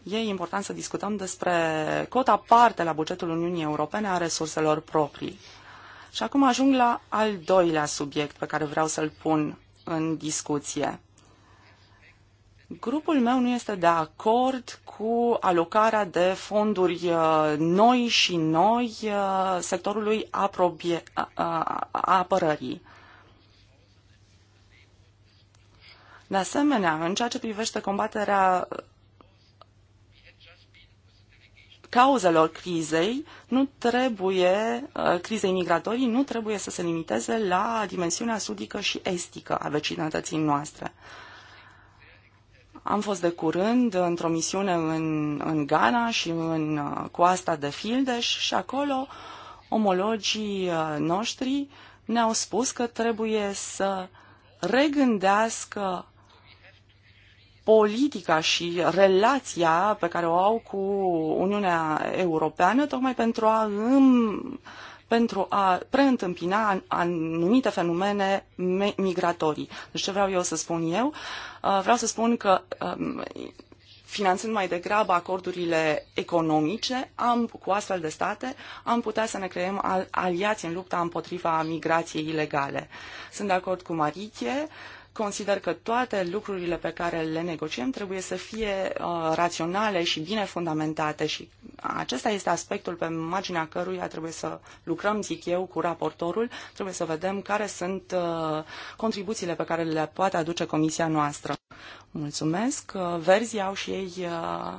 C: E important să discutăm despre cota parte la bugetul Uniunii Europene a resurselor proprii. Și acum ajung la al doilea subiect pe care vreau să-l pun în discuție. Grupul meu nu este de acord cu alocarea de fonduri uh, noi și noi uh, sectorului aprobie, a, a, apărării. De asemenea, în ceea ce privește combaterea uh, cauzelor crizei, nu trebuie, crizei migratorii, nu trebuie să se limiteze la dimensiunea sudică și estică a vecinătății noastre. Am fost de curând într-o misiune în, în Ghana și în uh, coasta de Fildeș și acolo omologii uh, noștri ne-au spus că trebuie să regândească politica și relația pe care o au cu Uniunea Europeană tocmai pentru a îmi pentru a preîntâmpina anumite fenomene migratorii. Deci ce vreau eu să spun eu? Uh, vreau să spun că um, finanțând mai degrabă acordurile economice am, cu astfel de state, am putea să ne creăm aliații aliați în lupta împotriva migrației ilegale. Sunt de acord cu Maritie, uh, Consider că toate lucrurile pe care le negociem trebuie să fie uh, raționale și bine fundamentate și acesta este aspectul pe marginea căruia trebuie să lucrăm, zic eu, cu raportorul. Trebuie să vedem care sunt uh, contribuțiile pe care le poate aduce comisia noastră. Mulțumesc. Uh, Verzii au și ei uh,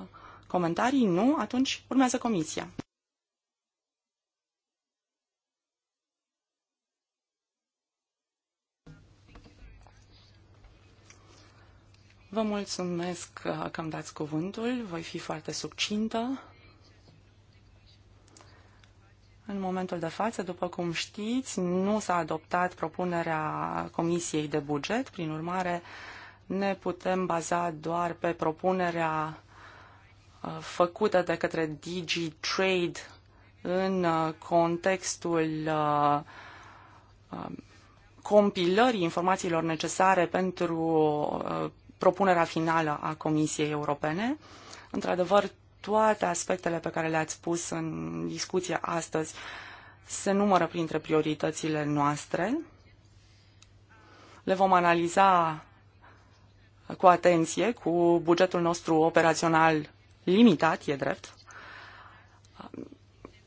C: comentarii? Nu? Atunci urmează comisia. Vă mulțumesc că îmi dați cuvântul, voi fi foarte succintă. În momentul de față, după cum știți, nu s-a adoptat propunerea Comisiei de Buget, prin urmare ne putem baza doar pe propunerea uh, făcută de către DG Trade în uh, contextul uh, compilării informațiilor necesare pentru propunerea finală a Comisiei Europene. Într-adevăr, toate aspectele pe care le-ați pus în discuție astăzi se numără printre prioritățile noastre. Le vom analiza cu atenție, cu bugetul nostru operațional limitat, e drept.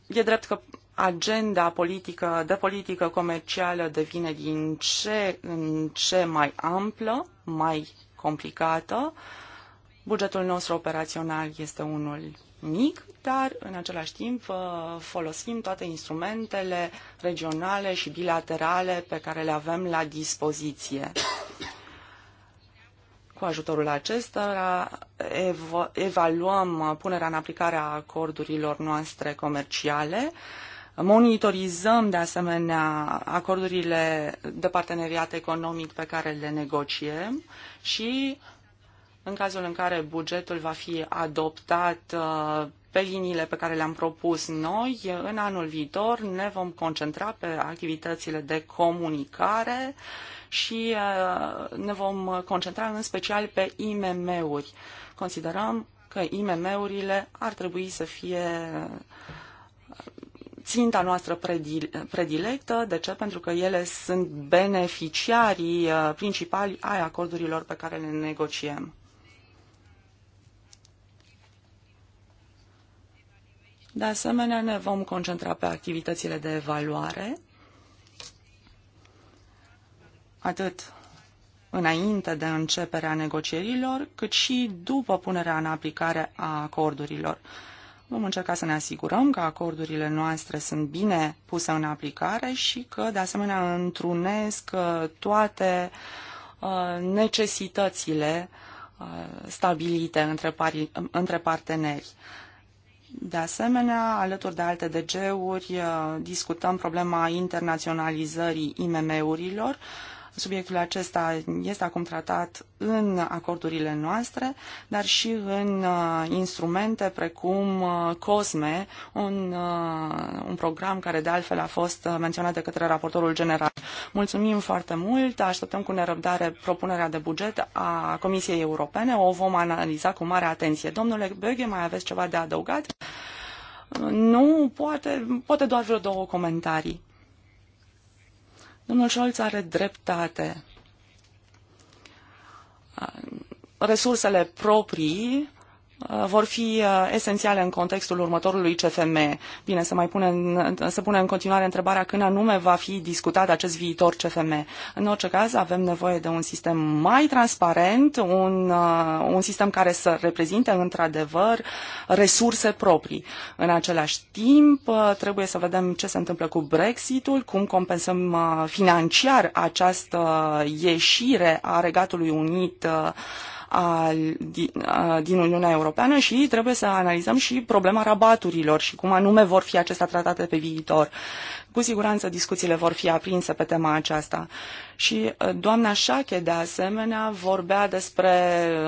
C: E drept că agenda politică, de politică comercială devine din ce în ce mai amplă, mai complicată. Bugetul nostru operațional este unul mic, dar în același timp uh, folosim toate instrumentele regionale și bilaterale pe care le avem la dispoziție. Cu ajutorul acestora evaluăm punerea în aplicare a acordurilor noastre comerciale. Monitorizăm, de asemenea, acordurile de parteneriat economic pe care le negociem și, în cazul în care bugetul va fi adoptat uh, pe liniile pe care le-am propus noi, în anul viitor ne vom concentra pe activitățile de comunicare și uh, ne vom concentra în special pe IMM-uri. Considerăm că IMM-urile ar trebui să fie uh, ținta noastră predilectă. De ce? Pentru că ele sunt beneficiarii uh, principali ai acordurilor pe care le negociem. De asemenea, ne vom concentra pe activitățile de evaluare, atât înainte de începerea negocierilor, cât și după punerea în aplicare a acordurilor. Vom încerca să ne asigurăm că acordurile noastre sunt bine puse în aplicare și că, de asemenea, întrunesc uh, toate uh, necesitățile uh, stabilite între, pari, între parteneri. De asemenea, alături de alte DG-uri, discutăm problema internaționalizării IMM-urilor Subiectul acesta este acum tratat în acordurile noastre, dar și în uh, instrumente precum uh, COSME, un, uh, un program care de altfel a fost menționat de către raportorul general. Mulțumim foarte mult, așteptăm cu nerăbdare propunerea de buget a Comisiei Europene, o vom analiza cu mare atenție. Domnule Böge, mai aveți ceva de adăugat? Nu, poate, poate doar vreo două comentarii. Domnul Scholz are dreptate. Resursele proprii Uh, vor fi uh, esențiale în contextul următorului CFM. Bine, să mai pune în, să pune în continuare întrebarea când anume va fi discutat acest viitor CFM. În orice caz, avem nevoie de un sistem mai transparent, un, uh, un sistem care să reprezinte într-adevăr resurse proprii. În același timp, trebuie să vedem ce se întâmplă cu Brexitul, cum compensăm financiar această ieșire a Regatului Unit uh, a, din, a, din Uniunea Europeană și trebuie să analizăm și problema rabaturilor și cum anume vor fi acestea tratate pe viitor. Cu siguranță discuțiile vor fi aprinse pe tema aceasta. Și doamna Șache, de asemenea, vorbea despre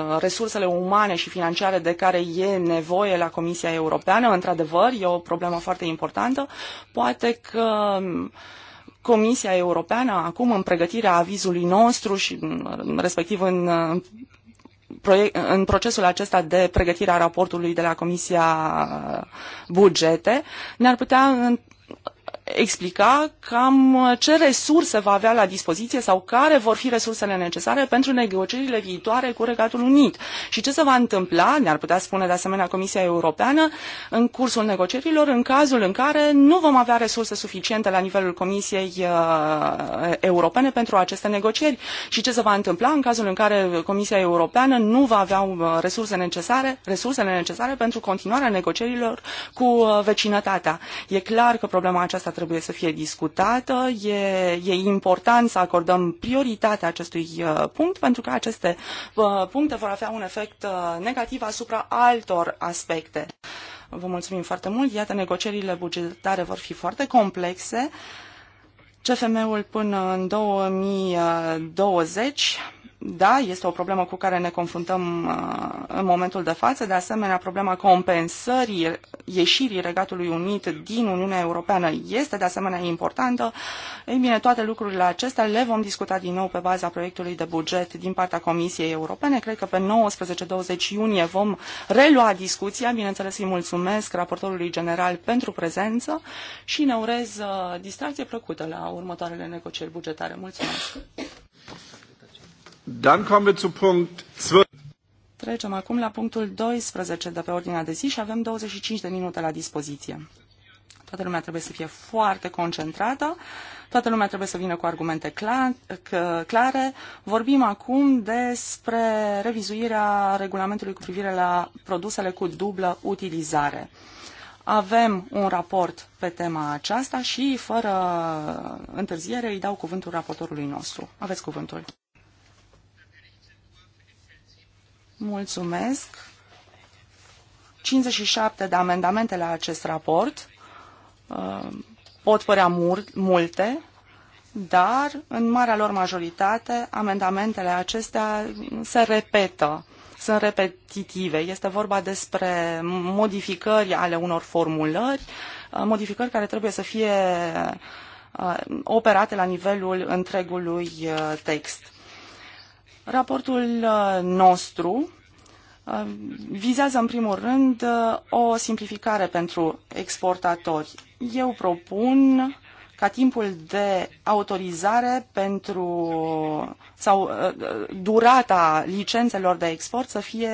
C: uh, resursele umane și financiare de care e nevoie la Comisia Europeană. Într-adevăr, e o problemă foarte importantă. Poate că um, Comisia Europeană acum în pregătirea avizului nostru și uh, respectiv în uh, proiect, în procesul acesta de pregătire a raportului de la Comisia Bugete, ne-ar putea explica cam uh, ce resurse va avea la dispoziție sau care vor fi resursele necesare pentru negocierile viitoare cu Regatul Unit și ce se va întâmpla, ne-ar putea spune de asemenea Comisia Europeană, în cursul negocierilor, în cazul în care nu vom avea resurse suficiente la nivelul Comisiei uh, Europene pentru aceste negocieri și ce se va întâmpla în cazul în care Comisia Europeană nu va avea uh, resurse necesare, resursele necesare pentru continuarea negocierilor cu uh, vecinătatea. E clar că problema aceasta trebuie să fie discutată. E, e important să acordăm prioritate acestui uh, punct, pentru că aceste uh, puncte vor avea un efect uh, negativ asupra altor aspecte. Vă mulțumim foarte mult. Iată, negocierile bugetare vor fi foarte complexe. CFM-ul până în 2020 da, este o problemă cu care ne confruntăm uh, în momentul de față, de asemenea problema compensării ieșirii Regatului Unit din Uniunea Europeană este de asemenea importantă. Ei bine, toate lucrurile acestea le vom discuta din nou pe baza proiectului de buget din partea Comisiei Europene. Cred că pe 19-20 iunie vom relua discuția. Bineînțeles, îi mulțumesc raportorului general pentru prezență și ne urez uh, distracție plăcută la următoarele negocieri bugetare. Mulțumesc!
A: Dann kommen wir zu Punkt 12.
C: Trecem acum la punctul 12 de pe ordinea de zi și avem 25 de minute la dispoziție. Toată lumea trebuie să fie foarte concentrată, toată lumea trebuie să vină cu argumente clare. Vorbim acum despre revizuirea regulamentului cu privire la produsele cu dublă utilizare. Avem un raport pe tema aceasta și, fără întârziere, îi dau cuvântul raportorului nostru. Aveți cuvântul. Mulțumesc. 57 de amendamente la acest raport. Uh, pot părea multe, dar în marea lor majoritate amendamentele acestea se repetă, sunt repetitive. Este vorba despre modificări ale unor formulări, uh, modificări care trebuie să fie uh, operate la nivelul întregului text. Raportul uh, nostru uh, vizează în primul rând uh, o simplificare pentru exportatori. Eu propun ca timpul de autorizare pentru sau durata licențelor de export să fie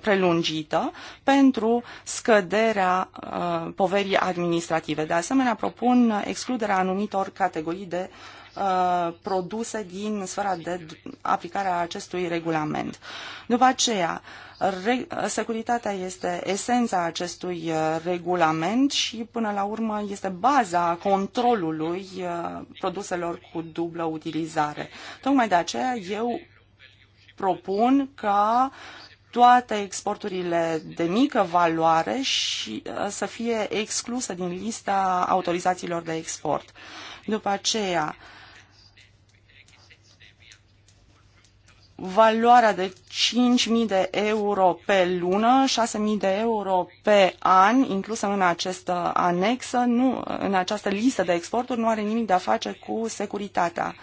C: prelungită pentru scăderea poverii administrative. De asemenea, propun excluderea anumitor categorii de uh, Uh, produse din sfera de aplicare a acestui regulament. După aceea, securitatea este esența acestui uh, regulament și, până la urmă, este baza controlului uh, produselor cu dublă utilizare. Tocmai de aceea eu propun ca toate exporturile de mică valoare și să fie excluse din lista autorizațiilor de export. După aceea, uh, valoarea de 5.000 de euro pe lună, 6.000 de euro pe an, inclusă în această anexă, nu, în această listă de exporturi, nu are nimic de a face cu securitatea.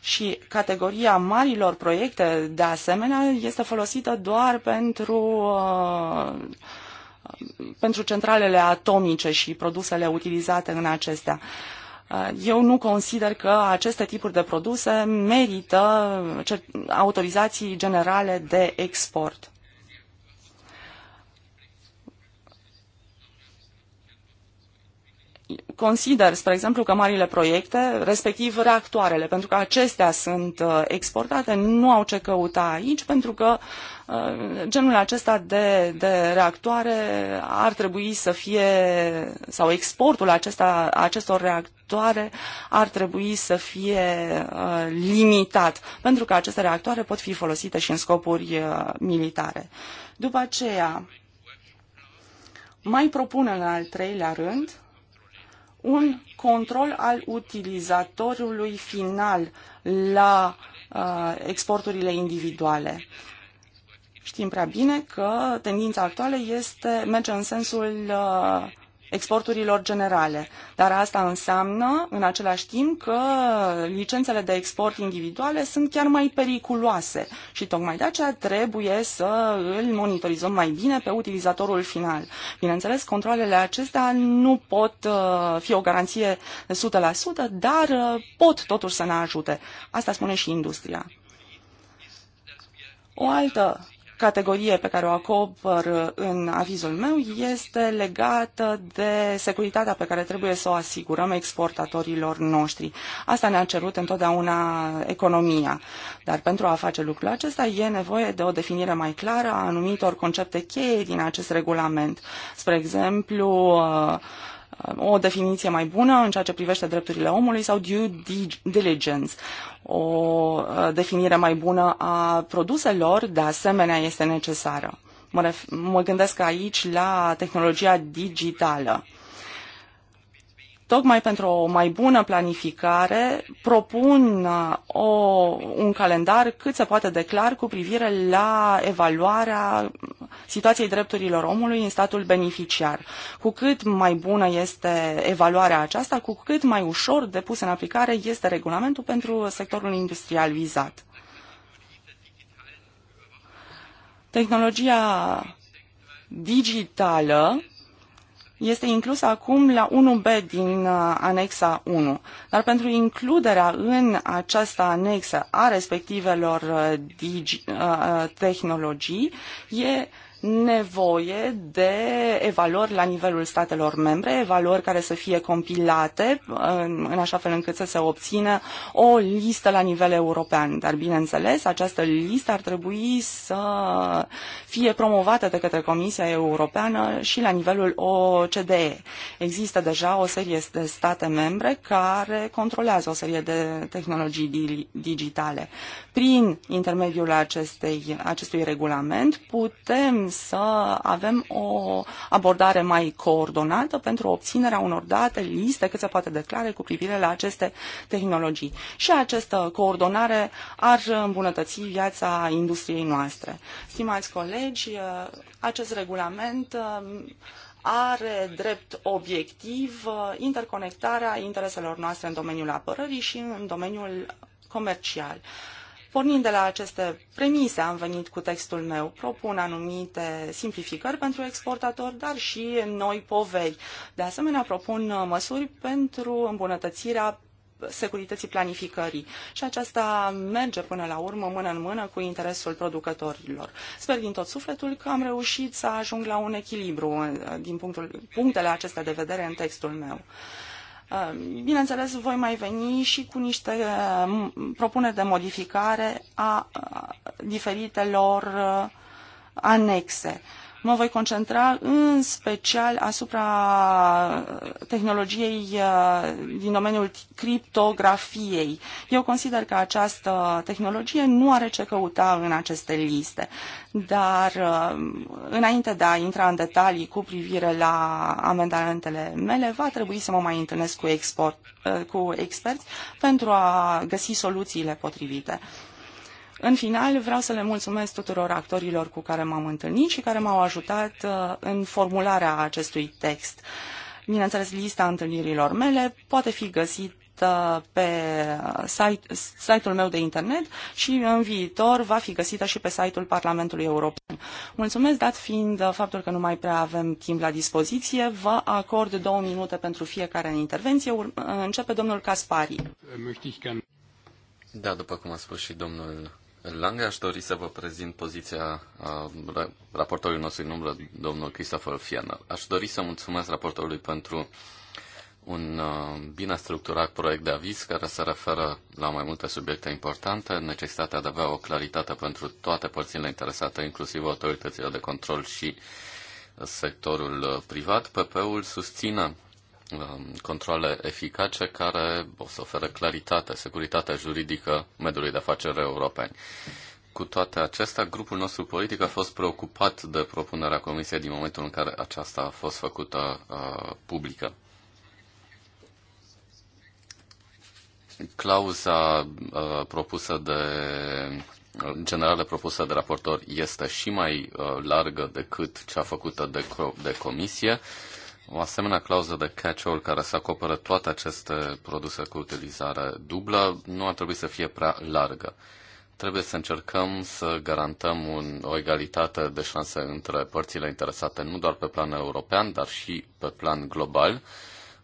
C: Și categoria marilor proiecte, de asemenea, este folosită doar pentru, uh, pentru centralele atomice și produsele utilizate în acestea. Uh, Uh, eu nu consider că aceste tipuri de produse merită uh, autorizații generale de export. Consider, spre exemplu, că marile proiecte, respectiv reactoarele, pentru că acestea sunt uh, exportate, nu au ce căuta aici, pentru că uh, genul acesta de, de reactoare ar trebui să fie, sau exportul acesta, acestor reactoare ar trebui să fie uh, limitat, pentru că aceste reactoare pot fi folosite și în scopuri militare. După aceea, mai propun în al treilea rând un control al utilizatorului final la uh, exporturile individuale. Știm prea bine că tendința actuală este merge în sensul uh, exporturilor generale. Dar asta înseamnă, în același timp, că licențele de export individuale sunt chiar mai periculoase și tocmai de aceea trebuie să îl monitorizăm mai bine pe utilizatorul final. Bineînțeles, controlele acestea nu pot uh, fi o garanție 100%, dar uh, pot totuși să ne ajute. Asta spune și industria. O altă categorie pe care o acopăr în avizul meu este legată de securitatea pe care trebuie să o asigurăm exportatorilor noștri. Asta ne-a cerut întotdeauna economia. Dar pentru a face lucrul acesta e nevoie de o definire mai clară a anumitor concepte cheie din acest regulament. Spre exemplu, o definiție mai bună în ceea ce privește drepturile omului sau due diligence, o uh, definire mai bună a produselor, de asemenea, este necesară. Mă, ref- mă gândesc aici la tehnologia digitală. Tocmai pentru o mai bună planificare propun uh, o, un calendar cât se poate declar cu privire la evaluarea situației drepturilor omului în statul beneficiar. Cu cât mai bună este evaluarea aceasta, cu cât mai ușor de pus în aplicare este regulamentul pentru sectorul industrial vizat. Tehnologia digitală este inclus acum la 1B din uh, anexa 1. Dar pentru includerea în această anexă a respectivelor uh, digi, uh, tehnologii e nevoie de evaluări la nivelul statelor membre, evaluări care să fie compilate în, în așa fel încât să se obțină o listă la nivel european. Dar, bineînțeles, această listă ar trebui să fie promovată de către Comisia Europeană și la nivelul OCDE. Există deja o serie de state membre care controlează o serie de tehnologii digitale. Prin intermediul acestei, acestui regulament putem să avem o abordare mai coordonată pentru obținerea unor date, liste cât se poate declare cu privire la aceste tehnologii. Și această coordonare ar îmbunătăți viața industriei noastre. Stimați colegi, acest regulament um, are drept obiectiv uh, interconectarea intereselor noastre în domeniul apărării și în domeniul comercial. Uh, Pornind de la aceste premise, am venit cu textul meu. Propun anumite simplificări pentru exportatori, dar și noi poveri. De asemenea, propun uh, măsuri pentru îmbunătățirea securității planificării și aceasta merge până la urmă mână în mână cu interesul producătorilor. Sper din tot sufletul că am reușit să ajung la un echilibru uh, din punctul, punctele acestea de vedere în textul meu. Uh, bineînțeles, voi mai veni și cu niște uh, propuneri de modificare a uh, diferitelor anexe. Mă voi concentra în special asupra tehnologiei uh, din domeniul criptografiei. Eu consider că această tehnologie nu are ce căuta în aceste liste. Dar uh, înainte de a intra în detalii cu privire la amendamentele mele, va trebui să mă mai întâlnesc cu, export, uh, cu experți pentru a găsi soluțiile potrivite. În final, vreau să le mulțumesc tuturor actorilor cu care m-am întâlnit și care m-au ajutat uh, în formularea acestui text. Bineînțeles, lista întâlnirilor mele poate fi găsită pe uh, site, site-ul meu de internet și în viitor va fi găsită și pe site-ul Parlamentului European. Mulțumesc, dat fiind uh, faptul că nu mai prea avem timp la dispoziție, vă acord două minute pentru fiecare intervenție. Începe domnul Caspari.
B: Da, după cum a spus și domnul Lange, aș dori să vă prezint poziția a raportorului nostru în umbră, domnul Christopher Fianer. Aș dori să mulțumesc raportorului pentru un bine structurat proiect de aviz care se referă la mai multe subiecte importante, necesitatea de a avea o claritate pentru toate părțile interesate, inclusiv autoritățile de control și sectorul privat. PP-ul susține Um, controle eficace care o să ofere claritate, securitate juridică mediului de afaceri europeni. Cu toate acestea, grupul nostru politic a fost preocupat de propunerea Comisiei din momentul în care aceasta a fost făcută uh, publică. Clauza uh, propusă de uh, generală propusă de raportor este și mai uh, largă decât cea făcută de, de comisie. Uh, o asemenea clauză de catch-all care să acoperă toate aceste produse cu utilizare dublă nu ar trebui să fie prea largă. Trebuie să încercăm să garantăm un, o egalitate de șanse între părțile interesate, nu doar pe plan european, dar și pe plan global.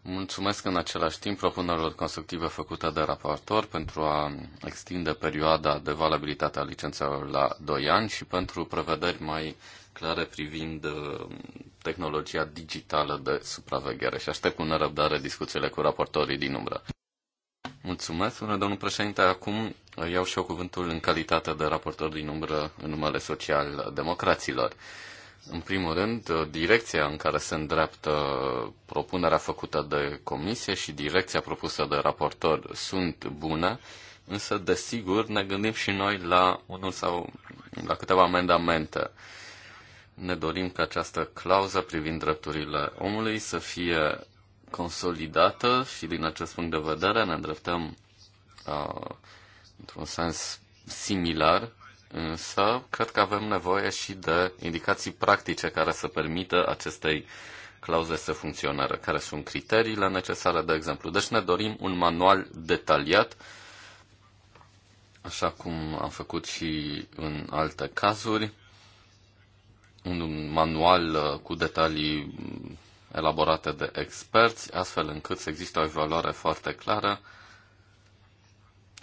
B: Mulțumesc în același timp propunerilor constructive făcute de raportor pentru a extinde perioada de valabilitate a licențelor la 2 ani și pentru prevederi mai clare privind uh, tehnologia digitală de supraveghere și aștept cu nerăbdare discuțiile cu raportorii din umbră. Mulțumesc, domnul președinte. Acum uh, iau și eu cuvântul în calitate de raportor din umbră în numele social-democraților. În primul rând, uh, direcția în care se îndreaptă propunerea făcută de comisie și direcția propusă de raportor sunt bune, însă, desigur, ne gândim și noi la unul sau la câteva amendamente ne dorim ca această clauză privind drepturile omului să fie consolidată și din acest punct de vedere ne îndreptăm uh, într-un sens similar, însă cred că avem nevoie și de indicații practice care să permită acestei clauze să funcționeze, care sunt criteriile necesare, de exemplu. Deci ne dorim un manual detaliat, așa cum am făcut și în alte cazuri, un manual uh, cu detalii mm, elaborate de experți, astfel încât să există o evaluare foarte clară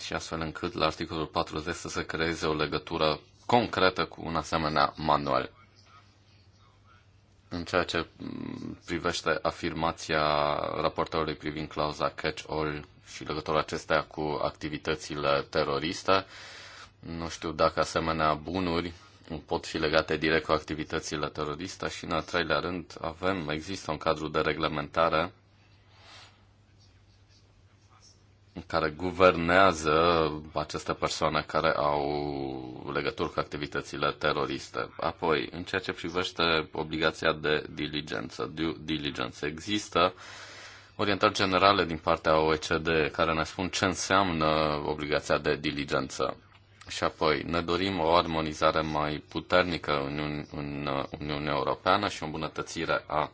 B: și astfel încât la articolul 40 să se creeze o legătură concretă cu un asemenea manual. În ceea ce mm, privește afirmația raportorului privind clauza catch-all și legătura acestea cu activitățile teroriste, nu știu dacă asemenea bunuri pot fi legate direct cu activitățile teroriste și, în al treilea rând, avem, există un cadru de reglementare care guvernează aceste persoane care au legături cu activitățile teroriste. Apoi, în ceea ce privește obligația de diligență, due diligence, există orientări generale din partea OECD care ne spun ce înseamnă obligația de diligență. Și apoi ne dorim o armonizare mai puternică în uh, Uniunea Europeană și o îmbunătățire a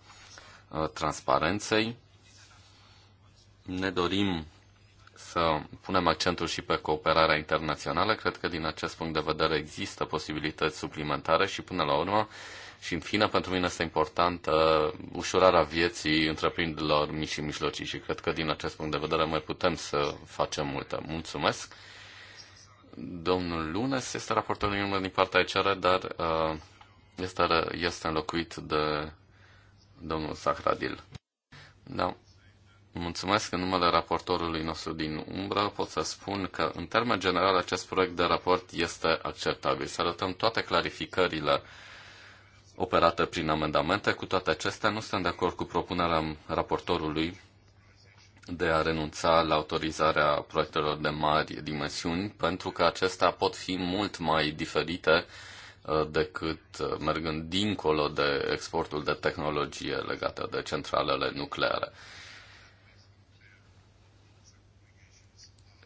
B: uh, transparenței. Ne dorim să punem accentul și pe cooperarea internațională. Cred că din acest punct de vedere există posibilități suplimentare și până la urmă și în fine, pentru mine este importantă ușurarea vieții întreprinderilor mici și mijlocii și cred că din acest punct de vedere mai putem să facem multe. Mulțumesc! domnul Lunes este raportorul în din partea ICR, dar uh, este, este înlocuit de domnul Sahradil. Da. Mulțumesc în numele raportorului nostru din umbră. Pot să spun că, în termen general, acest proiect de raport este acceptabil. arătăm toate clarificările operate prin amendamente. Cu toate acestea, nu sunt de acord cu propunerea raportorului de a renunța la autorizarea proiectelor de mari dimensiuni, pentru că acestea pot fi mult mai diferite uh, decât uh, mergând dincolo de exportul de tehnologie legată de centralele nucleare.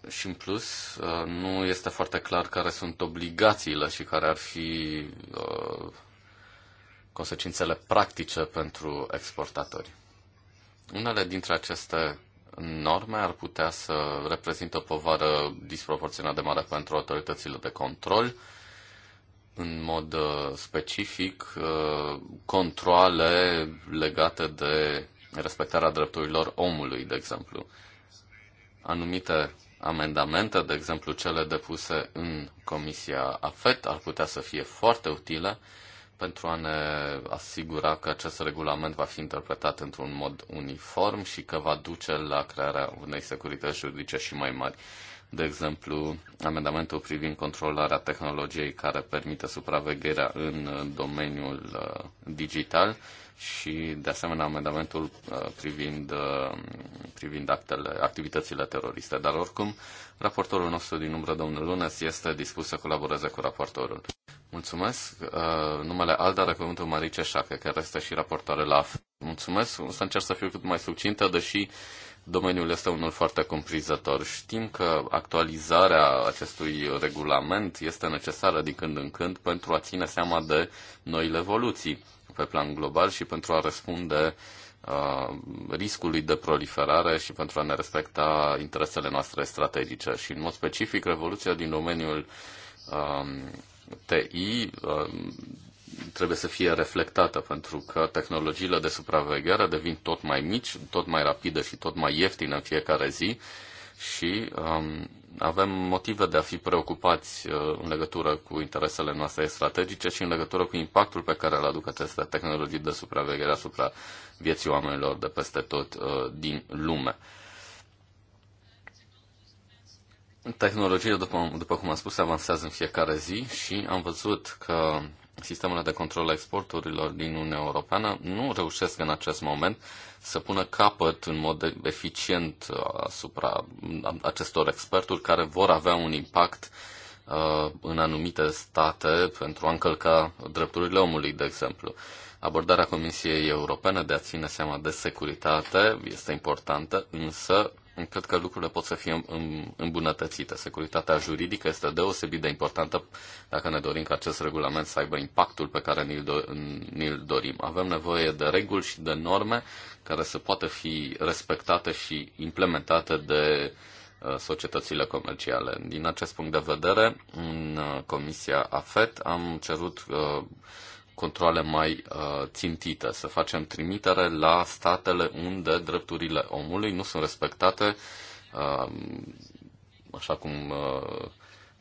B: Și în plus, uh, nu este foarte clar care sunt obligațiile și care ar fi consecințele practice pentru exportatori. Unele dintre aceste norme ar putea să reprezintă o povară disproporționat de mare pentru autoritățile de control, în mod uh, specific uh, controle legate de respectarea drepturilor omului, de exemplu. Anumite amendamente, de exemplu cele depuse în Comisia AFET, ar putea să fie foarte utile pentru a ne asigura că acest regulament va fi interpretat într-un mod uniform și că va duce la crearea unei securități juridice și mai mari. De exemplu, amendamentul privind controlarea tehnologiei care permite supravegherea în domeniul uh, digital și, de asemenea, amendamentul uh, privind, uh, privind actele, activitățile teroriste. Dar, oricum, raportorul nostru din umbră, domnul Lunes, este dispus să colaboreze cu raportorul. Mulțumesc. Uh, numele Alda are cuvântul Marice Șacă, care este și raportoare la Mulțumesc. O să încerc să fiu cât mai succintă, deși domeniul este unul foarte comprizător. Știm că actualizarea acestui regulament este necesară din când în când pentru a ține seama de noile evoluții pe plan global și pentru a răspunde uh, riscului de proliferare și pentru a ne respecta interesele noastre strategice. Și, în mod specific, revoluția din domeniul uh, TI uh, trebuie să fie reflectată, pentru că tehnologiile de supraveghere devin tot mai mici, tot mai rapide și tot mai ieftine în fiecare zi și um, avem motive de a fi preocupați uh, în legătură cu interesele noastre strategice și în legătură cu impactul pe care îl aduc aceste tehnologii de supraveghere asupra vieții oamenilor de peste tot uh, din lume. Uh, Tehnologia, după, după cum am spus, avansează în fiecare zi și am văzut că sistemele de control a exporturilor din Uniunea Europeană nu reușesc în acest moment să pună capăt în mod eficient asupra acestor experturi care vor avea un impact uh, în anumite state pentru a încălca drepturile omului, de exemplu. Abordarea Comisiei Europene de a ține seama de securitate este importantă, însă cred că lucrurile pot să fie îmbunătățite. Securitatea juridică este deosebit de importantă dacă ne dorim ca acest regulament să aibă impactul pe care ni-l, dorim. Avem nevoie de reguli și de norme care să poată fi respectate și implementate de uh, societățile comerciale. Din acest punct de vedere, în uh, Comisia AFET am cerut uh, controle mai uh, țintite, să facem trimitere la statele unde drepturile omului nu sunt respectate, uh, așa cum uh,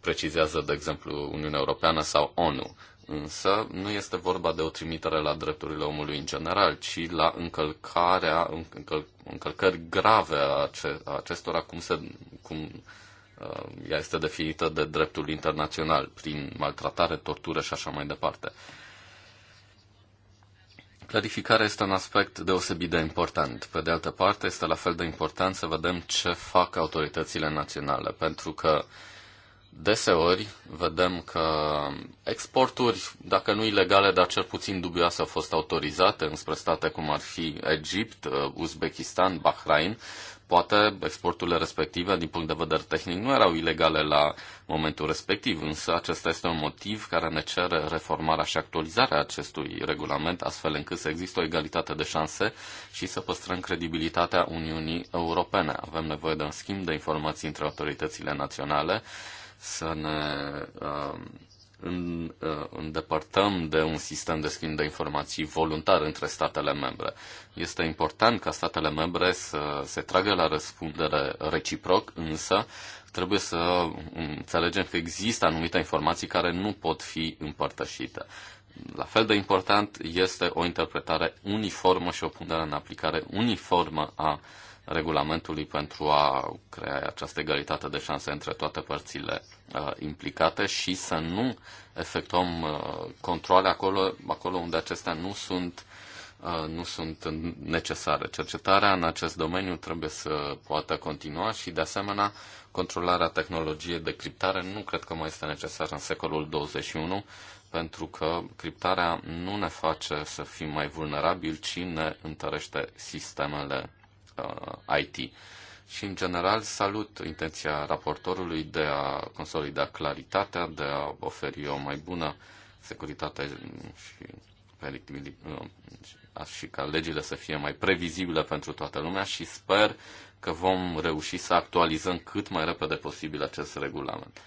B: precizează, de exemplu, Uniunea Europeană sau ONU. Însă nu este vorba de o trimitere la drepturile omului în general, ci la încălcarea, încăl, încălcări grave a, a acestora, cum, se, cum uh, ea este definită de dreptul internațional, prin maltratare, tortură și așa mai departe. Uh, Clarificarea este un aspect deosebit de important. Pe de altă parte, este la fel de important să vedem ce fac autoritățile naționale, pentru că deseori vedem că exporturi, dacă nu ilegale, dar cel puțin dubioase, au fost autorizate înspre state cum ar fi Egipt, uh, Uzbekistan, Bahrain Poate exporturile respective, din punct de vedere tehnic, nu erau ilegale la momentul respectiv, însă acesta este un motiv care ne cere reformarea și actualizarea acestui regulament, astfel încât să există o egalitate de șanse și să păstrăm credibilitatea Uniunii Europene. Avem nevoie de un schimb de informații între autoritățile naționale, să ne uh, Uh, îndepărtăm de un sistem de schimb de informații voluntar între statele membre. Este important ca statele membre să se tragă la răspundere reciproc, însă trebuie să înțelegem că există anumite informații care nu pot fi împărtășite. La fel de important este o interpretare uniformă și o punere în aplicare uniformă a uh, regulamentului pentru a crea această egalitate de șanse între toate părțile uh, implicate și să nu efectuăm uh, controle acolo, acolo unde acestea nu sunt, uh, nu sunt necesare. Cercetarea în acest domeniu trebuie să poată continua și, de asemenea, controlarea tehnologiei de criptare nu cred că mai este necesară în secolul 21 pentru că criptarea nu ne face să fim mai vulnerabili, ci ne întărește sistemele Uh, IT. Și, în general, salut intenția raportorului de a consolida claritatea, de a oferi o mai bună securitate și uh, și ca legile să fie mai previzibile pentru toată lumea și sper că vom reuși să actualizăm cât mai repede posibil acest regulament.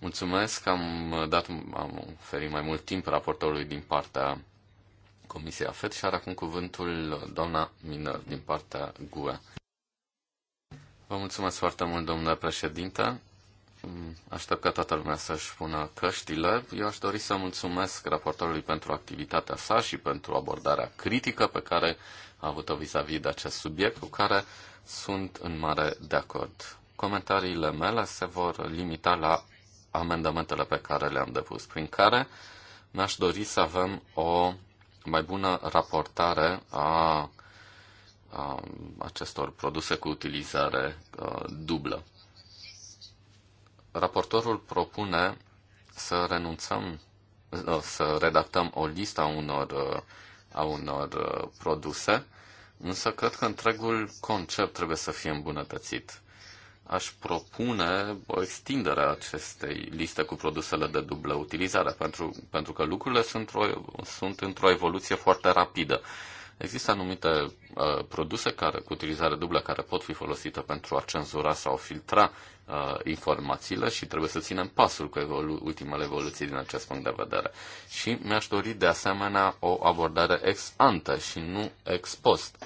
B: Mulțumesc, am dat, am oferit mai mult timp raportorului din partea Comisia FED și are acum cuvântul doamna Minor din partea GUE. Vă mulțumesc foarte mult, domnule președinte. Aștept ca toată lumea să-și pună căștile. Eu aș dori să mulțumesc raportorului pentru activitatea sa și pentru abordarea critică pe care a avut-o vis-a-vis de acest subiect, cu care sunt în mare de acord. Comentariile mele se vor limita la amendamentele pe care le-am depus, prin care mi-aș dori să avem o mai bună raportare a, a acestor produse cu utilizare a, dublă. Raportorul propune să renunțăm, să redactăm o listă a unor, a unor produse, însă cred că întregul concept trebuie să fie îmbunătățit aș propune o extindere a acestei liste cu produsele de dublă utilizare, pentru, pentru că lucrurile sunt, o, sunt într-o evoluție foarte rapidă. Există anumite uh, produse care, cu utilizare dublă care pot fi folosite pentru a cenzura sau filtra uh, informațiile și trebuie să ținem pasul cu evolu- ultimele evoluții din acest punct de vedere. Și mi-aș dori de asemenea o abordare ex ante și nu ex post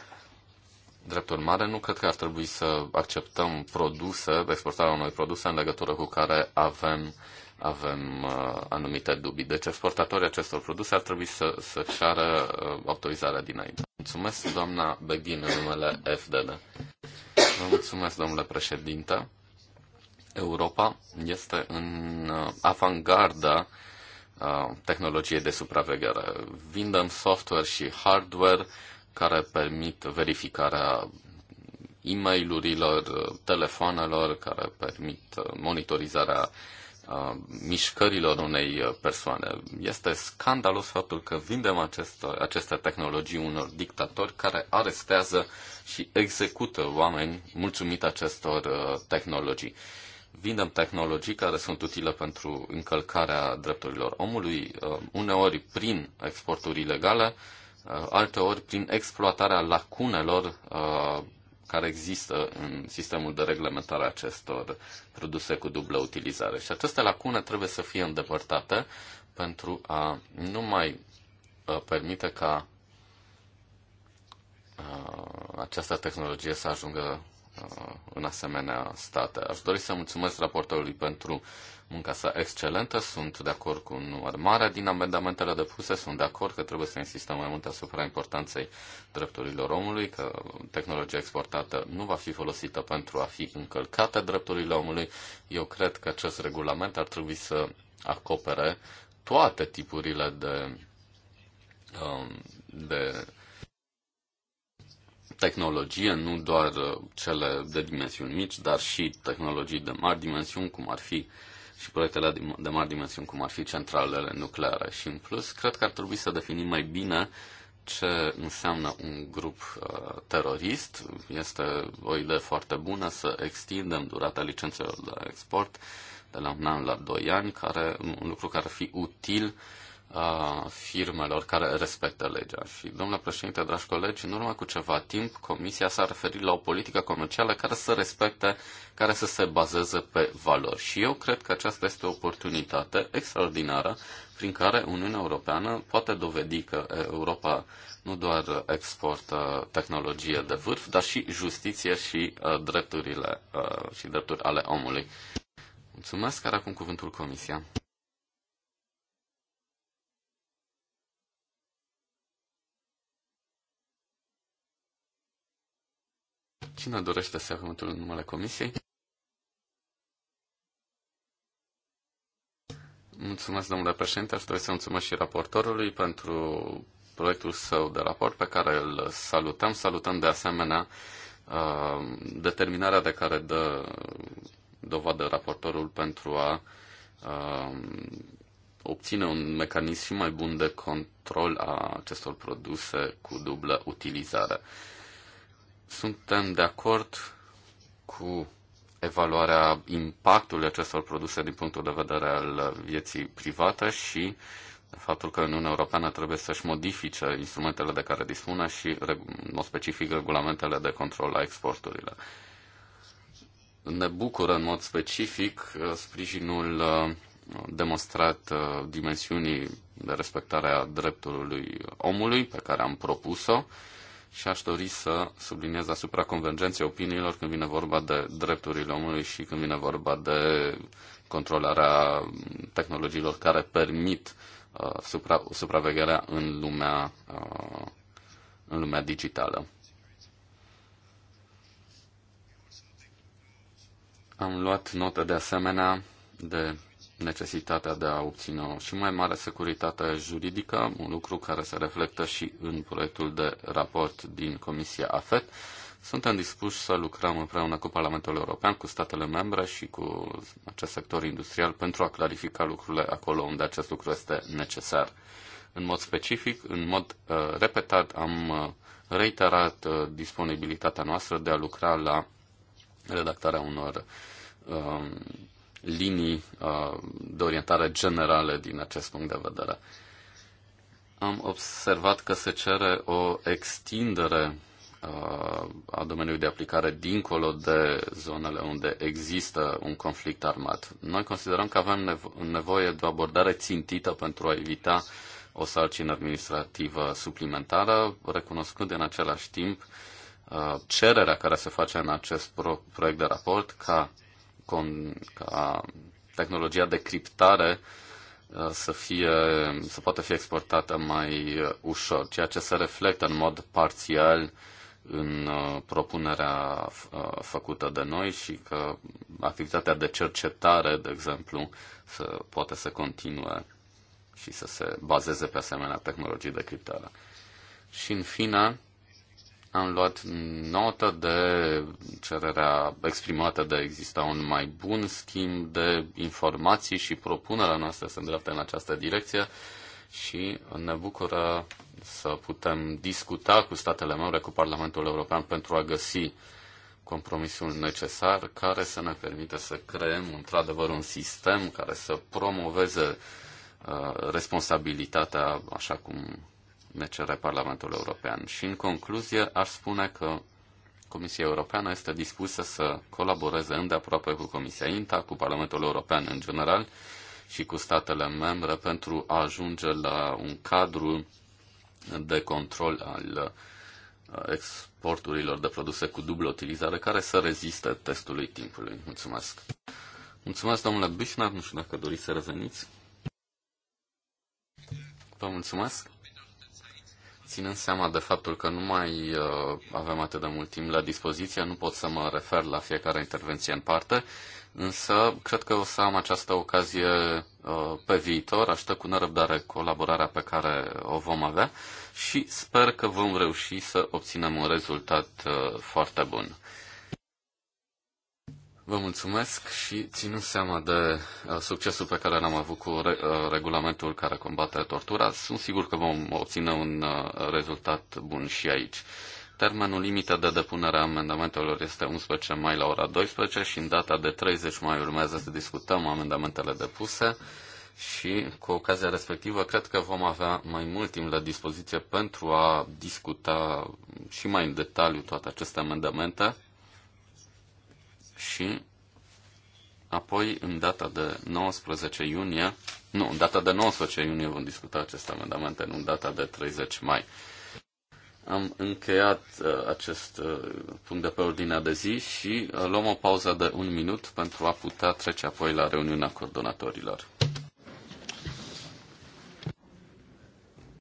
B: Drept urmare, nu cred că ar trebui să acceptăm produse, exportarea unor produse în legătură cu care avem, avem uh, anumite dubii. Deci exportatorii acestor produse ar trebui să, să ceară uh, autorizarea dinainte. Mulțumesc, doamna Beghin, în numele FDD. Vă mulțumesc, domnule președinte. Europa este în uh, avangarda uh, tehnologiei de supraveghere. Vindem software și hardware, uh, care permit verificarea e mail telefonelor, care permit uh, monitorizarea uh, mișcărilor unei uh, persoane. Este scandalos faptul că vindem aceste, aceste tehnologii unor dictatori care arestează și execută oameni mulțumit acestor tehnologii. Vindem tehnologii care sunt utile pentru încălcarea drepturilor omului, uneori prin exporturi ilegale, Uh, alteori prin exploatarea lacunelor uh, care există în sistemul de reglementare a acestor produse cu dublă utilizare. Și aceste lacune trebuie să fie îndepărtate pentru a nu mai uh, permite ca această tehnologie să ajungă în asemenea state. Aș dori să mulțumesc raportorului pentru munca sa excelentă. Sunt de acord cu un număr mare din amendamentele depuse. Sunt de acord că trebuie să insistăm mai mult asupra importanței drepturilor omului, că tehnologia exportată nu va fi folosită pentru a fi încălcată drepturile omului. Eu cred că acest regulament ar trebui să acopere toate tipurile de, um, de tehnologie, nu doar uh, cele de dimensiuni mici, dar și tehnologii de mari dimensiuni, cum ar fi și proiectele de mari dimensiuni, cum ar fi centralele nucleare. Și în plus, cred că ar trebui să definim mai bine ce înseamnă un grup uh, terorist. Este o idee foarte bună să extindem durata licențelor de export de la un an la doi ani, care, un lucru care ar fi util uh, a firmelor care respectă legea. Și, domnule președinte, dragi colegi, în urmă cu ceva timp, Comisia s-a referit la o politică comercială care să respecte, care să se bazeze pe valori. Și eu cred că aceasta este o oportunitate extraordinară prin care Uniunea Europeană poate dovedi că Europa nu doar exportă tehnologie de vârf, dar și justiție și uh, drepturile uh, și drepturi ale omului. Mulțumesc, care acum cuvântul Comisia. Cine dorește să ia cuvântul în numele Comisiei? Mulțumesc, domnule președinte. Aș dori să mulțumesc și raportorului pentru proiectul său de raport pe care îl salutăm. Salutăm de asemenea uh, determinarea de care dă dovadă raportorul pentru a uh, obține un mecanism și mai bun de control a acestor produse cu dublă utilizare. Suntem de acord cu evaluarea impactului acestor produse din punctul de vedere al vieții private și faptul că Uniunea Europeană trebuie să-și modifice instrumentele de care dispune și, în specific, regulamentele de control la exporturile. Ne bucură în mod specific sprijinul uh, demonstrat uh, dimensiunii de respectare a drepturilor omului pe care am propus-o și aș dori să subliniez asupra convergenței opiniilor când vine vorba de drepturile omului și când vine vorba de controlarea tehnologiilor care permit uh, supra, supravegherea în lumea, uh, în lumea digitală. Am luat notă de asemenea de necesitatea de a obține o și mai mare securitate juridică, un lucru care se reflectă și în proiectul de raport din Comisia AFET. Suntem dispuși să lucrăm împreună cu Parlamentul European, cu statele membre și cu acest sector industrial pentru a clarifica lucrurile acolo unde acest lucru este necesar. În mod specific, în mod uh, repetat, am uh, reiterat uh, disponibilitatea noastră de a lucra la redactarea unor uh, linii uh, de orientare generale din acest punct de vedere. Am observat că se cere o extindere uh, a domeniului de aplicare dincolo de zonele unde există un conflict armat. Noi considerăm că avem nevoie de o abordare țintită pentru a evita o sarcină administrativă suplimentară, recunoscând în același timp uh, cererea care se face în acest proiect de raport ca con- ca tehnologia de criptare uh, să, fie, să poată fi exportată mai uh, ușor, ceea ce se reflectă în mod parțial în uh, propunerea făcută de noi și că activitatea de cercetare, de exemplu, să poate să continue și să se bazeze pe asemenea tehnologii de criptare. Și în fine, am luat notă de cererea exprimată de a exista un mai bun schimb de informații și propunerea noastră se îndreaptă în această direcție și ne bucură să putem discuta cu statele membre, cu Parlamentul European pentru a găsi compromisul necesar care să ne permită să creăm într-adevăr un sistem care să promoveze uh, responsabilitatea așa cum ne cere Parlamentul European. Și în concluzie aș spune că Comisia Europeană este dispusă să colaboreze îndeaproape cu Comisia INTA, cu Parlamentul European în general și cu statele membre pentru a ajunge la un cadru de control al uh, exporturilor de produse cu dublă utilizare care să reziste testului timpului. Mulțumesc! Mulțumesc, domnule Bișnar, nu știu dacă doriți să reveniți. Vă mulțumesc! Ținând seama de faptul că nu mai uh, avem atât de mult timp la dispoziție, nu pot să mă refer la fiecare intervenție în parte, însă cred că o să am această ocazie uh, pe viitor. Aștept cu nerăbdare colaborarea pe care o vom avea și sper că vom reuși să obținem un rezultat uh, foarte bun. Vă mulțumesc și ținu seama de uh, succesul pe care l-am avut cu uh, regulamentul care combate tortura, sunt sigur că vom obține un uh, rezultat bun și aici. Termenul limită de depunere a amendamentelor este 11 mai la ora 12 și în data de 30 mai urmează să discutăm amendamentele depuse și cu ocazia respectivă cred că vom avea mai mult timp la dispoziție pentru a discuta și mai în detaliu toate aceste amendamente și apoi în data de 19 iunie, nu, în data de 19 iunie vom discuta aceste amendamente, nu în data de 30 mai. Am încheiat uh, acest uh, punct de pe ordinea de zi și uh, luăm o pauză de un minut pentru a putea trece apoi la reuniunea coordonatorilor.